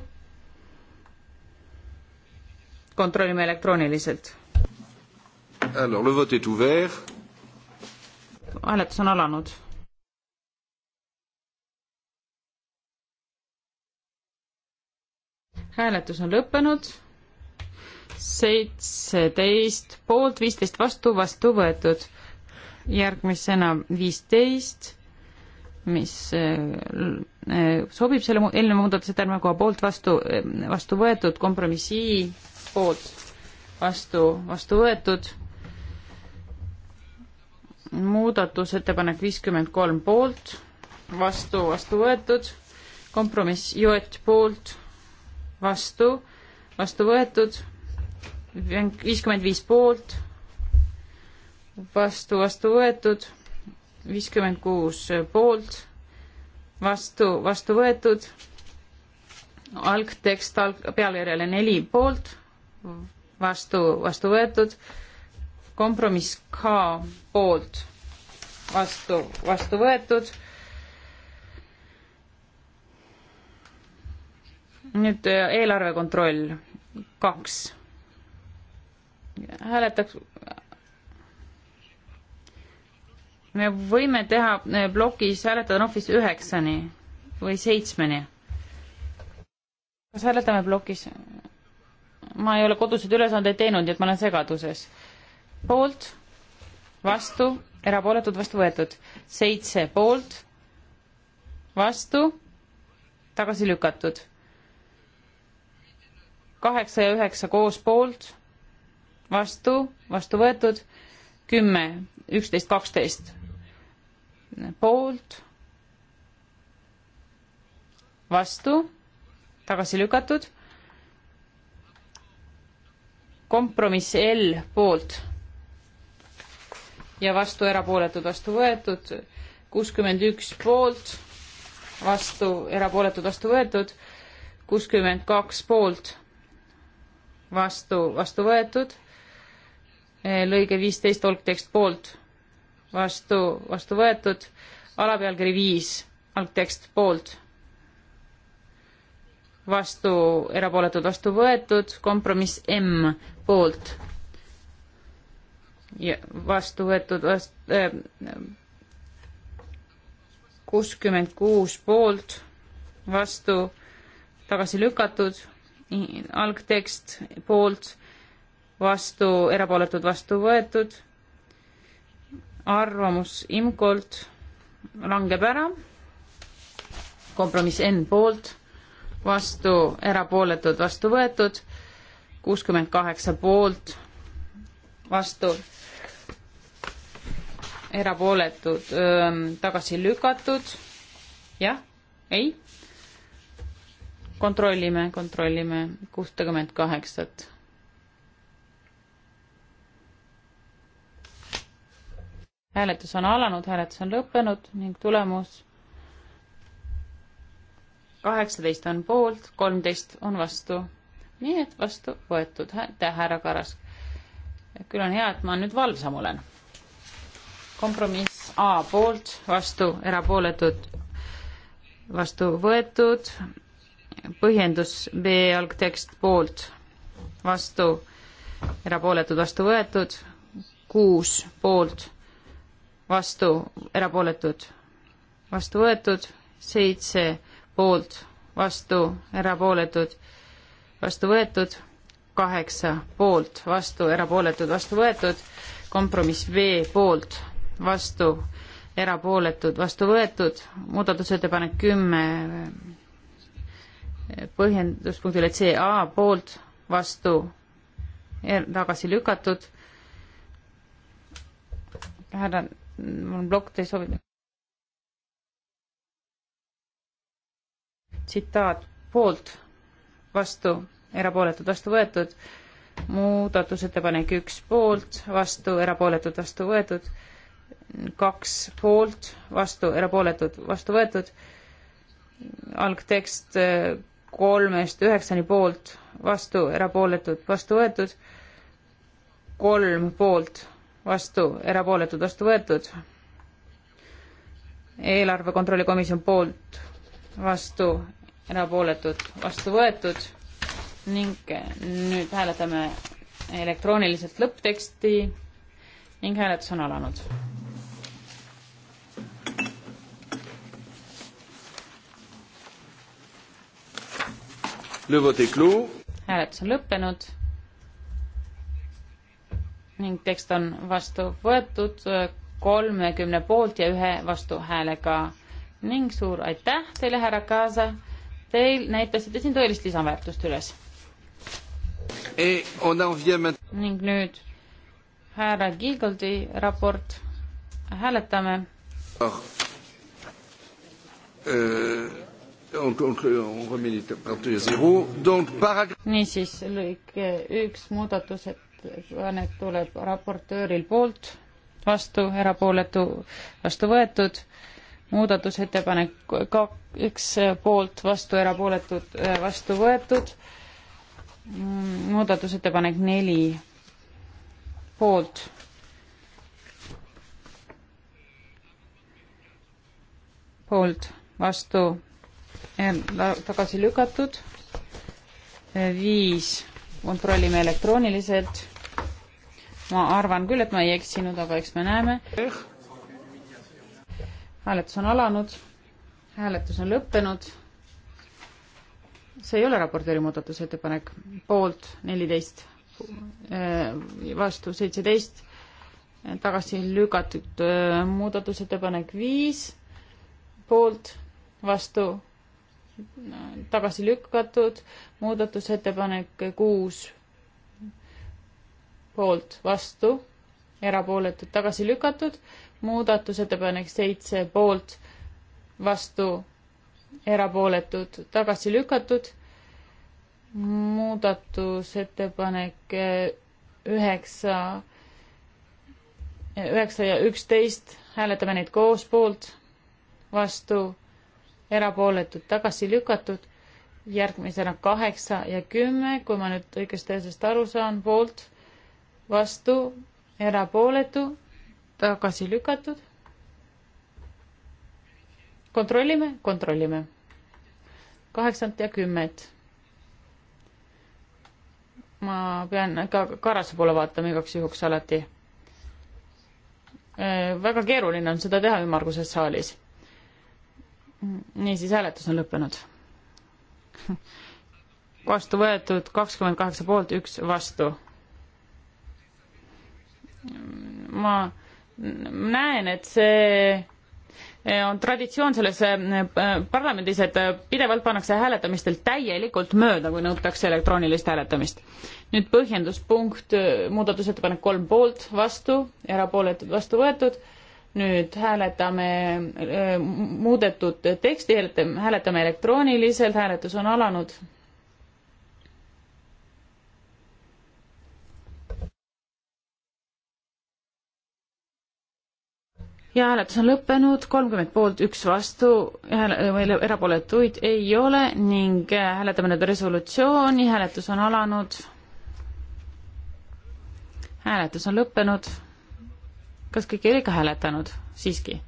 kontrollime elektrooniliselt. hääletus on alanud hääletus on lõppenud. seitseteist poolt, viisteist vastu, vastu võetud. järgmisena viisteist, mis äh, äh, sobib selle eelnev muudatusettepaneku poolt vastu, äh, vastu võetud, kompromissi poolt vastu, vastu võetud. muudatusettepanek viiskümmend kolm poolt, vastu, vastu võetud, kompromiss Joet poolt vastu, vastu võetud, viiskümmend viis poolt, vastu, vastu võetud, viiskümmend kuus poolt, vastu, vastu võetud, algtekst alg-, pealkirjale neli poolt, vastu, vastu võetud, kompromiss K poolt, vastu, vastu võetud nüüd äh, eelarve kontroll kaks. hääletaks. me võime teha äh, plokis hääletada Nofis üheksani või seitsmeni. kas hääletame plokis? ma ei ole koduseid ülesandeid teinud, nii et ma olen segaduses. poolt, vastu, erapooletud, vastu võetud. seitse poolt, vastu, tagasi lükatud kaheksa ja üheksa koos poolt, vastu, vastu võetud, kümme, üksteist, kaksteist poolt, vastu, tagasi lükatud, kompromiss L poolt ja vastu erapooletud, vastu võetud, kuuskümmend üks poolt, vastu erapooletud, vastu võetud, kuuskümmend kaks poolt vastu, vastu võetud. Eh, lõige viisteist algtekst poolt, vastu, vastu võetud. alapealkiri viis, algtekst poolt, vastu, erapooletud, vastu võetud. kompromiss M poolt ja vastu võetud eh, kuuskümmend kuus poolt, vastu tagasi lükatud algtekst poolt, vastu, erapooletud, vastu võetud. arvamus IMCO-lt langeb ära. kompromiss N poolt, vastu, erapooletud, vastu võetud. kuuskümmend kaheksa poolt, vastu, erapooletud, tagasi lükatud. jah, ei kontrollime, kontrollime kuutekümmet kaheksat. hääletus on alanud, hääletus on lõppenud ning tulemus kaheksateist on poolt, kolmteist on vastu. nii et vastu võetud, aitäh, härra Karas. küll on hea, et ma nüüd valvsam olen. kompromiss A poolt, vastu erapooletud, vastu võetud põhjendus B algtekst poolt, vastu, erapooletud, vastu võetud, kuus poolt, vastu, erapooletud, vastu võetud, seitse poolt, vastu, erapooletud, vastu võetud, kaheksa poolt, vastu, erapooletud, vastu võetud, kompromiss B poolt, vastu, erapooletud, vastu võetud, muudatusettepanek kümme põhjenduspunktile CA poolt vastu tagasi lükatud. härra, mul plokk teist sobib. tsitaat poolt vastu, erapooletud vastu võetud, muudatusettepanek üks poolt vastu, erapooletud vastu võetud, kaks poolt vastu, erapooletud vastu võetud, algtekst kolmest üheksani poolt, vastu, erapooletud, vastu võetud, kolm poolt, vastu, erapooletud, vastu võetud, eelarve kontrolli komisjon poolt, vastu, erapooletud, vastu võetud ning nüüd hääletame elektrooniliselt lõppteksti ning hääletus on alanud hääletus on lõppenud ning tekst on vastu võetud äh, kolmekümne poolt ja ühe vastuhäälega ning suur aitäh teile, härra Kaasa. Teil näitasite siin tõelist lisaväärtust üles. ning nüüd härra Kiigoldi raport, hääletame oh.. Euh, öö niisiis, lõike üks muudatusettepanek tuleb raportööril poolt, vastu, erapooletu, vastu võetud, muudatusettepanek kaks poolt, vastu, erapooletud, vastu võetud, muudatusettepanek neli poolt poolt, vastu, tagasi lükatud. viis, kontrollime elektrooniliselt. ma arvan küll, et ma ei eksinud, aga eks me näeme. hääletus on alanud, hääletus on lõppenud. see ei ole raportööri muudatusettepanek, poolt neliteist, eh, vastu seitseteist, tagasi lükatud eh, muudatusettepanek viis, poolt, vastu tagasi lükatud, muudatusettepanek kuus poolt, vastu, erapooletud, tagasi lükatud, muudatusettepanek seitse poolt, vastu, erapooletud, tagasi lükatud, muudatusettepanek eh, üheksa, eh, üheksa ja üksteist, hääletame neid koos, poolt, vastu erapooletud, tagasi lükatud, järgmisena kaheksa ja kümme, kui ma nüüd õigesti asjast aru saan, poolt, vastu, erapooletu, tagasi lükatud. kontrollime, kontrollime. kaheksat ja kümmet. ma pean ka Karase poole vaatama igaks juhuks alati. väga keeruline on seda teha ümmarguses saalis niisiis, hääletus on lõppenud. vastu võetud kakskümmend kaheksa poolt, üks vastu. ma näen, et see on traditsioon selles äh, parlamendis, et pidevalt pannakse hääletamistel täielikult mööda, kui nõutakse elektroonilist hääletamist. nüüd põhjenduspunkt, äh, muudatusettepanek kolm poolt, vastu, erapooletud, vastu võetud nüüd hääletame äh, muudetud teksti, hääletame elektrooniliselt, hääletus on alanud. ja hääletus on lõppenud, kolmkümmend poolt, üks vastu, erapooletuid ei ole ning äh, hääletame nüüd resolutsiooni, hääletus on alanud. hääletus on lõppenud kas kõik oli ka hääletanud siiski?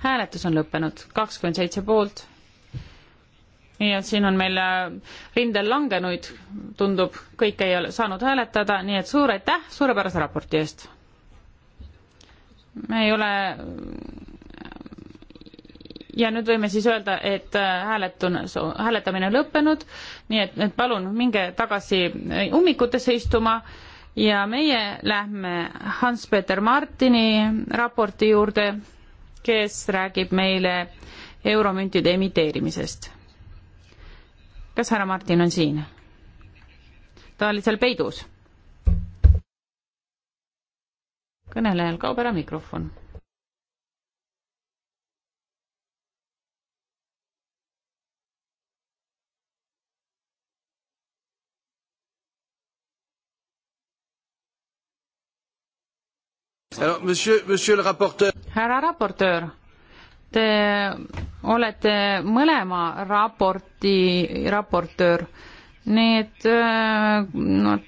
hääletus on lõppenud, kakskümmend seitse poolt. nii et siin on meil äh, rindel langenuid, tundub, kõik ei ole saanud hääletada, nii et suur aitäh suurepärase raporti eest. me ei ole ja nüüd võime siis öelda, et äh, hääletun, hääletamine on lõppenud, nii et, et palun minge tagasi äh, ummikutesse istuma ja meie lähme Hans-Peter Martini raporti juurde, kes räägib meile euromüntide emiteerimisest. kas härra Martin on siin? ta oli seal peidus. kõnelejal kaob ära mikrofon härra raportöör, te olete mõlema raporti raportöör. Need äh, no,,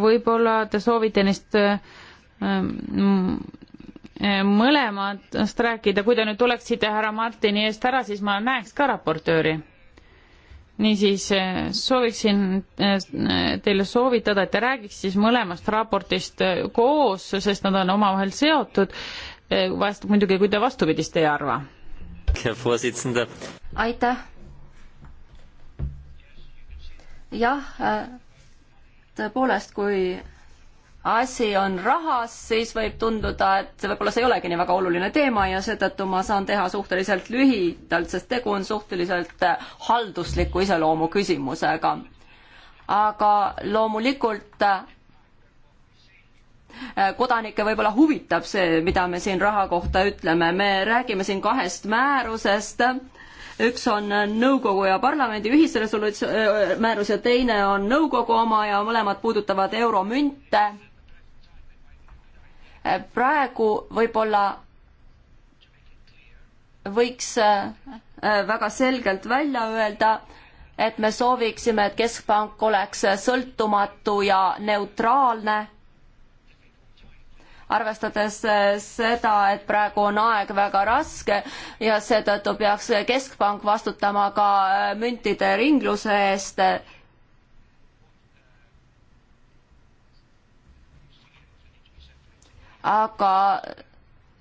võib-olla te soovite neist äh, äh, mõlemast rääkida, kui te nüüd tuleksite härra Martini eest ära, siis ma näeks ka raportööri niisiis eh, sooviksin eh, teile soovitada, et te räägiks siis mõlemast raportist eh, koos, sest nad on omavahel seotud. vahest muidugi, kui te vastupidist ei arva. aitäh. jah, tõepoolest, kui asi on rahas, siis võib tunduda, et võib-olla see ei olegi nii väga oluline teema ja seetõttu ma saan teha suhteliselt lühidalt, sest tegu on suhteliselt haldusliku iseloomu küsimusega. aga loomulikult eh, kodanikke võib-olla huvitab see, mida me siin raha kohta ütleme, me räägime siin kahest määrusest, üks on nõukogu ja parlamendi ühisresoluts-, eh, määrus ja teine on nõukogu oma ja mõlemad puudutavad euromünte Äh, praegu võib-olla võiks äh, äh, väga selgelt välja öelda, et me sooviksime, et keskpank oleks sõltumatu ja neutraalne, arvestades seda, et praegu on aeg väga raske ja seetõttu peaks keskpank vastutama ka müntide ringluse eest aga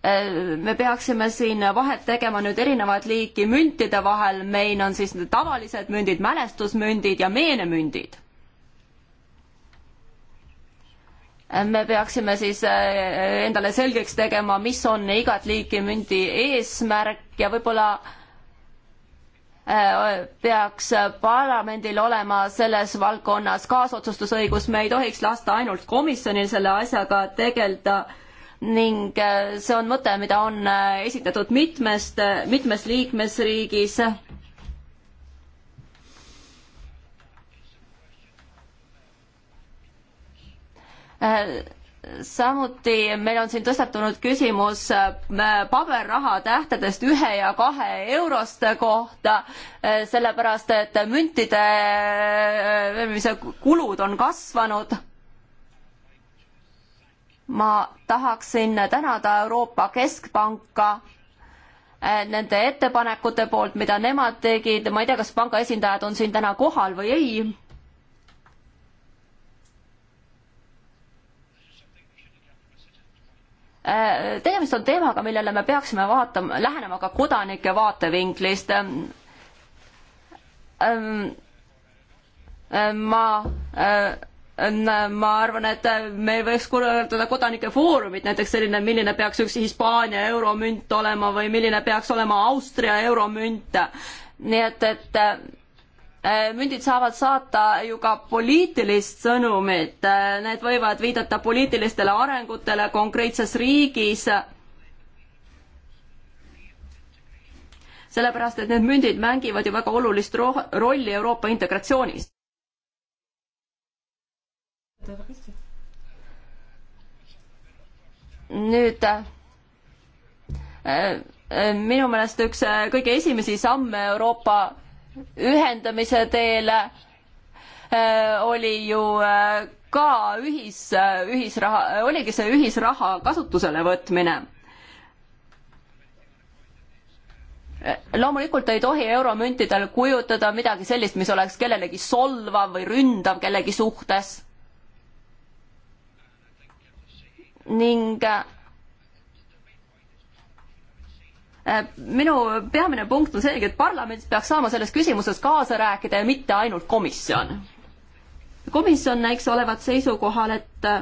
äh, me peaksime siin vahet tegema nüüd erinevat liiki müntide vahel, meil on siis tavalised mündid, mälestusmündid ja meenemündid. me peaksime siis äh, endale selgeks tegema, mis on igat liiki mündi eesmärk ja võib-olla äh, peaks parlamendil olema selles valdkonnas kaasotsustusõigus, me ei tohiks lasta ainult komisjonil selle asjaga tegeleda ning äh, see on mõte, mida on äh, esitatud mitmest, äh, mitmes liikmesriigis. samuti meil on siin tõstatunud küsimus paberraha tähtedest ühe ja kahe euroste kohta, sellepärast et müntide kulud on kasvanud ma tahaksin tänada Euroopa Keskpanka eh, nende ettepanekute poolt, mida nemad tegid, ma ei tea, kas panga esindajad on siin täna kohal või ei. Eh, tegemist on teemaga, millele me peaksime vaatama, lähenema ka kodanike vaatevinklist. Ehm, ehm, ma eh, ma arvan, et meil võiks korraldada kodanike foorumit, näiteks selline, milline peaks üks Hispaania euromünt olema või milline peaks olema Austria euromünt. nii et, et e, mündid saavad saata ju ka poliitilist sõnumit, e, need võivad viidata poliitilistele arengutele konkreetses riigis sellepärast, et need mündid mängivad ju väga olulist ro rolli Euroopa integratsioonis nüüd äh, äh, minu meelest üks äh, kõige esimesi samme Euroopa ühendamise teel oli ju ka ühis, ühisraha, oligi see ühisraha kasutusele võtmine loomulikult ei tohi euromüntidel kujutada midagi sellist, mis oleks kellelegi solvav või ründav kellegi suhtes. ning äh, minu peamine punkt on seegi, et parlament peaks saama selles küsimuses kaasa rääkida ja mitte ainult komisjon. komisjon näiks olevat seisukohal, et äh,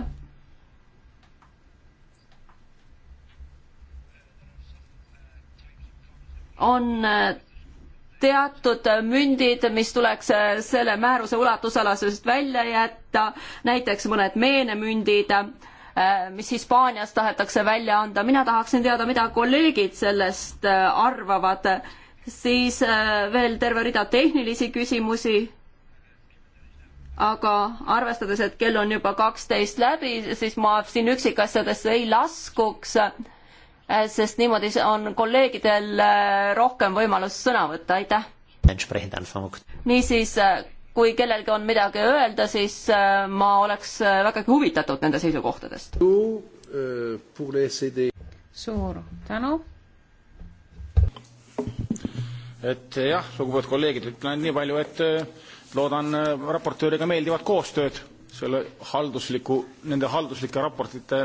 on äh, teatud mündid, mis tuleks selle määruse ulatusalasest välja jätta, näiteks mõned meenemündid Äh, mis Hispaanias tahetakse välja anda, mina tahaksin teada, mida kolleegid sellest äh, arvavad, siis äh, veel terve rida tehnilisi küsimusi, aga arvestades, et kell on juba kaksteist läbi, siis ma siin üksikasjadesse ei laskuks, sest niimoodi on kolleegidel rohkem võimalus sõna võtta, aitäh. niisiis kui kellelgi on midagi öelda, siis äh, ma oleks äh, vägagi huvitatud nende seisukohtadest. suur tänu. et äh, jah, lugupeetud kolleegid, ütlen nii palju, et loodan raportööriga meeldivat koostööd selle haldusliku, nende halduslike raportite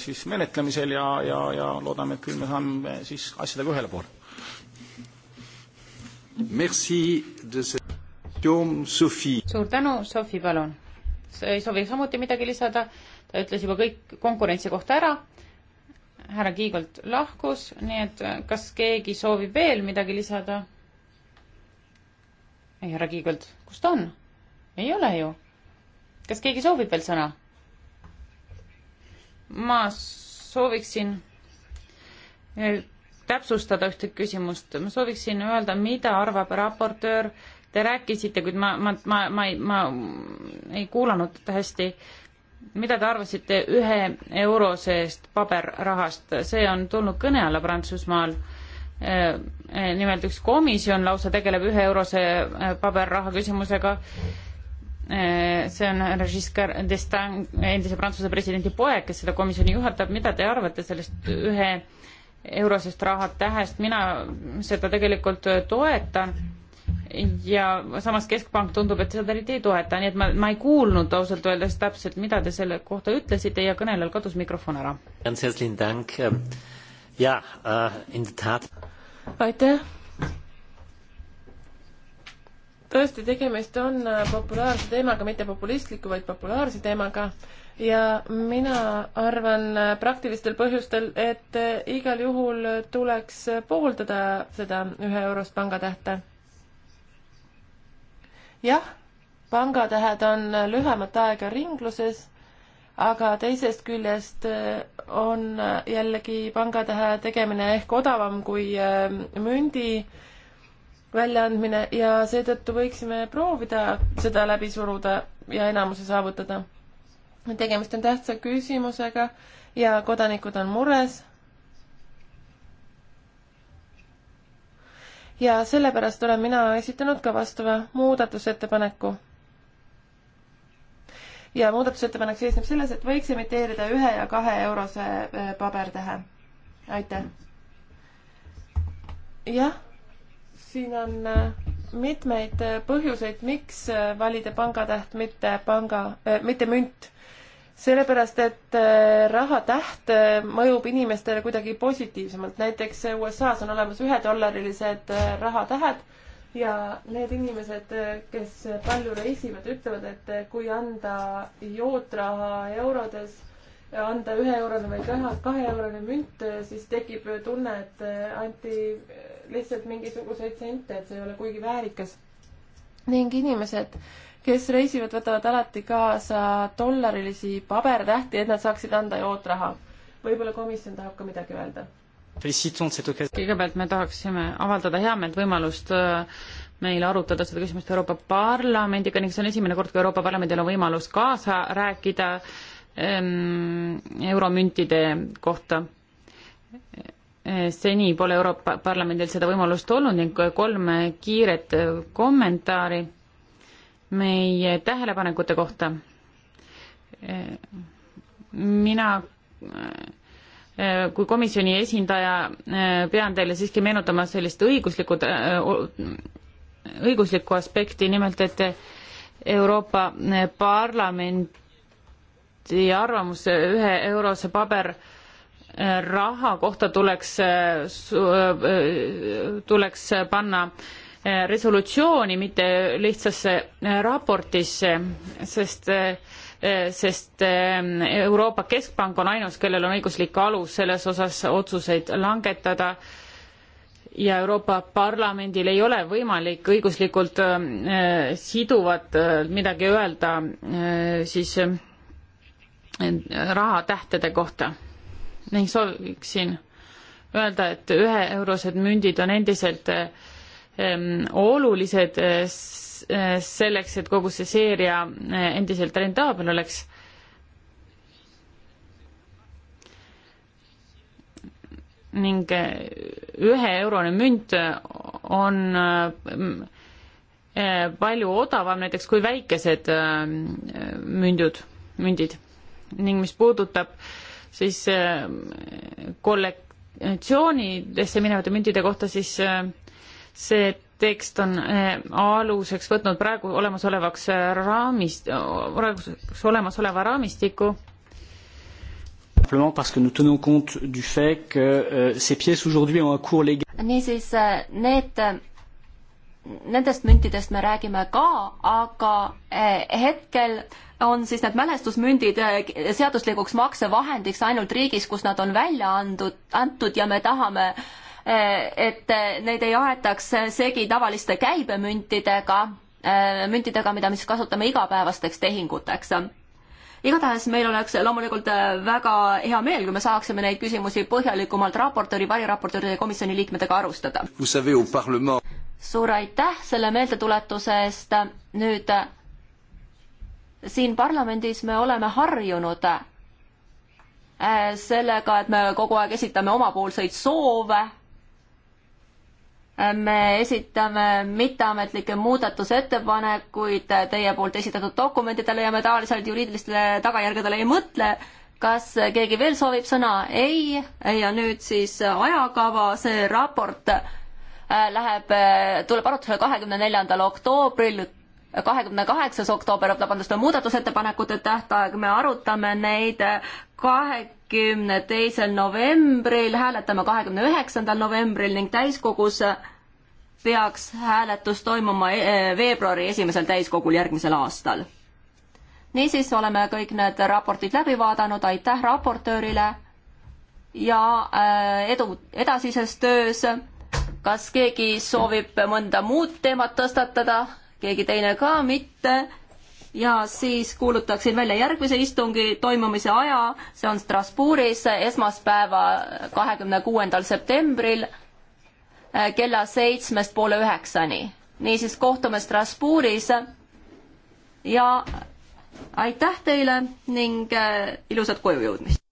siis menetlemisel ja, ja, ja loodame, et küll me saame siis asjadega ühele poole. Merci de see suur tänu, Sofi, palun. ei soovi samuti midagi lisada, ta ütles juba kõik konkurentsi kohta ära. härra Kiigolt lahkus, nii et kas keegi soovib veel midagi lisada? ei, härra Kiigolt, kus ta on? ei ole ju. kas keegi soovib veel sõna? ma sooviksin äh, täpsustada ühte küsimust. ma sooviksin öelda, mida arvab raportöör äh, Te rääkisite, kuid ma, ma, ma, ma ei, ma ei kuulanud hästi, mida te arvasite ühe euro seest paberrahast, see on tulnud kõne alla Prantsusmaal. Äh, äh, nimelt üks komisjon lausa tegeleb ühe eurose äh, paberraha küsimusega. see on Regiscar d'Estaing, endise Prantsuse presidendi poeg, kes seda komisjoni juhatab, mida te arvate sellest ühe eurosest raha tähest, mina seda tegelikult toetan ja samas Keskpank tundub, et seda eriti ei toeta, nii et ma, ma ei kuulnud ausalt öeldes täpselt, mida te selle kohta ütlesite ja kõnelejal kadus mikrofon ära. Ähm, äh, aitäh. tõesti, tegemist on äh, populaarse teemaga, mitte populistliku, vaid populaarse teemaga ja mina arvan äh, praktilistel põhjustel, et igal juhul tuleks pooldada seda üheeurost pangatähte jah, pangatähed on lühemat aega ringluses, aga teisest küljest eh, on eh, jällegi pangatähe tegemine ehk odavam kui eh, mündi väljaandmine ja seetõttu võiksime proovida seda läbi suruda ja enamuse saavutada. tegemist on tähtsa küsimusega ja kodanikud on mures ja sellepärast olen mina esitanud ka vastava muudatusettepaneku. ja muudatusettepanek seisneb selles, et võiks emiteerida ühe ja kahe eurose e, pabertähe. aitäh. jah, siin on e, mitmeid põhjuseid, miks valida pangatäht, mitte panga äh,, mitte münt sellepärast, et äh, raha täht äh, mõjub inimestele kuidagi positiivsemalt, näiteks USA-s on olemas ühedollarilised äh, rahatähed ja need inimesed, kes palju reisivad, ütlevad, et kui anda jootraha eurodes, anda üheeurone või kaheeurone münt, siis tekib tunne, et anti lihtsalt mingisuguseid sente, et see ei ole kuigi väärikas. ning inimesed äh, kes reisivad, võtavad alati kaasa dollarilisi pabertähti, et nad saaksid anda jootraha. võib-olla komisjon tahab ka midagi öelda? kõigepealt me tahaksime avaldada heameelt võimalust äh, meil arutada seda küsimust Euroopa Parlamendiga ning see on esimene kord, kui Euroopa Parlamendil on võimalus kaasa rääkida ähm, euromüntide kohta äh, seni pole Euroopa Parlamendil seda võimalust olnud ning kolm kiiret kommentaari meie tähelepanekute kohta. mina kui komisjoni esindaja pean teile siiski meenutama sellist õiguslikku, õiguslikku aspekti, nimelt et Euroopa Parlamendi arvamus ühe eurose paber raha kohta tuleks, tuleks panna äh, resolutsiooni, mitte lihtsasse äh, raportisse, sest äh, äh, sest Euroopa Keskpank on ainus, kellel on õiguslik alus selles osas otsuseid langetada ja Euroopa Parlamendil ei ole võimalik õiguslikult siduvat midagi öelda siis rahatähtede kohta ning sooviksin öelda, et üheeurosed mündid on endiselt äh, Ehm, olulised eh, eh, selleks, et kogu see seeria eh, endiselt rentaabel oleks. ning ühe eurone münt on palju odavam näiteks kui väikesed mündud, mündid ning mis puudutab siis kollektsioonidesse minevate müntide kohta, siis äh, see tekst on äh, aluseks võtnud praegu olemasolevaks äh, raamist, äh, praeguseks olemasoleva raamistiku. Euh, niisiis need, nendest müntidest me räägime ka, aga hetkel on siis need mälestusmündid seaduslikuks maksevahendiks ainult riigis, kus nad on välja andud, antud ja me tahame äh, Eh, et eh, neid ei aetaks segi tavaliste käibemüntidega, eh, müntidega, mida me siis kasutame igapäevasteks tehinguteks igatahes meil oleks loomulikult väga hea meel, kui me saaksime neid küsimusi põhjalikumalt raportööri, variraportööride ja komisjoni liikmetega arustada. suur aitäh selle meeldetuletuse eest, nüüd siin parlamendis me oleme harjunud sellega, et me kogu aeg esitame omapoolseid soove me esitame mitteametlikke muudatusettepanekuid teie poolt esitatud dokumentidele ja me taoliselt juriidilistele tagajärgedele ei mõtle. kas keegi veel soovib sõna? ei, ja nüüd siis ajakava, see raport äh, läheb, äh, tuleb arutusele kahekümne neljandal oktoobril kahekümne kaheksas oktoober, vabandust, on muudatusettepanekute tähtaeg, me arutame neid kahekümne teisel novembril, hääletame kahekümne üheksandal novembril ning täiskogus peaks hääletus toimuma e, veebruari esimesel täiskogul järgmisel aastal. niisiis oleme kõik need raportid läbi vaadanud, aitäh raportöörile ja äh, edu edasises töös. kas keegi soovib mõnda muud teemat tõstatada? keegi teine ka mitte. ja siis kuulutaksin välja järgmise istungi toimumise aja, see on Strasbourgis esmaspäeva, kahekümne kuuendal septembril kella seitsmest poole üheksani. niisiis kohtume Strasbourgis ja aitäh teile ning äh, ilusat koju jõudmist!